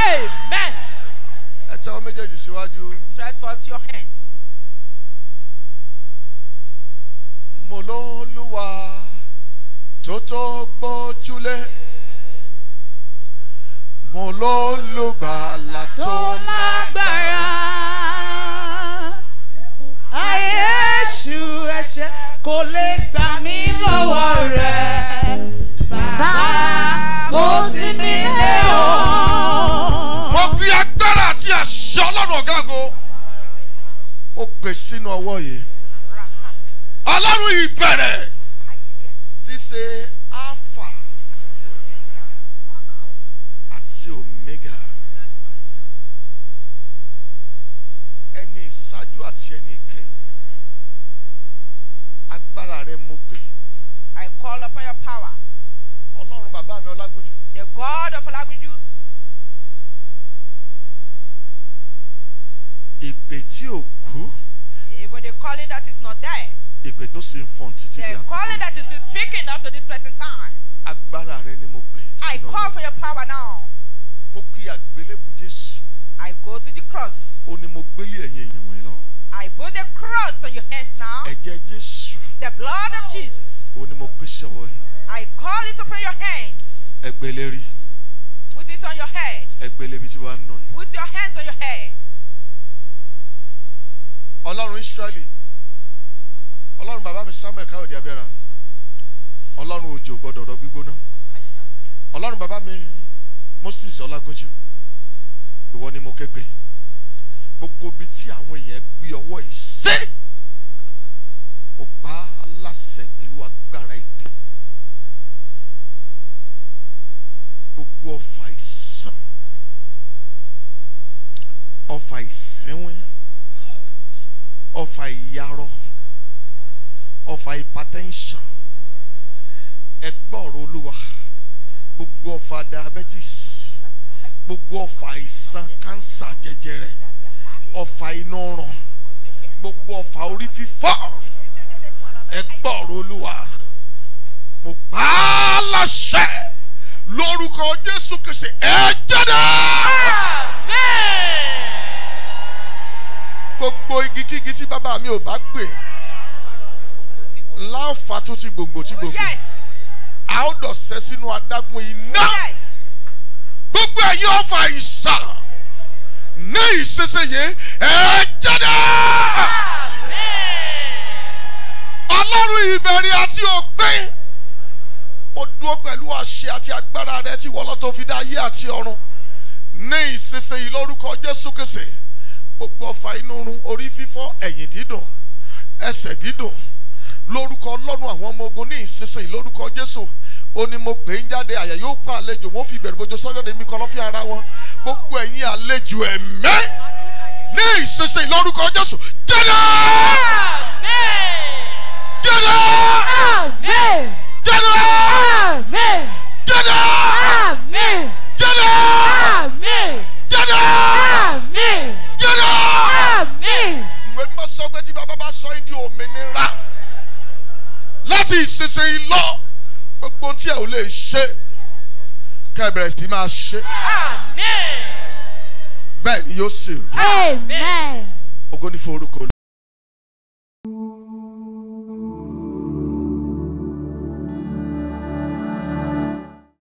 Amen. Ẹ tẹ́wọ́ méjèèjì síwájú. Stretch forth your hands. Mo lólúwa tó tó gbójúlé. Mo lólùgbàlà tó lágbára. Ayé èṣù ẹ̀ṣẹ̀ kò lè gbà mí lọ́wọ́ rẹ̀. ọlọ́run ọ̀gá mo pè sínú ọwọ́ yìí ọlọ́run ìbẹ̀rẹ̀ ti ṣe alpha àti omega ẹni ìṣáájú àti ẹni ìkẹyìn agbára rẹ mo pè. I call upon your power. ọlọ́run bàbá mi ọlágbójú. The God of Ọlágbójú. tí ò kú. even eh, the calling that is not there. ìpè tó sì ń fọn títí di àkókò. the calling that is speaking up to this present time. agbára rẹ ni mo pè. I call for your power now. mo kí àgbélébù Jésù. I go to the cross. ó ní mo gbélé ẹ̀yin èèyàn wọ̀nyí lọ́rùn. I put the cross on your hands now. ẹ̀jẹ̀ Jésù. the blood of Jesus. ó ní mo pè sọ́wọ́ yìí. I call it upon your hands. ẹgbẹ́lẹ́rí. put it on your head. ẹgbẹ́lẹ́bi tí wàá nù. put your hands on your head ọlọ́run israẹli ọlọ́run bàbá mi samuel káyọ̀dé abẹ́ra ọlọ́run òjò gbọ́dọ̀ rọ gbígbóná ọlọ́run bàbá mi moses ọlágójú ìwọ ni mo ké pè gbogbo ibi tí àwọn èèyàn gbé ọwọ́ yìí ṣe ó pa á láṣẹ pẹ̀lú agbára ìpè gbogbo ọfà ìsàn ọfà ìsínwín ọfà ìyarọ ọfà hypertension ẹgbọ́rọ̀ olúwa gbogbo ọfà diabetes gbogbo ọfà àìsàn kánsà jẹjẹrẹ ọfà iná ọràn gbogbo ọfà orí fífọ́ ẹgbọ́rọ̀ olúwa mo pa á láṣẹ lórúkọ Jésù Kristi ẹ jáde gbogbo igikígi tí bàbá mi ò bá gbè ńlá ọ̀fà tó ti gbòǹgbò tí gbòǹgbò a ó dọ̀sẹ̀ sínú adágún iná gbogbo ẹ̀yin ọ̀fà ìṣà ní ìṣeṣeyè ẹ̀ jáde. ọlọ́run ìbẹ̀rẹ̀ àti òpin mo dúró pẹ̀lú àṣẹ àti agbára rẹ tí wọ́n lọ́tọ̀ fi dá ayé àti ọ̀run ní ìṣeṣeyè lórúkọ Jésù Kristi gbogbo ọfà inú run orí fífọ́ ẹ̀yìn dídùn ẹsẹ̀ dídùn lórúkọ ọlọ́run àwọn ọmọ ogun ní ìsinsìnyí lórúkọ jésù ó ní mo pè ń jáde àyà yóò pa àlejò wọn fi ìbẹ̀rù bójú sọ́jọ́dé mi kọ́ lọ́ fi ara wọn gbogbo ẹ̀yin àlejò ẹ̀mẹ́ ní ìsinsìnyí lórúkọ jésù jáde jáde jáde jáde jáde Amen jìnnà. ìwé mímọ́ sọ pé tí bàbá bá sọ yín di òmìnira láti ìṣẹ̀ṣẹ̀ ìlọ gbogbo tí ẹ ò lè ṣe kẹ́ sí máa ṣe bẹ́ẹ̀ ni yóò sì rí ogo ní forúkọ.